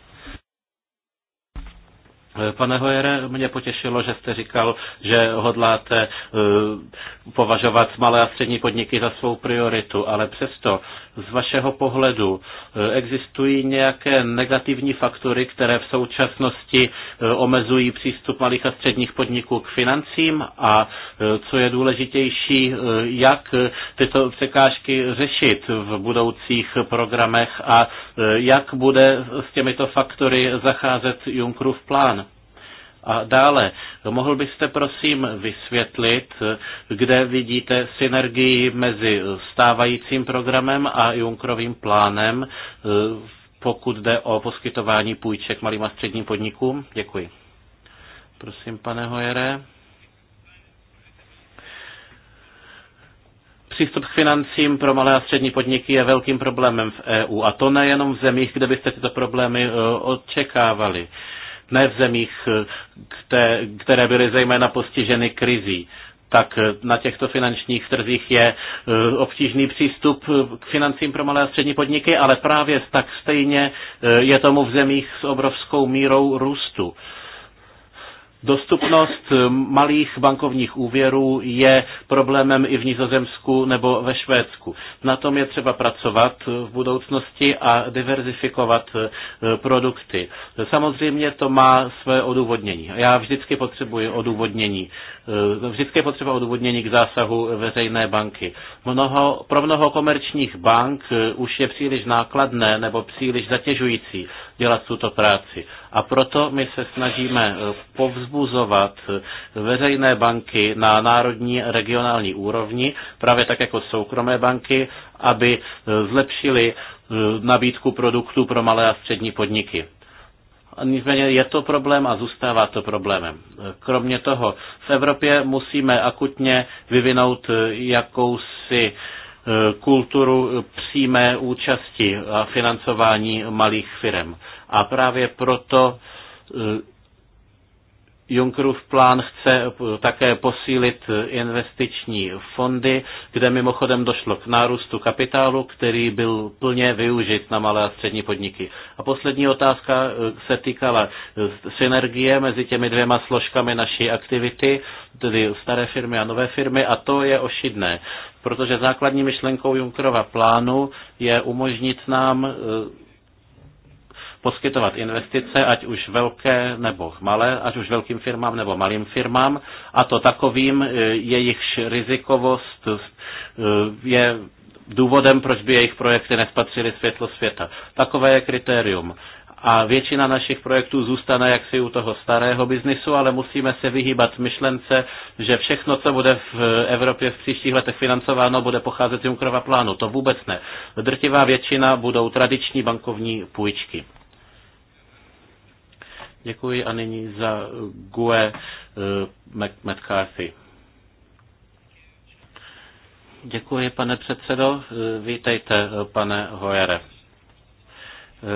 Pane Hojere, mě potěšilo, že jste říkal, že hodláte eh, považovat malé a střední podniky za svou prioritu, ale přesto z vašeho pohledu eh, existují nějaké negativní faktory, které v současnosti eh, omezují přístup malých a středních podniků k financím a co je důležitější, jak tyto překážky řešit v budoucích programech a jak bude s těmito faktory zacházet Junkrův plán. A dále, mohl byste prosím vysvětlit, kde vidíte synergii mezi stávajícím programem a Junkrovým plánem, eh, pokud jde o poskytování půjček malým a středním podnikům? Děkuji. Prosím, pane Hojere. Přístup k financím pro malé a střední podniky je velkým problémem v EU a to nejenom v zemích, kde byste tyto problémy eh, očekávali. Uh, ne v zemích, eh, které byly zejména postiženy krizí tak eh, na těchto finančních trzích je eh, obtížný přístup k financím pro malé a střední podniky, ale právě tak stejně je tomu v zemích s obrovskou mírou růstu. Dostupnost eh, malých bankovních úvěrů je problémem i v Nizozemsku nebo ve Švédsku. Na tom je třeba pracovat eh, v budoucnosti a diverzifikovat eh, produkty. Samozřejmě to má své odůvodnění. Já vždycky potřebuji odůvodnění. Vždycky je potřeba odůvodnění k zásahu veřejné banky. Mnoho, pro mnoho komerčních bank už je příliš nákladné nebo příliš zatěžující dělat tuto práci. A proto my se snažíme povzbudit povzbuzovat veřejné banky na národní regionální úrovni, právě tak jako soukromé banky, aby e, zlepšili e, nabídku produktů pro malé a střední podniky. Nicméně je to problém a zůstává to problémem. Kromě toho, v Evropě musíme akutně vyvinout e, jakousi kulturu přímé účasti a financování malých firm. A právě proto Junckerův plán chce eh, také posílit eh, investiční fondy, kde mimochodem došlo k nárůstu kapitálu, který byl plně využit na malé a střední podniky. A poslední otázka eh, se týkala synergie mezi těmi dvěma složkami naší aktivity, tedy staré firmy a nové firmy, a to je ošidné, protože základní myšlenkou Junckerova plánu je umožnit nám poskytovat investice, ať už velké nebo malé, ať už velkým firmám nebo malým firmám, a to takovým, e, jejichž rizikovost e, je důvodem, proč by jejich projekty nespatřily světlo světa. Takové je kritérium a většina našich projektů zůstane jaksi u toho starého biznisu, ale musíme se vyhýbat myšlence, že všechno, co bude v Evropě v příštích letech financováno, bude pocházet z Junkerova plánu. To vůbec ne. Drtivá většina budou tradiční bankovní půjčky. Děkuji a nyní za GUE eh, McCarthy. Děkuji, pane předsedo. Eh, vítejte, eh, pane Hojere.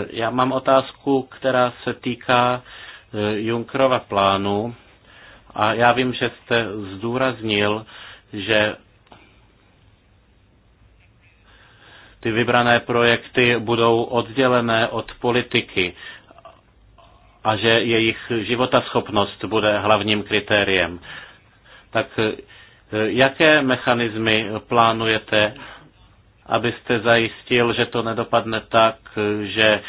Já mám otázku, která se týká Junkrova plánu a já vím, že jste zdůraznil, že ty vybrané projekty budou oddělené od politiky a že jejich životaschopnost bude hlavním kritériem. Tak e, jaké mechanismy plánujete, abyste zajistil, že to nedopadne tak, e, že e,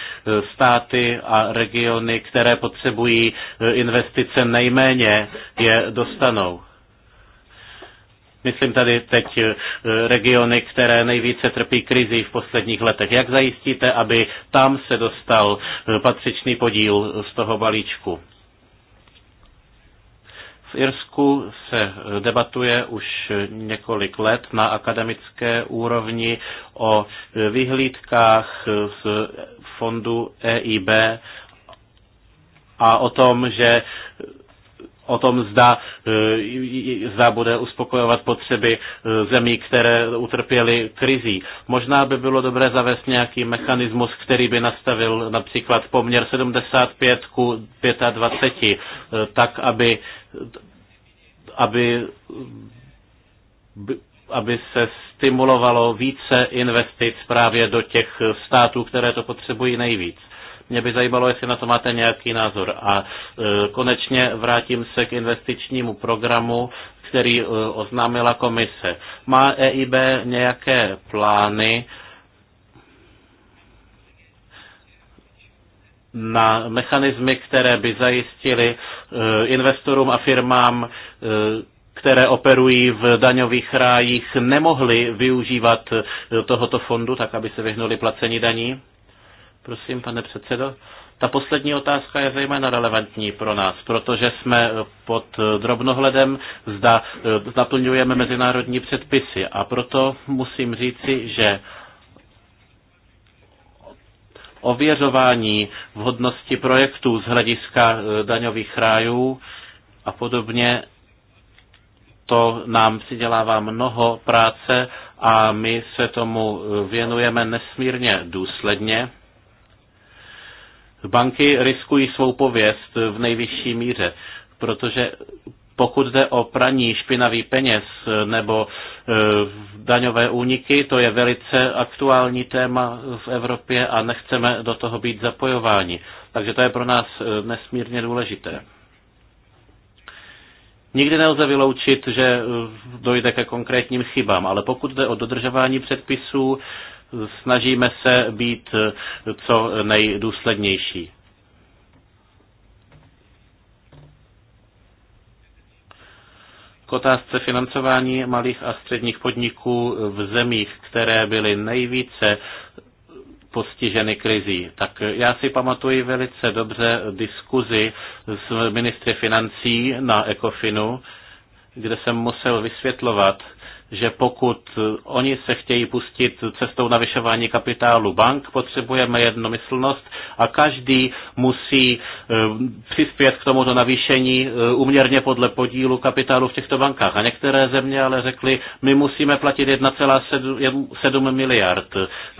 státy a regiony, které potřebují investice nejméně, je dostanou? Myslím tady teď eh, regiony, které nejvíce trpí krizí v posledních letech. Jak zajistíte, aby tam se dostal eh, patřičný podíl z toho balíčku? V Irsku se eh, debatuje už několik let na akademické úrovni o vyhlídkách z fondu EIB a o tom, že o tom, zda, e, zda bude uspokojovat potřeby e, zemí, které utrpěly krizí. Možná by bylo dobré zavést nějaký mechanismus, který by nastavil například poměr 75 ku 25, e, tak aby, aby, aby se stimulovalo více investic právě do těch států, které to potřebují nejvíc. Mě by zajímalo, jestli na to máte nějaký názor. A e, konečně vrátím se k investičnímu programu, který e, oznámila komise. Má EIB nějaké plány na mechanismy, které by zajistily e, investorům a firmám, které operují v daňových rájích, nemohly využívat tohoto fondu, tak aby se vyhnuli placení daní? Prosím, pane předsedo. Ta poslední otázka je zejména relevantní pro nás, protože jsme pod drobnohledem, zda eh, naplňujeme mezinárodní předpisy. A proto musím říci, že ověřování vhodnosti projektů z hlediska eh, daňových rájů a podobně, to nám přidělává mnoho práce a my se tomu eh, věnujeme nesmírně důsledně. Banky riskují svou pověst v nejvyšší míře, protože pokud jde o praní špinavý peněz nebo e, daňové úniky, to je velice aktuální téma v Evropě a nechceme do toho být zapojováni. Takže to je pro nás e, nesmírně důležité. Nikdy nelze vyloučit, že e, dojde ke konkrétním chybám, ale pokud jde o dodržování předpisů, snažíme se být co nejdůslednější. K otázce financování malých a středních podniků v zemích, které byly nejvíce postiženy krizí. Tak já si pamatuji velice dobře diskuzi s ministry financí na Ekofinu, kde jsem musel vysvětlovat, že pokud oni se chtějí pustit cestou navyšování kapitálu bank, potřebujeme jednomyslnost a každý musí eh, přispět k tomuto navýšení eh, uměrně podle podílu kapitálu v těchto bankách. A některé země ale řekly, my musíme platit 1,7 miliard.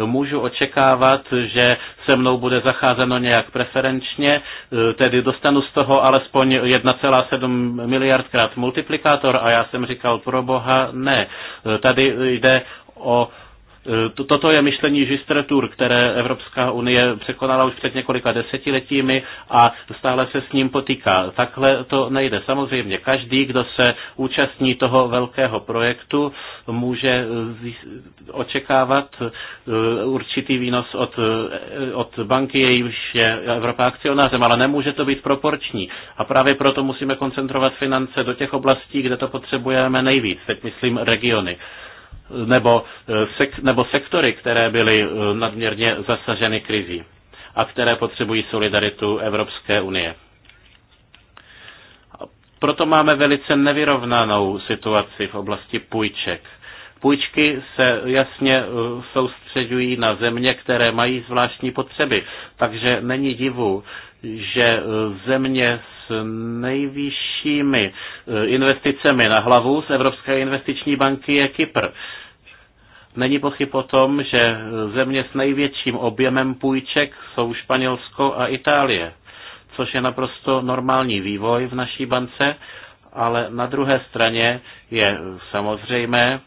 Můžu očekávat, že se mnou bude zacházeno nějak preferenčně, eh, tedy dostanu z toho alespoň 1,7 miliardkrát multiplikátor a já jsem říkal, pro boha, ne Tady jde o Toto je myšlení Žistretur, které Evropská unie překonala už před několika desetiletími a stále se s ním potýká. Takhle to nejde. Samozřejmě každý, kdo se účastní toho velkého projektu, může očekávat e, určitý výnos od, e, od banky, jejímž je Evropa akcionářem, ale nemůže to být proporční. A právě proto musíme koncentrovat finance do těch oblastí, kde to potřebujeme nejvíc, teď myslím regiony nebo, eh, sek, nebo sektory, které byly eh, nadměrně zasaženy krizí a které potřebují solidaritu Evropské unie. Proto máme velice nevyrovnanou situaci v oblasti půjček. Půjčky se jasně eh, soustředují na země, které mají zvláštní potřeby, takže není divu, že země s nejvyššími e, investicemi na hlavu z Evropské investiční banky je Kypr. Není pochyb o tom, že země s největším objemem půjček jsou Španělsko a Itálie, což je naprosto normální vývoj v naší bance, ale na druhé straně je samozřejmé,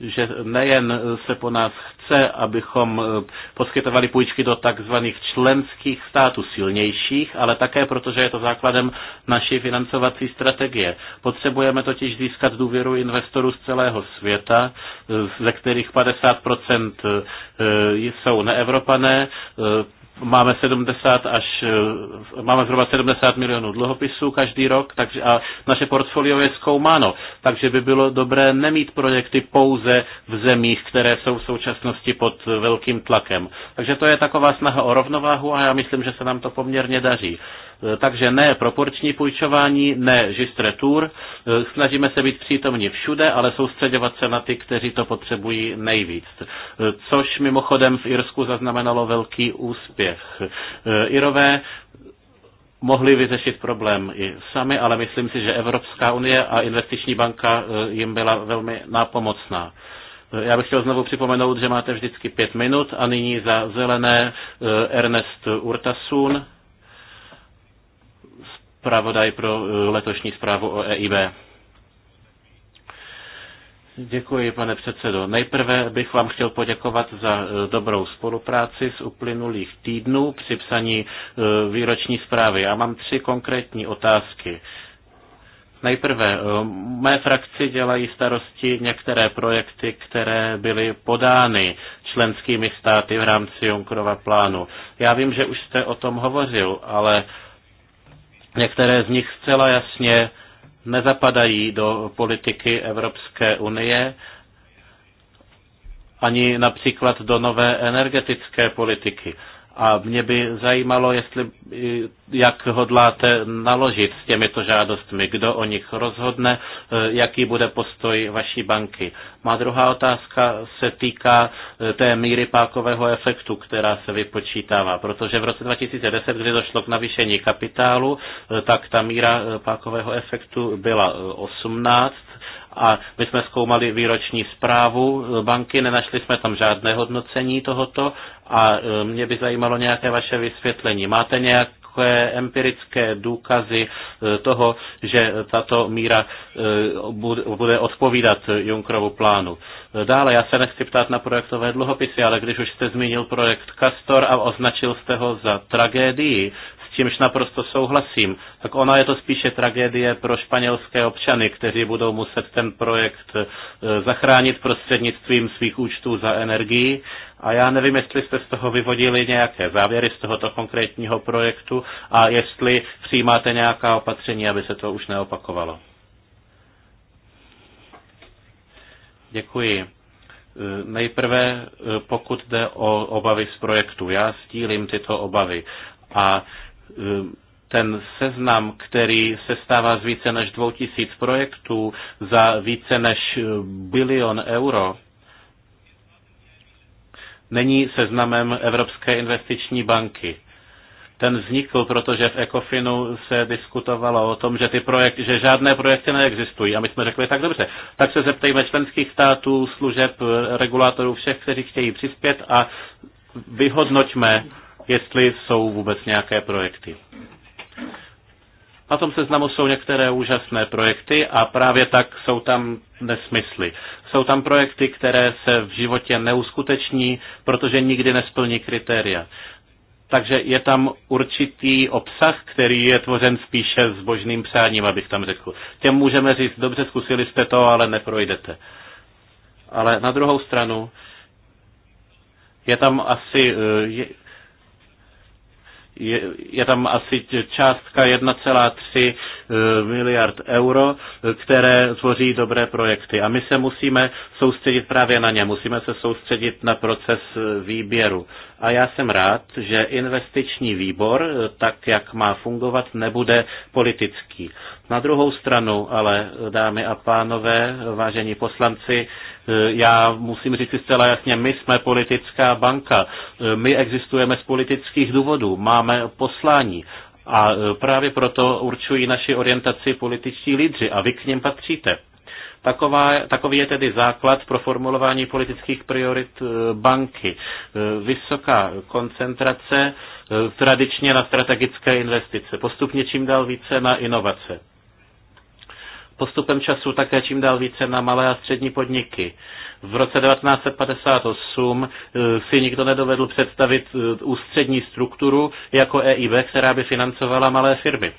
že nejen se po nás chce, abychom eh, poskytovali půjčky do takzvaných členských států silnějších, ale také protože je to základem naší financovací strategie. Potřebujeme totiž získat důvěru investorů z celého světa, eh, ze kterých 50% eh, jsou neevropané, máme 70 až, eh, máme zhruba 70 milionů dluhopisů každý rok, takže a naše portfolio je zkoumáno, takže by bylo dobré nemít projekty pouze v zemích, které jsou v současnosti pod velkým tlakem. Takže to je taková snaha o rovnováhu a já myslím, že se nám to poměrně daří. Eh, takže ne proporční půjčování, ne žistretur. Eh, snažíme se být přítomni všude, ale soustředovat se na ty, kteří to potřebují nejvíc. Eh, což mimochodem v Irsku zaznamenalo velký úspěch. Irové mohli vyřešit problém i sami, ale myslím si, že Evropská unie a investiční banka jim byla velmi nápomocná. Já bych chtěl znovu připomenout, že máte vždycky pět minut a nyní za zelené Ernest Urtasun zpravodaj pro eh, letošní zprávu o EIB. Děkuji, pane předsedo. Nejprve bych vám chtěl poděkovat za eh, dobrou spolupráci z uplynulých týdnů při psaní eh, výroční zprávy. Já mám tři konkrétní otázky. Nejprve, mé frakci dělají starosti některé projekty, které byly podány členskými státy v rámci Junkrova plánu. Já vím, že už jste o tom hovořil, ale Některé z nich zcela jasně nezapadají do politiky Evropské unie, ani například do nové energetické politiky. A mě by zajímalo, jestli, jak hodláte naložit s těmito žádostmi, kdo o nich rozhodne, e, jaký bude postoj vaší banky. Má druhá otázka se týká e, té míry pákového efektu, která se vypočítává, protože v roce 2010, kdy došlo k navýšení kapitálu, e, tak ta míra pákového efektu byla 18 a my jsme zkoumali výroční zprávu banky, nenašli jsme tam žádné hodnocení tohoto a e, mě by zajímalo nějaké vaše vysvětlení. Máte nějak empirické důkazy e, toho, že tato míra e, bude odpovídat Junkrovu plánu. Dále, já se nechci ptát na projektové dluhopisy, ale když už jste zmínil projekt Castor a označil jste ho za tragédii, čímž naprosto souhlasím, tak ona je to spíše tragédie pro španělské občany, kteří budou muset ten projekt e, zachránit prostřednictvím svých účtů za energii. A já nevím, jestli jste z toho vyvodili nějaké závěry z tohoto konkrétního projektu a jestli přijímáte nějaká opatření, aby se to už neopakovalo. Děkuji. E, nejprve, e, pokud jde o obavy z projektu, já sdílím tyto obavy. A ten seznam, který se stává z více než 2000 projektů za více než bilion euro, není seznamem Evropské investiční banky. Ten vznikl, protože v Ecofinu se diskutovalo o tom, že, ty projekty, že žádné projekty neexistují. A my jsme řekli, tak dobře, tak se zeptejme členských států, služeb, regulátorů, všech, kteří chtějí přispět a vyhodnoťme, jestli jsou vůbec nějaké projekty. Na tom seznamu jsou některé úžasné projekty a právě tak jsou tam nesmysly. Jsou tam projekty, které se v životě neuskuteční, protože nikdy nesplní kritéria. Takže je tam určitý obsah, který je tvořen spíše s božným přáním, abych tam řekl. Těm můžeme říct, dobře, zkusili jste to, ale neprojdete. Ale na druhou stranu je tam asi eh, je, je tam asi částka 1,3 eh, miliard euro, eh, které tvoří dobré projekty. A my se musíme soustředit právě na ně, musíme se soustředit na proces eh, výběru a já jsem rád, že investiční výbor, eh, tak jak má fungovat, nebude politický. Na druhou stranu, ale eh, dámy a pánové, vážení poslanci, eh, já musím říct zcela jasně, my jsme politická banka, my existujeme z politických důvodů, máme poslání a právě proto určují naši orientaci političtí lídři a vy k něm patříte. Taková, takový je tedy základ pro formulování politických priorit eh, banky. Eh, vysoká koncentrace eh, tradičně na strategické investice, postupně čím dál více na inovace. Postupem času také čím dál více na malé a střední podniky. V roce 1958 si nikdo nedovedl představit ústřední strukturu jako EIB, která by financovala malé firmy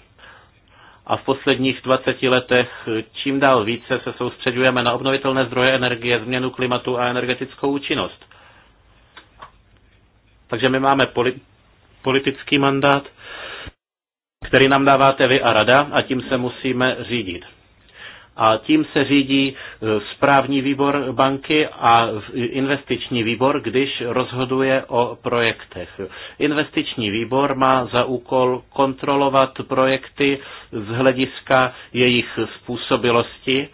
a v posledních 20 letech čím dál více se soustředujeme na obnovitelné zdroje energie, změnu klimatu a energetickou účinnost. Takže my máme poli- politický mandát, který nám dáváte vy a rada a tím se musíme řídit a tím se řídí e, správní výbor banky a investiční výbor, když rozhoduje o projektech. Investiční výbor má za úkol kontrolovat projekty z hlediska jejich způsobilosti,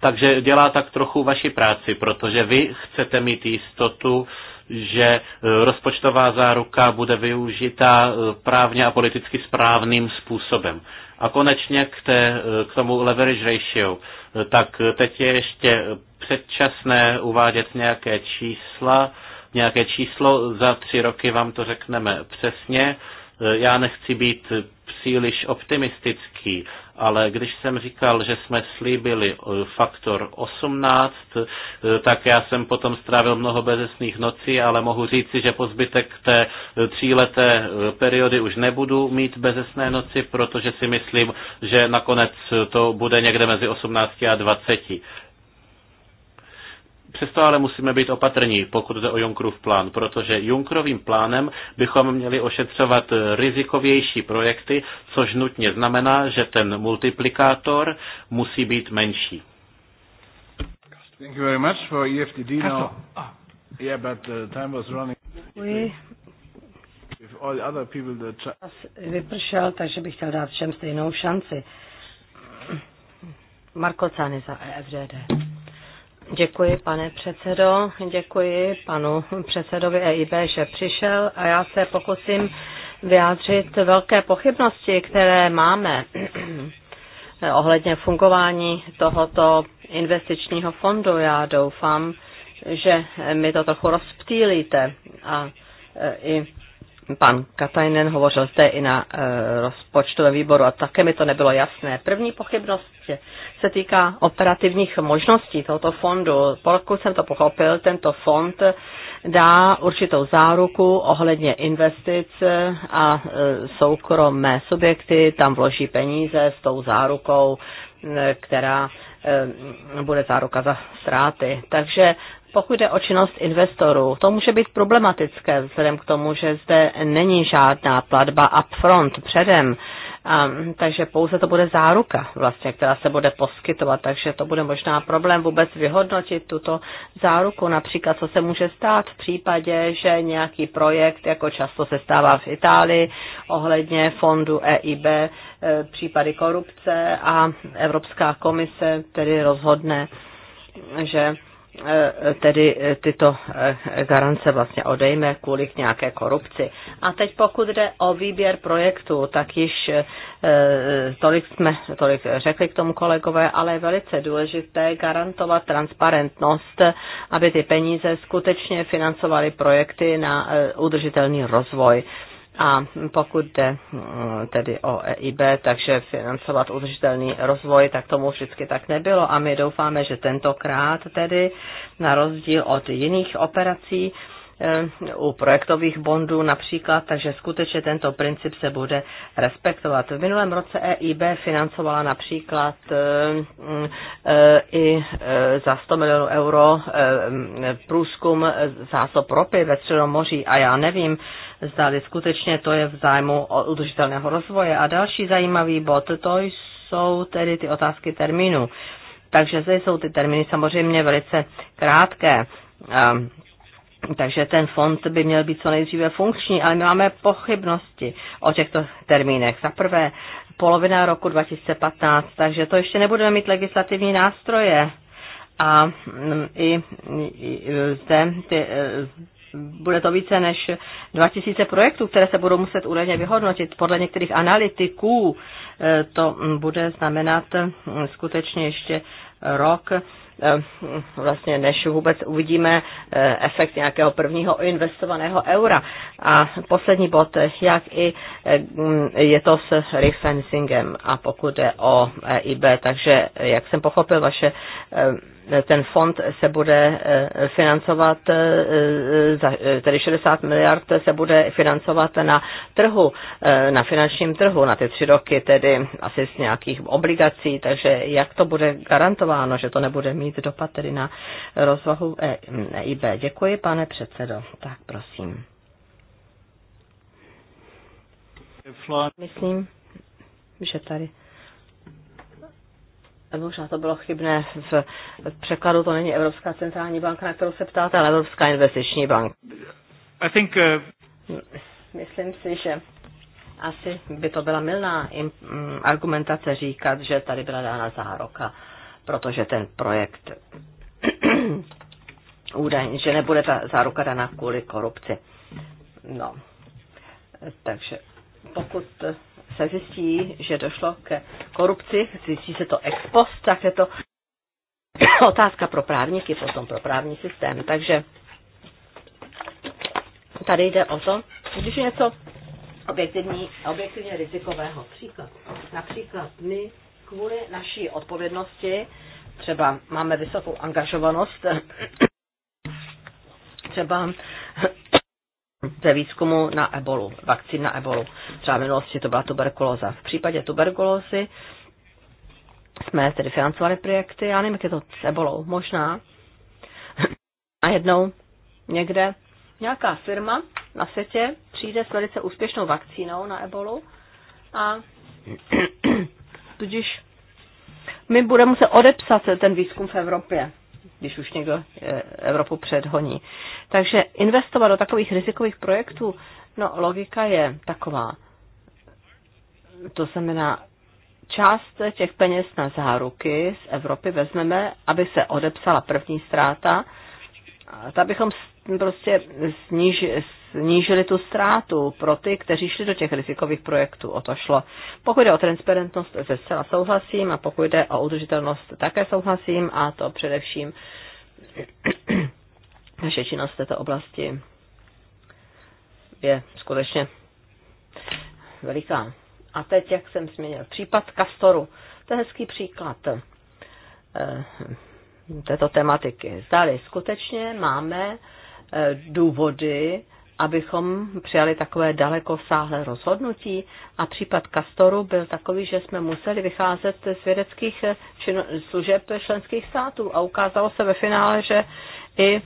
takže dělá tak trochu vaši práci, protože vy chcete mít jistotu, že e, rozpočtová záruka bude využita e, právně a politicky správným způsobem. A konečně k, té, eh, k tomu leverage ratio. Eh, tak eh, teď je ještě předčasné uvádět nějaké čísla, nějaké číslo, za tři roky vám to řekneme přesně. Já nechci být příliš optimistický, ale když jsem říkal, že jsme slíbili eh, faktor 18, eh, tak já jsem potom strávil mnoho bezesných nocí, ale mohu říci, že po zbytek té eh, tříleté periody už nebudu mít bezesné noci, protože si myslím, že nakonec to bude někde mezi 18 a 20. Přesto ale musíme být opatrní, pokud jde o Junckerův plán, protože Junkrovým plánem bychom měli ošetřovat rizikovější projekty, což nutně znamená, že ten multiplikátor musí být menší. E ah, uh, Děkuji. vypršel, takže bych chtěl dát všem stejnou šanci. Marko Cány za EFDD. Děkuji, pane předsedo. Děkuji panu předsedovi EIB, že přišel a já se pokusím vyjádřit velké pochybnosti, které máme ohledně fungování tohoto investičního fondu. Já doufám, že mi to trochu rozptýlíte a e, i pan Katajnen hovořil zde i na e, rozpočtovém výboru a také mi to nebylo jasné. První pochybnost se týká operativních možností tohoto fondu. Pokud jsem to pochopil, tento fond dá určitou záruku ohledně investic a e, soukromé subjekty tam vloží peníze s tou zárukou, e, která bude záruka za ztráty. Takže pokud jde o činnost investorů, to může být problematické vzhledem k tomu, že zde není žádná platba upfront předem, a, takže pouze to bude záruka, vlastně, která se bude poskytovat, takže to bude možná problém vůbec vyhodnotit tuto záruku, například co se může stát v případě, že nějaký projekt, jako často se stává v Itálii, ohledně fondu EIB, e, případy korupce a Evropská komise tedy rozhodne, že Eh, tedy eh, tyto eh, garance vlastně odejme kvůli k nějaké korupci. A teď pokud jde o výběr projektu, tak již tolik jsme tolik řekli k tomu kolegové, ale je velice důležité garantovat transparentnost, aby ty peníze skutečně financovaly projekty na udržitelný rozvoj. A pokud jde mm, tedy o EIB, takže financovat udržitelný rozvoj, tak tomu vždycky tak nebylo a my doufáme, že tentokrát tedy, na rozdíl od jiných operací, u projektových bondů například, takže skutečně tento princip se bude respektovat. V minulém roce EIB financovala například eh, eh, i eh, za 100 milionů euro průzkum zásob ropy ve Středomoří a já nevím, zdali skutečně to je v zájmu udržitelného rozvoje. A další zajímavý bod, to jsou tedy ty otázky termínu. Takže zde jsou ty termíny samozřejmě velice krátké. Takže ten fond by měl být co nejdříve funkční, ale my máme pochybnosti o těchto termínech. Za prvé polovina roku 2015, takže to ještě nebudeme mít legislativní nástroje. A mm, i, zde ty, e, bude to více než 2000 projektů, které se budou muset údajně vyhodnotit. Podle některých analytiků e, to mm, bude znamenat mm, skutečně ještě rok Eh, vlastně než vůbec uvidíme eh, efekt nějakého prvního investovaného eura. A poslední bod, jak i eh, je to s refinancingem a pokud je o EIB, takže jak jsem pochopil vaše ten fond se bude eh, financovat, eh, eh, tedy 60 miliard se bude financovat na trhu, na finančním trhu, na ty tři roky, tedy asi z nějakých obligací, takže jak to bude garantováno, že to nebude mít dopad tedy na rozvahu EIB. E Děkuji, pane předsedo. Tak prosím. Myslím, že tady možná to bylo chybné v, v překladu, to není Evropská centrální banka, na kterou se ptáte, ale Evropská investiční banka. I think, uh... Myslím si, že asi by to byla milná mm, argumentace říkat, že tady byla dána zároka, protože ten projekt údajně, že nebude ta záruka daná kvůli korupci. No, takže pokud se zjistí, že došlo ke korupci, zjistí se to ex post, tak je to otázka pro právníky, potom pro právní systém. Takže tady jde o to, když je něco objektivní, objektivně rizikového. Příklad. Například my kvůli naší odpovědnosti, třeba máme vysokou angažovanost, třeba ve výzkumu na ebolu, vakcín na ebolu. Třeba v minulosti to byla tuberkulóza. V případě tuberkulózy jsme tedy financovali projekty, já nevím, jak je to s ebolou, možná. A jednou někde nějaká firma na světě přijde s velice úspěšnou vakcínou na ebolu a tudíž my budeme muset odepsat ten výzkum v Evropě když už někdo eh, Evropu předhoní. Takže investovat do takových rizikových projektů, no logika je taková. To znamená, část těch peněz na záruky z Evropy vezmeme, aby se odepsala první ztráta, Ta bychom prostě sníži, snížili tu ztrátu pro ty, kteří šli do těch rizikových projektů. O to šlo. Pokud jde o transparentnost, se zcela souhlasím a pokud jde o udržitelnost, také souhlasím a to především naše činnost v této oblasti je skutečně veliká. A teď, jak jsem zmínil, případ Kastoru. To je hezký příklad eh, této tematiky. Zdali skutečně máme Eh, důvody, abychom přijali takové sáhlé rozhodnutí. A případ Kastoru byl takový, že jsme museli vycházet z vědeckých eh, čino- služeb členských států a ukázalo se ve finále, že i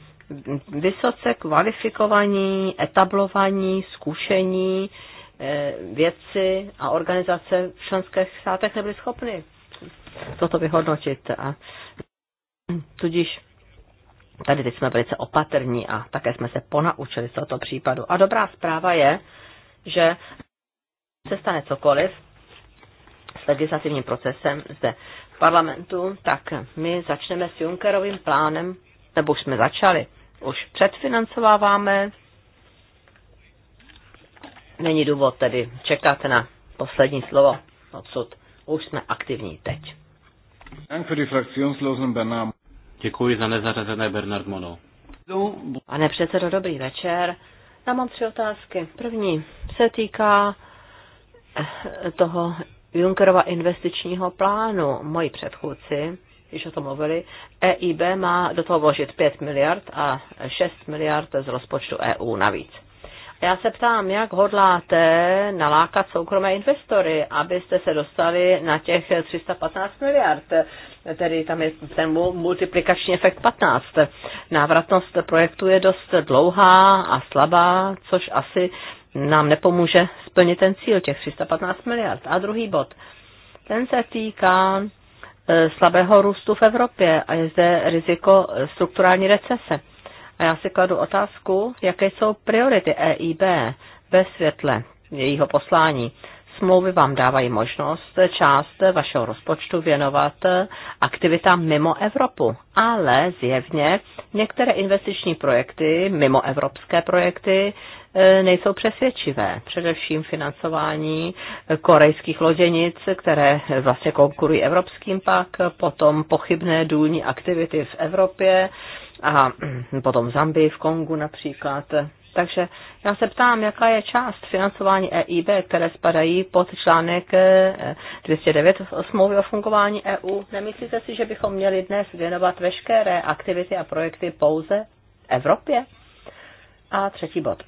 vysoce kvalifikovaní, etablovaní, zkušení eh, vědci a organizace v členských státech nebyly schopny toto vyhodnotit. A tudíž Tady teď jsme velice opatrní a také jsme se ponaučili z tohoto případu. A dobrá zpráva je, že se stane cokoliv s legislativním procesem zde v parlamentu, tak my začneme s Junckerovým plánem, nebo už jsme začali. Už předfinancováváme. Není důvod tedy čekat na poslední slovo odsud. Už jsme aktivní teď. Děkuji za nezařazené Bernard Mono. Pane předsedo, dobrý večer. Já mám tři otázky. První se týká eh, toho Junckerova investičního plánu. Moji předchůdci, když o tom mluvili, EIB má do toho vložit 5 miliard a 6 miliard z rozpočtu EU navíc. Já se ptám, jak hodláte nalákat soukromé investory, abyste se dostali na těch 315 miliard, tedy tam je ten multiplikační efekt 15. Návratnost projektu je dost dlouhá a slabá, což asi nám nepomůže splnit ten cíl těch 315 miliard. A druhý bod, ten se týká e, slabého růstu v Evropě a je zde riziko strukturální recese. A já si kladu otázku, jaké jsou priority EIB ve světle jejího poslání. Smlouvy vám dávají možnost část vašeho rozpočtu věnovat aktivitám mimo Evropu, ale zjevně některé investiční projekty, mimo evropské projekty, e, nejsou přesvědčivé. Především financování korejských loděnic, které vlastně konkurují evropským pak, potom pochybné důlní aktivity v Evropě, a potom v Zambii, v Kongu například. Takže já se ptám, jaká je část financování EIB, které spadají pod článek 209 eh, smlouvy o fungování EU. Nemyslíte si, že bychom měli dnes věnovat veškeré aktivity a projekty pouze Evropě? A třetí bod.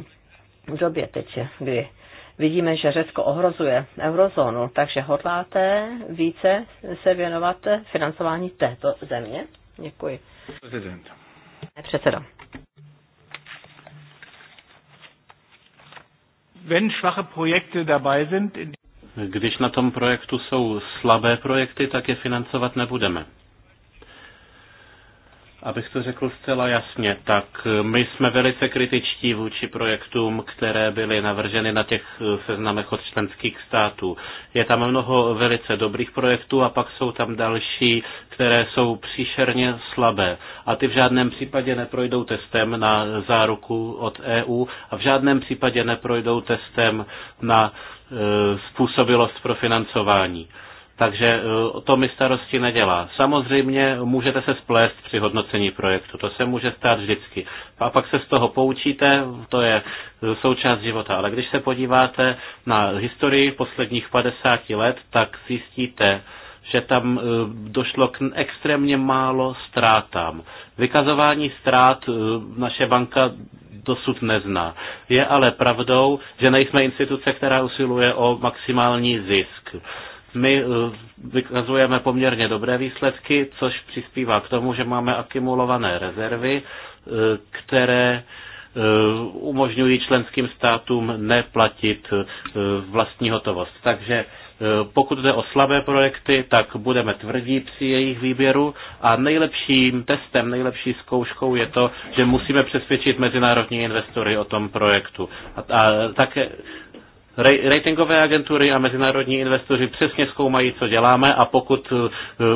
v době teď, kdy vidíme, že Řecko ohrozuje eurozónu, takže hodláte více se věnovat financování této země? Děkuji. Prezident. Pane předsedo. Wenn schwache Projekte dabei sind, když na tom projektu jsou slabé projekty, tak je financovat nebudeme. Abych to řekl zcela jasně, tak my jsme velice kritičtí vůči projektům, které byly navrženy na těch eh, seznamech od členských států. Je tam mnoho velice dobrých projektů a pak jsou tam další, které jsou příšerně slabé. A ty v žádném případě neprojdou testem na záruku od EU a v žádném případě neprojdou testem na eh, způsobilost pro financování. Takže eh, to mi starosti nedělá. Samozřejmě můžete se splést při hodnocení projektu, to se může stát vždycky. A pak se z toho poučíte, to je eh, součást života. Ale když se podíváte na historii posledních 50 let, tak zjistíte, že tam eh, došlo k extrémně málo ztrátám. Vykazování ztrát naše banka dosud nezná. Je ale pravdou, že nejsme instituce, která usiluje o maximální zisk. My eh, vykazujeme poměrně dobré výsledky, což přispívá k tomu, že máme akumulované rezervy, eh, které eh, umožňují členským státům neplatit vlastní hotovost. Takže pokud jde o slabé projekty, tak budeme tvrdí při jejich výběru a nejlepším testem, nejlepší zkouškou je to, že musíme přesvědčit mezinárodní investory o tom projektu. A, a také Ratingové agentury a mezinárodní investoři přesně zkoumají, co děláme a pokud eh,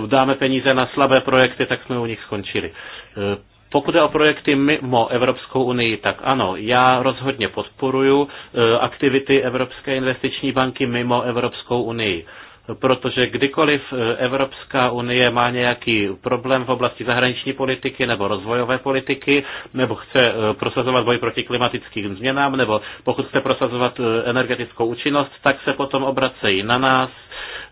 dáme peníze na slabé projekty, tak jsme u nich skončili. Eh, pokud je o projekty mimo Evropskou unii, tak ano, já rozhodně podporuji eh, aktivity Evropské investiční banky mimo Evropskou unii. No, protože kdykoliv e, Evropská unie má nějaký problém v oblasti zahraniční politiky nebo rozvojové politiky, nebo chce e, prosazovat boj proti klimatickým změnám, nebo pokud chce prosazovat e, energetickou účinnost, tak se potom obracejí na nás,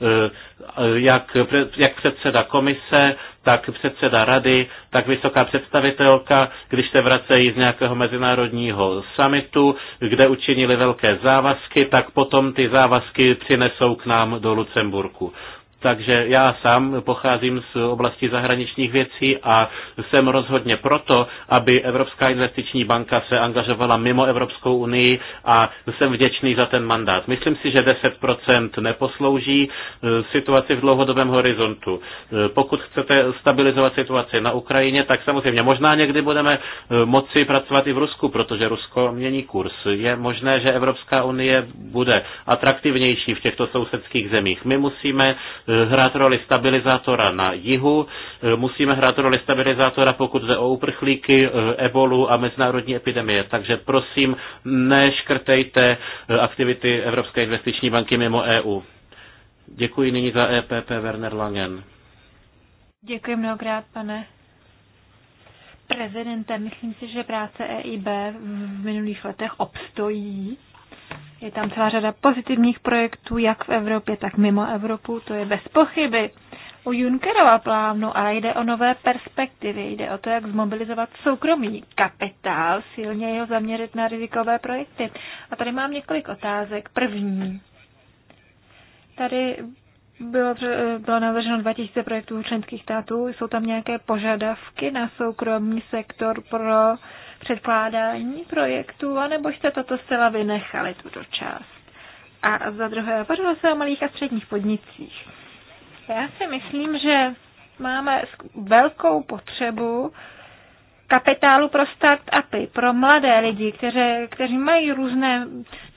Eh, eh, jak, jak předseda komise, tak předseda rady, tak vysoká představitelka, když se vracejí z nějakého mezinárodního summitu, kde učinili velké závazky, tak potom ty závazky přinesou k nám do Lucemburku takže já sám pocházím z oblasti zahraničních věcí a jsem rozhodně proto, aby Evropská investiční banka se angažovala mimo Evropskou unii a jsem vděčný za ten mandát. Myslím si, že 10% neposlouží e, situaci v dlouhodobém horizontu. E, pokud chcete stabilizovat situaci na Ukrajině, tak samozřejmě možná někdy budeme e, moci pracovat i v Rusku, protože Rusko mění kurz. Je možné, že Evropská unie bude atraktivnější v těchto sousedských zemích. My musíme hrát roli stabilizátora na jihu, e, musíme hrát roli stabilizátora, pokud jde o uprchlíky, e, ebolu a mezinárodní epidemie. Takže prosím, neškrtejte e, aktivity Evropské investiční banky mimo EU. Děkuji nyní za EPP Werner Langen. Děkuji mnohokrát, pane prezidente. Myslím si, že práce EIB v minulých letech obstojí je tam celá řada pozitivních projektů, jak v Evropě, tak mimo Evropu, to je bez pochyby. U Junckerova plánu ale jde o nové perspektivy, jde o to, jak zmobilizovat soukromý kapitál, silně ho zaměřit na rizikové projekty. A tady mám několik otázek. První. Tady bylo, bylo navrženo 2000 projektů členských států. Jsou tam nějaké požadavky na soukromý sektor pro předkládání projektů, anebo jste toto zcela vynechali, tuto část? A za druhé, hovořilo se o malých a středních podnicích. Já si myslím, že máme velkou potřebu kapitálu pro startupy, pro mladé lidi, kteři, kteří mají různé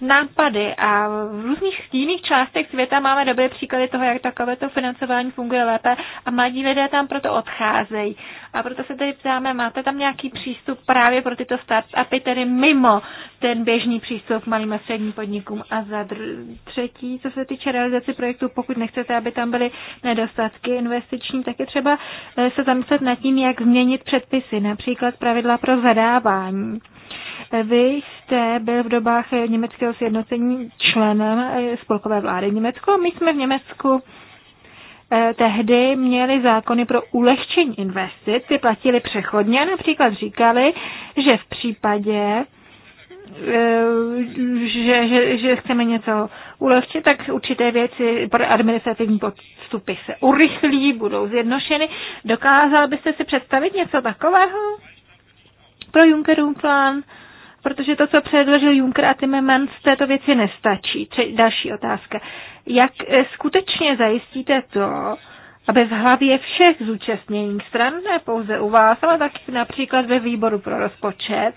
nápady a v různých jiných částech světa máme dobré příklady toho, jak takovéto financování funguje lépe a mladí lidé tam proto odcházejí. A proto se tady ptáme, máte tam nějaký přístup právě pro tyto startupy, tedy mimo ten běžný přístup k malým a středním podnikům. A za třetí, co se týče realizace projektu, pokud nechcete, aby tam byly nedostatky investiční, tak je třeba eh, se zamyslet nad tím, jak změnit předpisy. Například například pravidla pro zadávání. Vy jste byl v dobách německého sjednocení členem eh, spolkové vlády Německo. My jsme v Německu eh, tehdy měli zákony pro ulehčení investic, ty platili přechodně, například říkali, že v případě Eh, že, že, že chceme něco ulehčit, tak určité věci, administrativní postupy se urychlí, budou zjednošeny. Dokázal byste si představit něco takového pro Junckerův plán? Protože to, co předložil Juncker a Timmermans, této věci nestačí. Tři, další otázka. Jak eh, skutečně zajistíte to, aby v hlavě všech zúčastněných stran, ne pouze u vás, ale taky například ve výboru pro rozpočet,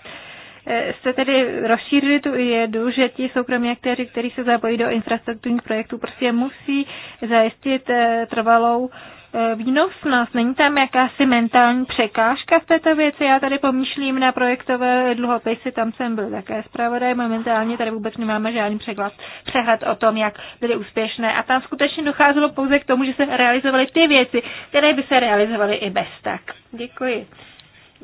Eh, jste tedy rozšířili tu jedu, že ti soukromí aktéři, kteří se zapojí do infrastrukturních projektů, prostě musí zajistit eh, trvalou eh, výnosnost. Není tam jakási mentální překážka v této věci? Já tady pomýšlím na projektové dluhopisy, tam jsem byl také zpravodaj, momentálně tady vůbec nemáme žádný překlad, přehled o tom, jak byly úspěšné. A tam skutečně docházelo pouze k tomu, že se realizovaly ty věci, které by se realizovaly i bez tak. Děkuji.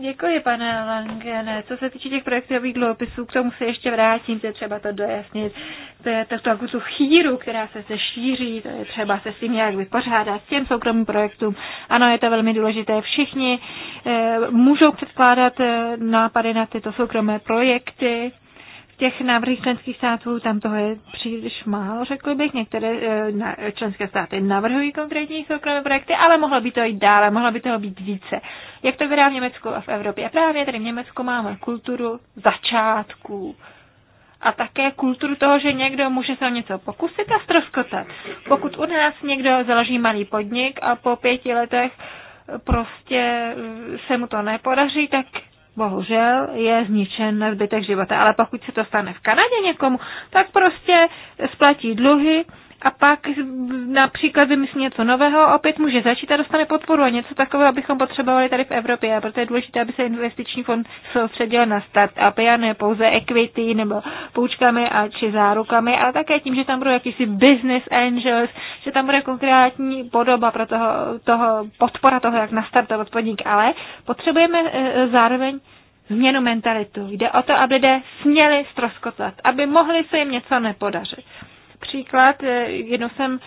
Děkuji, pane Langene. Co se týče těch projektových dluhopisů, k tomu se ještě vrátím, to je třeba to dojasnit. To je to, to, tu chýru, která se se šíří, to je třeba se s tím nějak vypořádat, s těm soukromým projektům. Ano, je to velmi důležité. Všichni e, můžou předkládat e, nápady na tyto soukromé projekty těch návrhých členských států tam toho je příliš málo, řekl bych. Některé eh, členské státy navrhují konkrétní soukromé projekty, ale mohlo by to jít dále, mohlo by toho být více. Jak to vydá v Německu a v Evropě? A právě tady v Německu máme kulturu začátků a také kulturu toho, že někdo může se o něco pokusit a stroskotat. Pokud u nás někdo založí malý podnik a po pěti letech prostě se mu to nepodaří, tak bohužel je zničen zbytek života. Ale pokud se to stane v Kanadě někomu, tak prostě splatí dluhy a pak například vymyslí něco nového a opět může začít a dostane podporu a něco takového bychom potřebovali tady v Evropě a proto je důležité, aby se investiční fond soustředil na startupy a ne pouze equity nebo půjčkami a či zárukami, ale také tím, že tam budou jakýsi business angels, že tam bude konkrétní podoba pro toho, toho podpora toho, jak nastartovat podnik, ale potřebujeme eh, zároveň změnu mentalitu. Jde o to, aby lidé směli stroskotat, aby mohli se jim něco nepodařit například eh, jedno jsem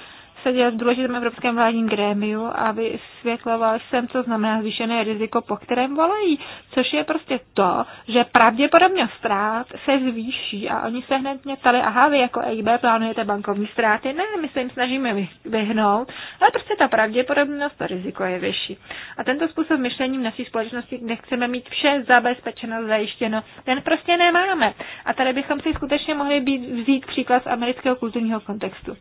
seděl v důležitém evropském vládním grémiu a vysvětloval jsem, co znamená zvýšené riziko, po kterém volají, což je prostě to, že pravděpodobně ztrát se zvýší a oni se hned mě ptali, aha, vy jako EIB plánujete bankovní ztráty? Ne, my se jim snažíme vyhnout, ale prostě ta pravděpodobnost, to riziko je vyšší. A tento způsob myšlení v naší společnosti, kde chceme mít vše zabezpečeno, zajištěno, ten prostě nemáme. A tady bychom si skutečně mohli být, vzít příklad z amerického kulturního kontextu.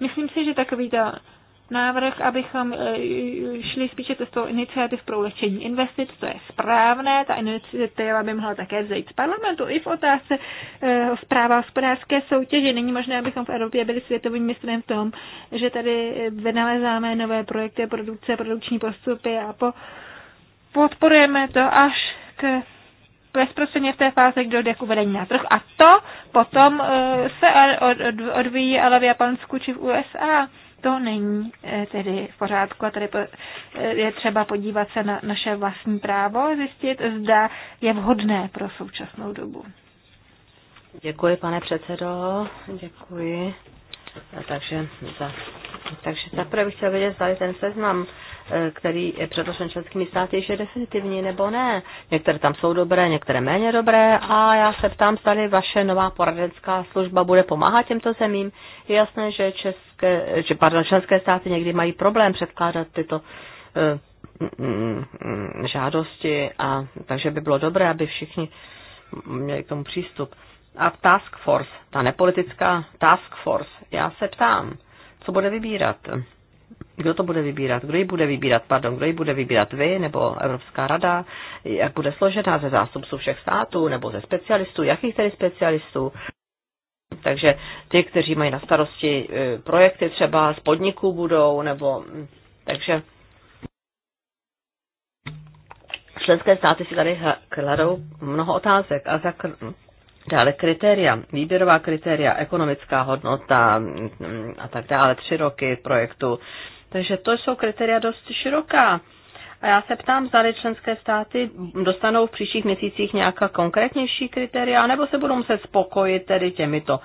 Myslím si, že takový ta návrh, abychom e, šli spíše cestou iniciativ pro ulehčení investic, to je správné, ta iniciativa by mohla také vzejít z parlamentu. I v otázce e, zpráva hospodářské soutěže není možné, abychom v Evropě byli světovým mistrem v tom, že tady vynalezáme nové projekty, produkce, produkční postupy a po, podporujeme to až k bezprostředně v té fázi, kdy dojde k uvedení na trh. A to potom eh, se odvíjí ale v Japonsku či v USA. To není eh, tedy v pořádku a tady eh, je třeba podívat se na naše vlastní právo, zjistit, zda je vhodné pro současnou dobu. Děkuji, pane předsedo. Děkuji takže za takže zaprvé bych chtěl vědět, zda ten seznam, e, který je předložen členskými státy, je definitivní nebo ne. Některé tam jsou dobré, některé méně dobré a já se ptám, zda vaše nová poradenská služba bude pomáhat těmto zemím. Je jasné, že, české, že pardon, členské státy někdy mají problém předkládat tyto e, žádosti a takže by bylo dobré, aby všichni měli k tomu přístup a task force, ta nepolitická task force. Já se ptám, co bude vybírat? Kdo to bude vybírat? Kdo ji bude vybírat? Pardon, kdo ji bude vybírat? Vy nebo Evropská rada? Jak bude složená ze zástupců všech států nebo ze specialistů? Jakých tedy specialistů? Takže ty, kteří mají na starosti e, projekty třeba z podniků budou, nebo mm, takže členské státy si tady kladou mnoho otázek a zakr- Dále kritéria, výběrová kritéria, ekonomická hodnota mm, a tak dále, tři roky projektu. Takže to jsou kritéria dost široká. A já se ptám, zda členské státy dostanou v příštích měsících nějaká konkrétnější kritéria, nebo se budou muset spokojit tedy těmito.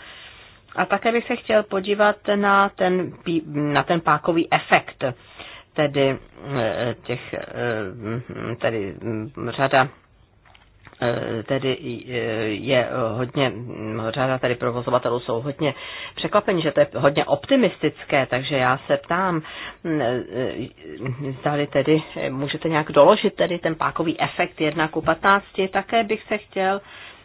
A také bych se chtěl podívat na ten, na ten pákový efekt, tedy eh, těch, eh, tedy mm, řada Eh, tedy eh, je hodně, řada tedy provozovatelů jsou hodně překvapení, že to je hodně optimistické, takže já se ptám, eh, zdali tedy můžete nějak doložit tedy ten pákový efekt 1 ku 15, také bych se chtěl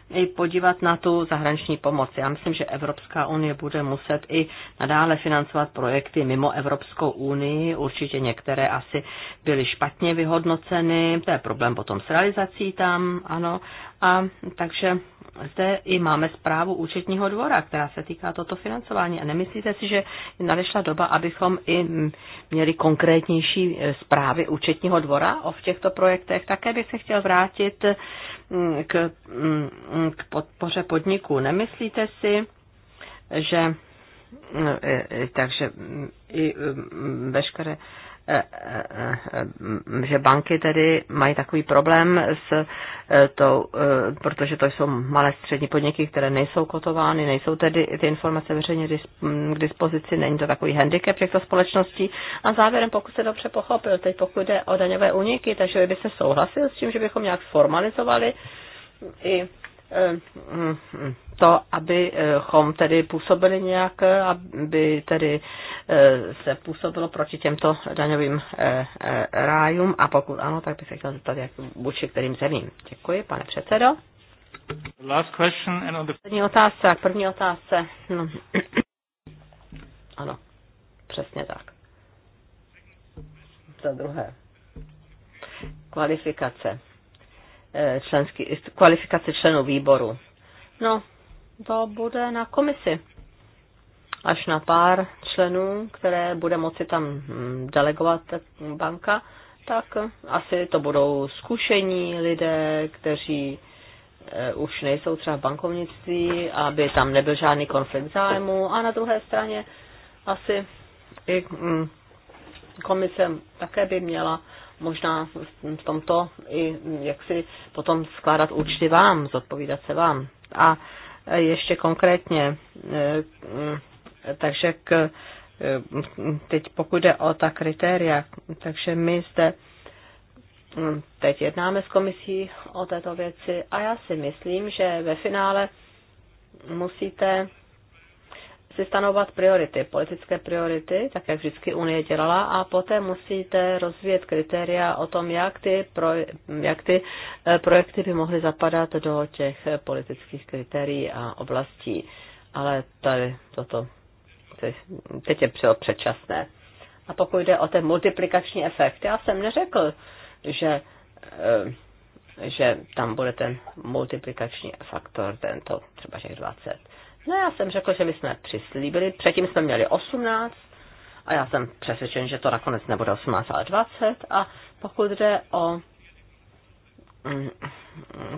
i podívat na tu zahraniční pomoc. Já myslím, že Evropská unie bude muset i nadále financovat projekty mimo Evropskou unii. Určitě některé asi byly špatně vyhodnoceny. To je problém potom s realizací tam, ano. A takže zde i máme zprávu účetního dvora, která se týká toto financování. A nemyslíte si, že nadešla doba, abychom i měli konkrétnější eh, zprávy účetního dvora o v těchto projektech? Také bych se chtěl vrátit Mm, k, mm, k podpoře podniků. Nemyslíte si, že mm, takže i veškeré Eh, eh, eh, že banky tedy mají takový problém s to, protože to jsou malé střední podniky, které nejsou kotovány, nejsou tedy ty informace veřejně k dispozici, není to takový handicap těchto společností. A závěrem, pokud se dobře pochopil, teď pokud jde o daňové úniky, takže by se souhlasil s tím, že bychom nějak formalizovali i to, abychom tedy působili nějak, aby tedy eh, se působilo proti těmto daňovým eh, eh, rájům a pokud ano, tak bych se chtěl zeptat, jak vůči kterým zemím. Děkuji, pane předsedo. Last question and on the... První otázka, první otázce. No. ano, přesně tak. Za druhé. Kvalifikace Eh, členský, kvalifikace členů výboru. No, to bude na komisi. Až na pár členů, které bude moci tam hm, delegovat banka, tak asi to budou zkušení lidé, kteří eh, už nejsou třeba v bankovnictví, aby tam nebyl žádný konflikt zájmu. A na druhé straně asi i hm, komise také by měla možná v tomto i jak si potom skládat účty vám, zodpovídat se vám. A ještě konkrétně, eh, takže k, eh, teď pokud jde o ta kritéria, takže my zde hm, teď jednáme s komisí o této věci a já si myslím, že ve finále musíte si stanovat priority, politické priority, tak jak vždycky Unie dělala, a poté musíte rozvíjet kritéria o tom, jak ty, pro, jak ty eh, projekty by mohly zapadat do těch politických kritérií a oblastí. Ale tady toto teď je předčasné. A pokud jde o ten multiplikační efekt, já jsem neřekl, že, eh, že tam bude ten multiplikační faktor, tento třeba těch 20. No já jsem řekl, že my jsme přislíbili, předtím jsme měli 18 a já jsem přesvědčen, že to nakonec nebude 18, ale 20 a pokud jde o mm,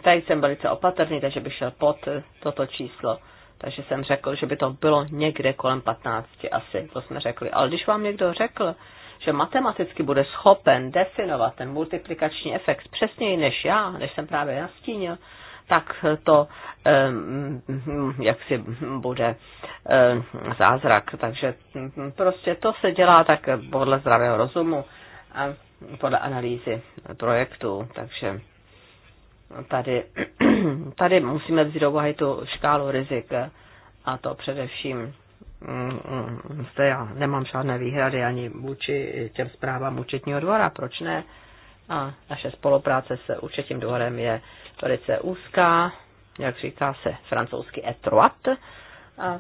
tady jsem velice opatrný, takže bych šel pod toto číslo. Takže jsem řekl, že by to bylo někde kolem 15 asi, to jsme řekli. Ale když vám někdo řekl, že matematicky bude schopen definovat ten multiplikační efekt přesněji než já, než jsem právě nastínil, tak to Eh, jak si bude eh, zázrak. Takže hm, prostě to se dělá tak podle zdravého rozumu a podle analýzy projektu. Takže tady, tady musíme vzít do tu škálu rizik a to především hm, zde já nemám žádné výhrady ani vůči těm zprávám účetního dvora, proč ne? A naše spolupráce se účetním dvorem je velice úzká, jak říká se francouzsky etroat. A,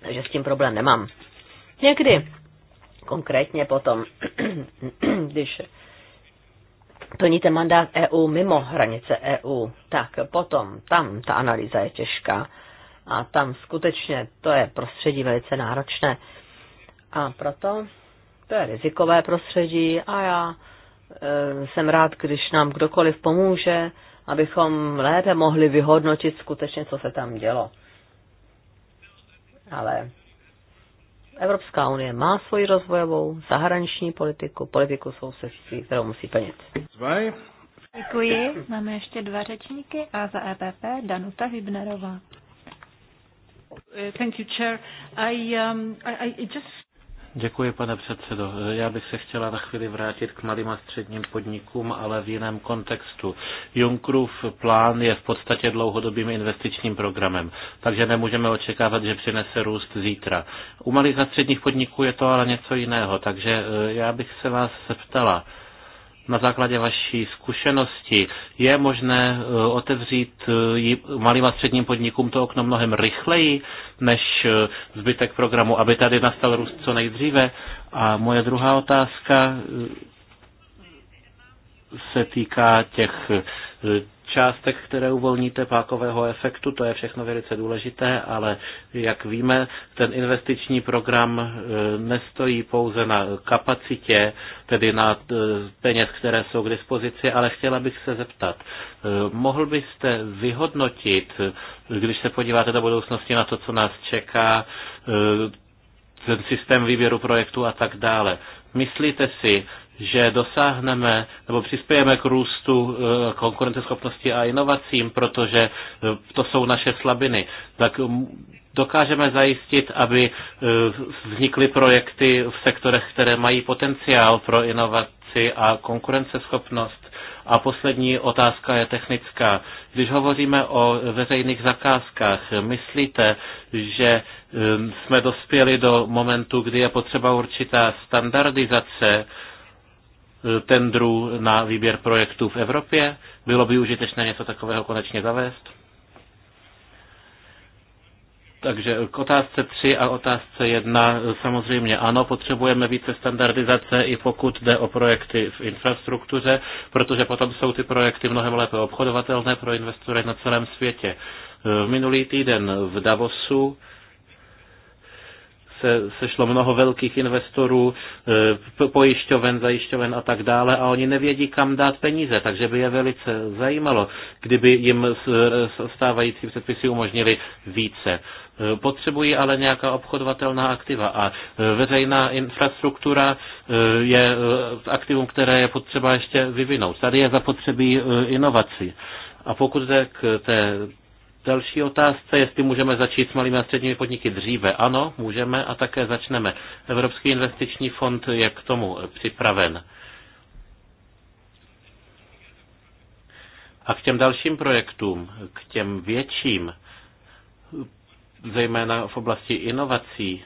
takže s tím problém nemám. Někdy, konkrétně potom, když plníte mandát EU mimo hranice EU, tak potom tam ta analýza je těžká a tam skutečně to je prostředí velice náročné. A proto to je rizikové prostředí a já Eh, jsem rád, když nám kdokoliv pomůže, abychom lépe mohli vyhodnotit skutečně, co se tam dělo. Ale Evropská unie má svoji rozvojovou zahraniční politiku, politiku sousedství, kterou musí plnit. Děkuji. Máme ještě dva řečníky a za EPP Danuta Hybnerová. Eh, thank you, Chair. I, um, I, I just Děkuji, pane předsedo. Já bych se chtěla na chvíli vrátit k malým a středním podnikům, ale v jiném kontextu. Junkrův plán je v podstatě dlouhodobým investičním programem, takže nemůžeme očekávat, že přinese růst zítra. U malých a středních podniků je to ale něco jiného, takže eh, já bych se vás zeptala, na základě vaší zkušenosti, je možné eh, otevřít eh, malým a středním podnikům to okno mnohem rychleji než eh, zbytek programu, aby tady nastal růst co nejdříve? A moje druhá otázka se týká těch částek, které uvolníte pákového efektu, to je všechno velice důležité, ale jak víme, ten investiční program e, nestojí pouze na kapacitě, tedy na e, peněz, které jsou k dispozici, ale chtěla bych se zeptat, e, mohl byste vyhodnotit, když se podíváte do budoucnosti na to, co nás čeká, ten systém výběru projektu a tak dále. Myslíte si, že dosáhneme nebo přispějeme k růstu eh, konkurenceschopnosti a inovacím, protože eh, to jsou naše slabiny, tak mm, dokážeme zajistit, aby eh, vznikly projekty v sektorech, které mají potenciál pro inovaci a konkurenceschopnost. A poslední otázka je technická. Když hovoříme o veřejných zakázkách, myslíte, že jsme dospěli do momentu, kdy je potřeba určitá standardizace tendrů na výběr projektů v Evropě? Bylo by užitečné něco takového konečně zavést? Takže k otázce 3 a otázce 1 samozřejmě ano, potřebujeme více standardizace i pokud jde o projekty v infrastruktuře, protože potom jsou ty projekty mnohem lépe obchodovatelné pro investory na celém světě. Minulý týden v Davosu se sešlo mnoho velkých investorů, eh, pojišťoven, zajišťoven a tak dále a oni nevědí, kam dát peníze, takže by je velice zajímalo, kdyby jim stávající předpisy umožnili více. Eh, potřebují ale nějaká obchodovatelná aktiva a eh, veřejná infrastruktura je aktivum, které je potřeba ještě vyvinout. Tady je zapotřebí inovací. A pokud jde k té Další otázce, jestli můžeme začít s malými a středními podniky dříve. Ano, můžeme a také začneme. Evropský investiční fond je k tomu připraven. A k těm dalším projektům, k těm větším, zejména v oblasti inovací,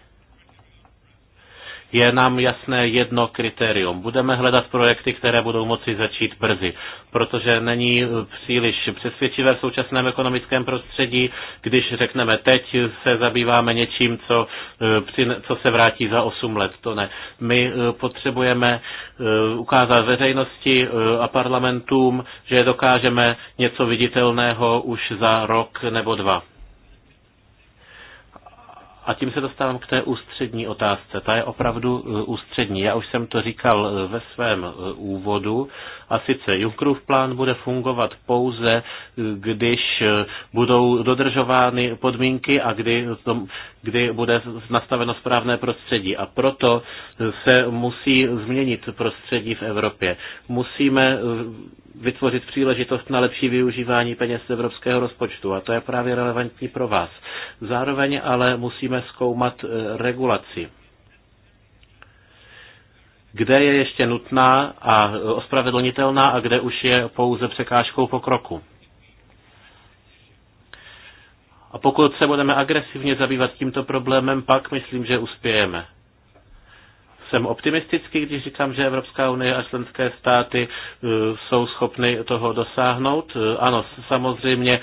je nám jasné jedno kritérium. Budeme hledat projekty, které budou moci začít brzy, protože není příliš přesvědčivé v současném ekonomickém prostředí, když řekneme teď se zabýváme něčím, co, e, co se vrátí za 8 let. To ne. My e, potřebujeme e, ukázat veřejnosti a parlamentům, že dokážeme něco viditelného už za rok nebo dva. A tím se dostávám k té ústřední otázce. Ta je opravdu eh, ústřední. Já už jsem to říkal eh, ve svém eh, úvodu a sice Junckerův plán bude fungovat pouze, když budou dodržovány podmínky a kdy, tom, kdy bude nastaveno správné prostředí. A proto se musí změnit prostředí v Evropě. Musíme vytvořit příležitost na lepší využívání peněz z evropského rozpočtu a to je právě relevantní pro vás. Zároveň ale musíme zkoumat eh, regulaci kde je ještě nutná a ospravedlnitelná a kde už je pouze překážkou pokroku. A pokud se budeme agresivně zabývat tímto problémem, pak myslím, že uspějeme. Jsem optimistický, když říkám, že Evropská unie a členské státy e, jsou schopny toho dosáhnout. E, ano, samozřejmě e,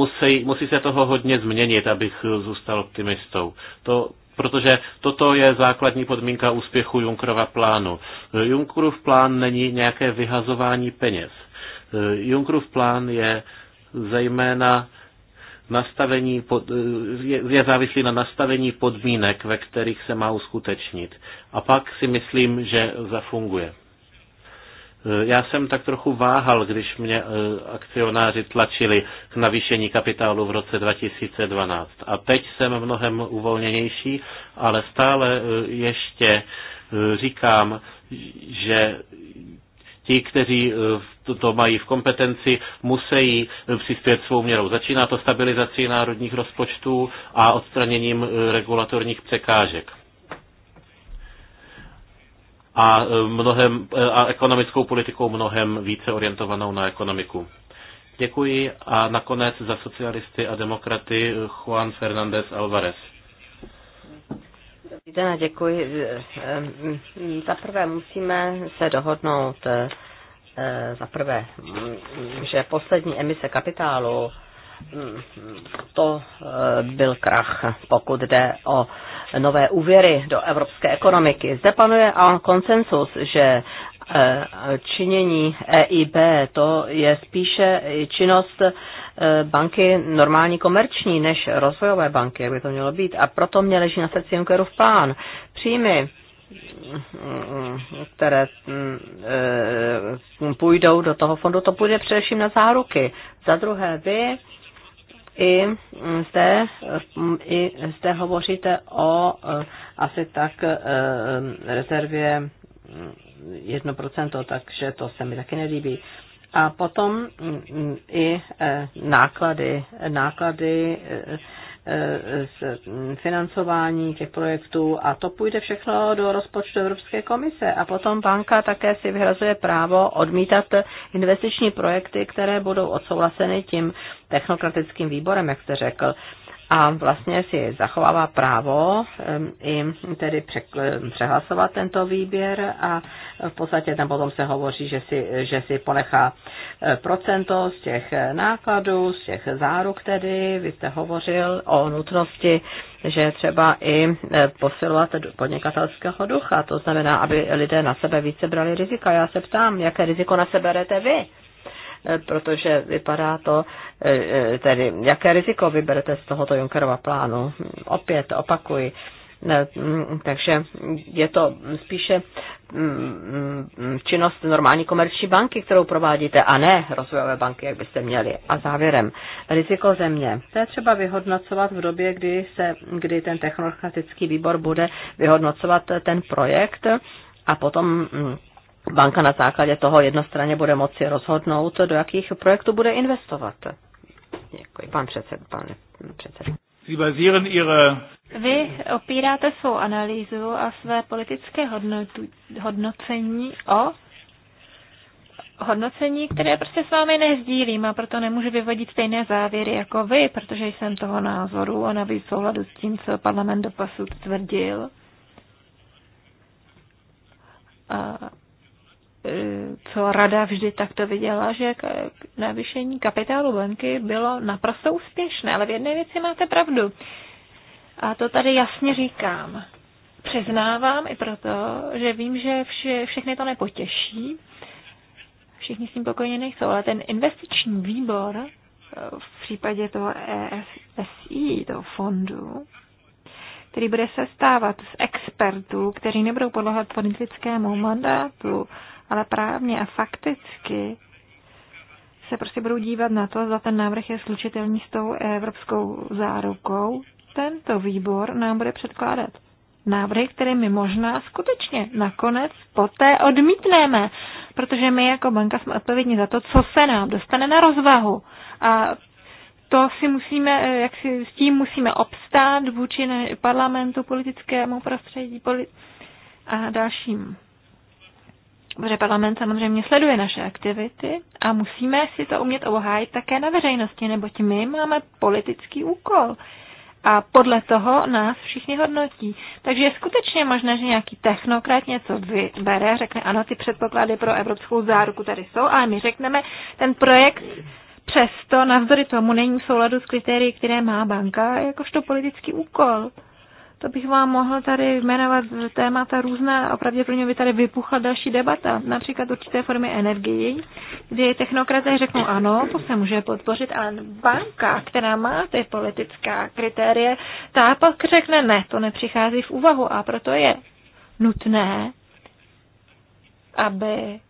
musí, musí se toho hodně změnit, abych zůstal optimistou. To Protože toto je základní podmínka úspěchu Junckerova plánu. Junckerův plán není nějaké vyhazování peněz. Junckerův plán je zejména nastavení pod, je, je závislý na nastavení podmínek, ve kterých se má uskutečnit. A pak si myslím, že zafunguje. Eh, já jsem tak trochu váhal, když mě eh, akcionáři tlačili k navýšení kapitálu v roce 2012. A teď jsem mnohem uvolněnější, ale stále eh, ještě říkám, že ti, kteří to mají v kompetenci, musí přispět svou měrou. Začíná to stabilizací národních rozpočtů a odstraněním regulatorních překážek a, e, mnohem, e, a ekonomickou politikou mnohem více orientovanou na ekonomiku. Děkuji a nakonec za socialisty a demokraty Juan Fernández Alvarez. Dobrý den, děkuji. E, za prvé musíme se dohodnout, za prvé, že poslední emise kapitálu to eh, byl krach, pokud jde o nové úvěry do evropské ekonomiky. Zde panuje a konsensus, že eh, činění EIB to je spíše činnost eh, banky normální komerční než rozvojové banky, jak by to mělo být. A proto mě leží na srdci Junckerův plán. Příjmy mm, které mm, půjdou do toho fondu, to půjde především na záruky. Za druhé, vy i zde, i zde hovoříte o asi tak eh, rezervě 1%, takže to se mi taky nelíbí. A potom i eh, náklady, náklady eh, z financování těch projektů a to půjde všechno do rozpočtu Evropské komise. A potom banka také si vyhrazuje právo odmítat investiční projekty, které budou odsouhlaseny tím technokratickým výborem, jak jste řekl a vlastně si zachovává právo i tedy přehlasovat tento výběr a v podstatě tam potom se hovoří, že si, že si ponechá e, procento z těch nákladů, z těch záruk tedy, vy jste hovořil o nutnosti, že třeba i e, posilovat podnikatelského ducha, to znamená, aby lidé na sebe více brali rizika. Já se ptám, jaké riziko na sebe berete vy? Eh, protože vypadá to, eh, eh, tedy jaké riziko vyberete z tohoto Junckerova plánu. Opět opakuji. Ne, mm, takže je to spíše mm, mm, činnost normální komerční banky, kterou provádíte, a ne rozvojové banky, jak byste měli. A závěrem, riziko země. To je třeba vyhodnocovat v době, kdy, se, kdy ten technokratický výbor bude vyhodnocovat ten projekt a potom banka na základě toho jednostranně bude moci rozhodnout, do jakých projektů bude investovat. Děkuji, pan předsed, pane předsed. Vy opíráte svou analýzu a své politické hodnotu, hodnocení o hodnocení, které prostě s vámi nezdílím a proto nemůžu vyvodit stejné závěry jako vy, protože jsem toho názoru a navíc souhladu s tím, co parlament pasu tvrdil. A co rada vždy takto viděla, že navýšení kapitálu banky bylo naprosto úspěšné. Ale v jedné věci máte pravdu. A to tady jasně říkám. Přiznávám i proto, že vím, že vše, všechny to nepotěší. Všichni s tím pokojně nejsou, ale ten investiční výbor eh, v případě toho ESI toho fondu, který bude sestávat z expertů, kteří nebudou podlehat politickému mandátu, ale právně a fakticky se prostě budou dívat na to, zda ten návrh je slučitelný s tou evropskou zárukou, tento výbor nám bude předkládat návrhy, které my možná skutečně nakonec poté odmítneme, protože my jako banka jsme odpovědní za to, co se nám dostane na rozvahu. A to si musíme, jak si s tím musíme obstát vůči parlamentu, politickému prostředí poli- a dalším protože parlament samozřejmě sleduje naše aktivity a musíme si to umět obhájit také na veřejnosti, neboť my máme politický úkol a podle toho nás všichni hodnotí. Takže je skutečně možné, že nějaký technokrat něco vybere, řekne ano, ty předpoklady pro evropskou záruku tady jsou, ale my řekneme, ten projekt přesto navzory tomu není v souladu s kritérii, které má banka, jakožto politický úkol. To bych vám mohl tady jmenovat témata různá a pravděpodobně by tady vypuchla další debata, například určité formy energii, kdy technokraté řeknou ano, to se může podpořit, ale banka, která má ty politická kritérie, ta pak řekne ne, to nepřichází v úvahu a proto je nutné, aby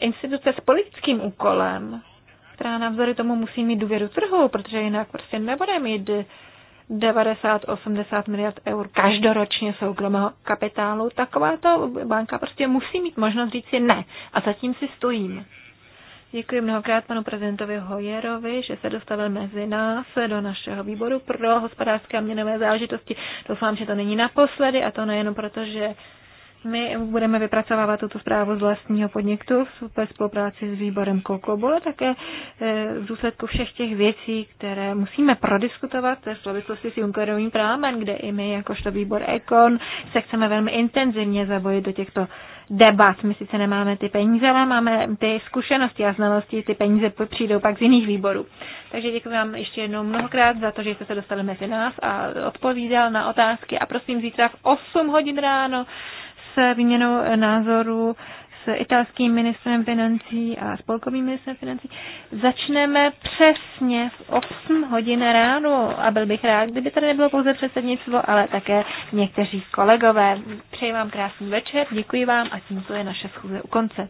instituce s politickým úkolem, která navzory tomu musí mít důvěru trhu, protože jinak prostě nebude mít 90-80 miliard eur každoročně soukromého kapitálu, takováto banka prostě musí mít možnost říct si ne. A zatím si stojím. Děkuji mnohokrát panu prezidentovi Hojerovi, že se dostavil mezi nás do našeho výboru pro hospodářské a měnové záležitosti. Doufám, že to není naposledy a to nejenom proto, že my budeme vypracovávat tuto zprávu z vlastního podniku ve spolupráci s výborem Kokobol a také eh, v důsledku všech těch věcí, které musíme prodiskutovat v souvislosti s Junckerovým právem, kde i my, jakožto výbor Ekon, se chceme velmi intenzivně zabojit do těchto debat. My sice nemáme ty peníze, ale máme ty zkušenosti a znalosti, ty peníze přijdou pak z jiných výborů. Takže děkuji vám ještě jednou mnohokrát za to, že jste se dostali mezi nás a odpovídal na otázky. A prosím, zítra v 8 hodin ráno s výměnou názorů s italským ministrem financí a spolkovým ministrem financí. Začneme přesně v 8 hodin ráno a byl bych rád, kdyby tady nebylo pouze předsednictvo, ale také někteří kolegové. Přeji vám krásný večer, děkuji vám a tímto je naše schůze u konce.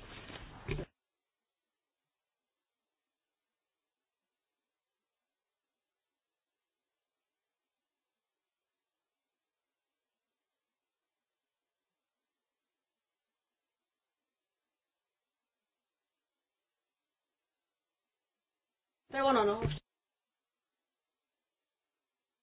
To je ono, no.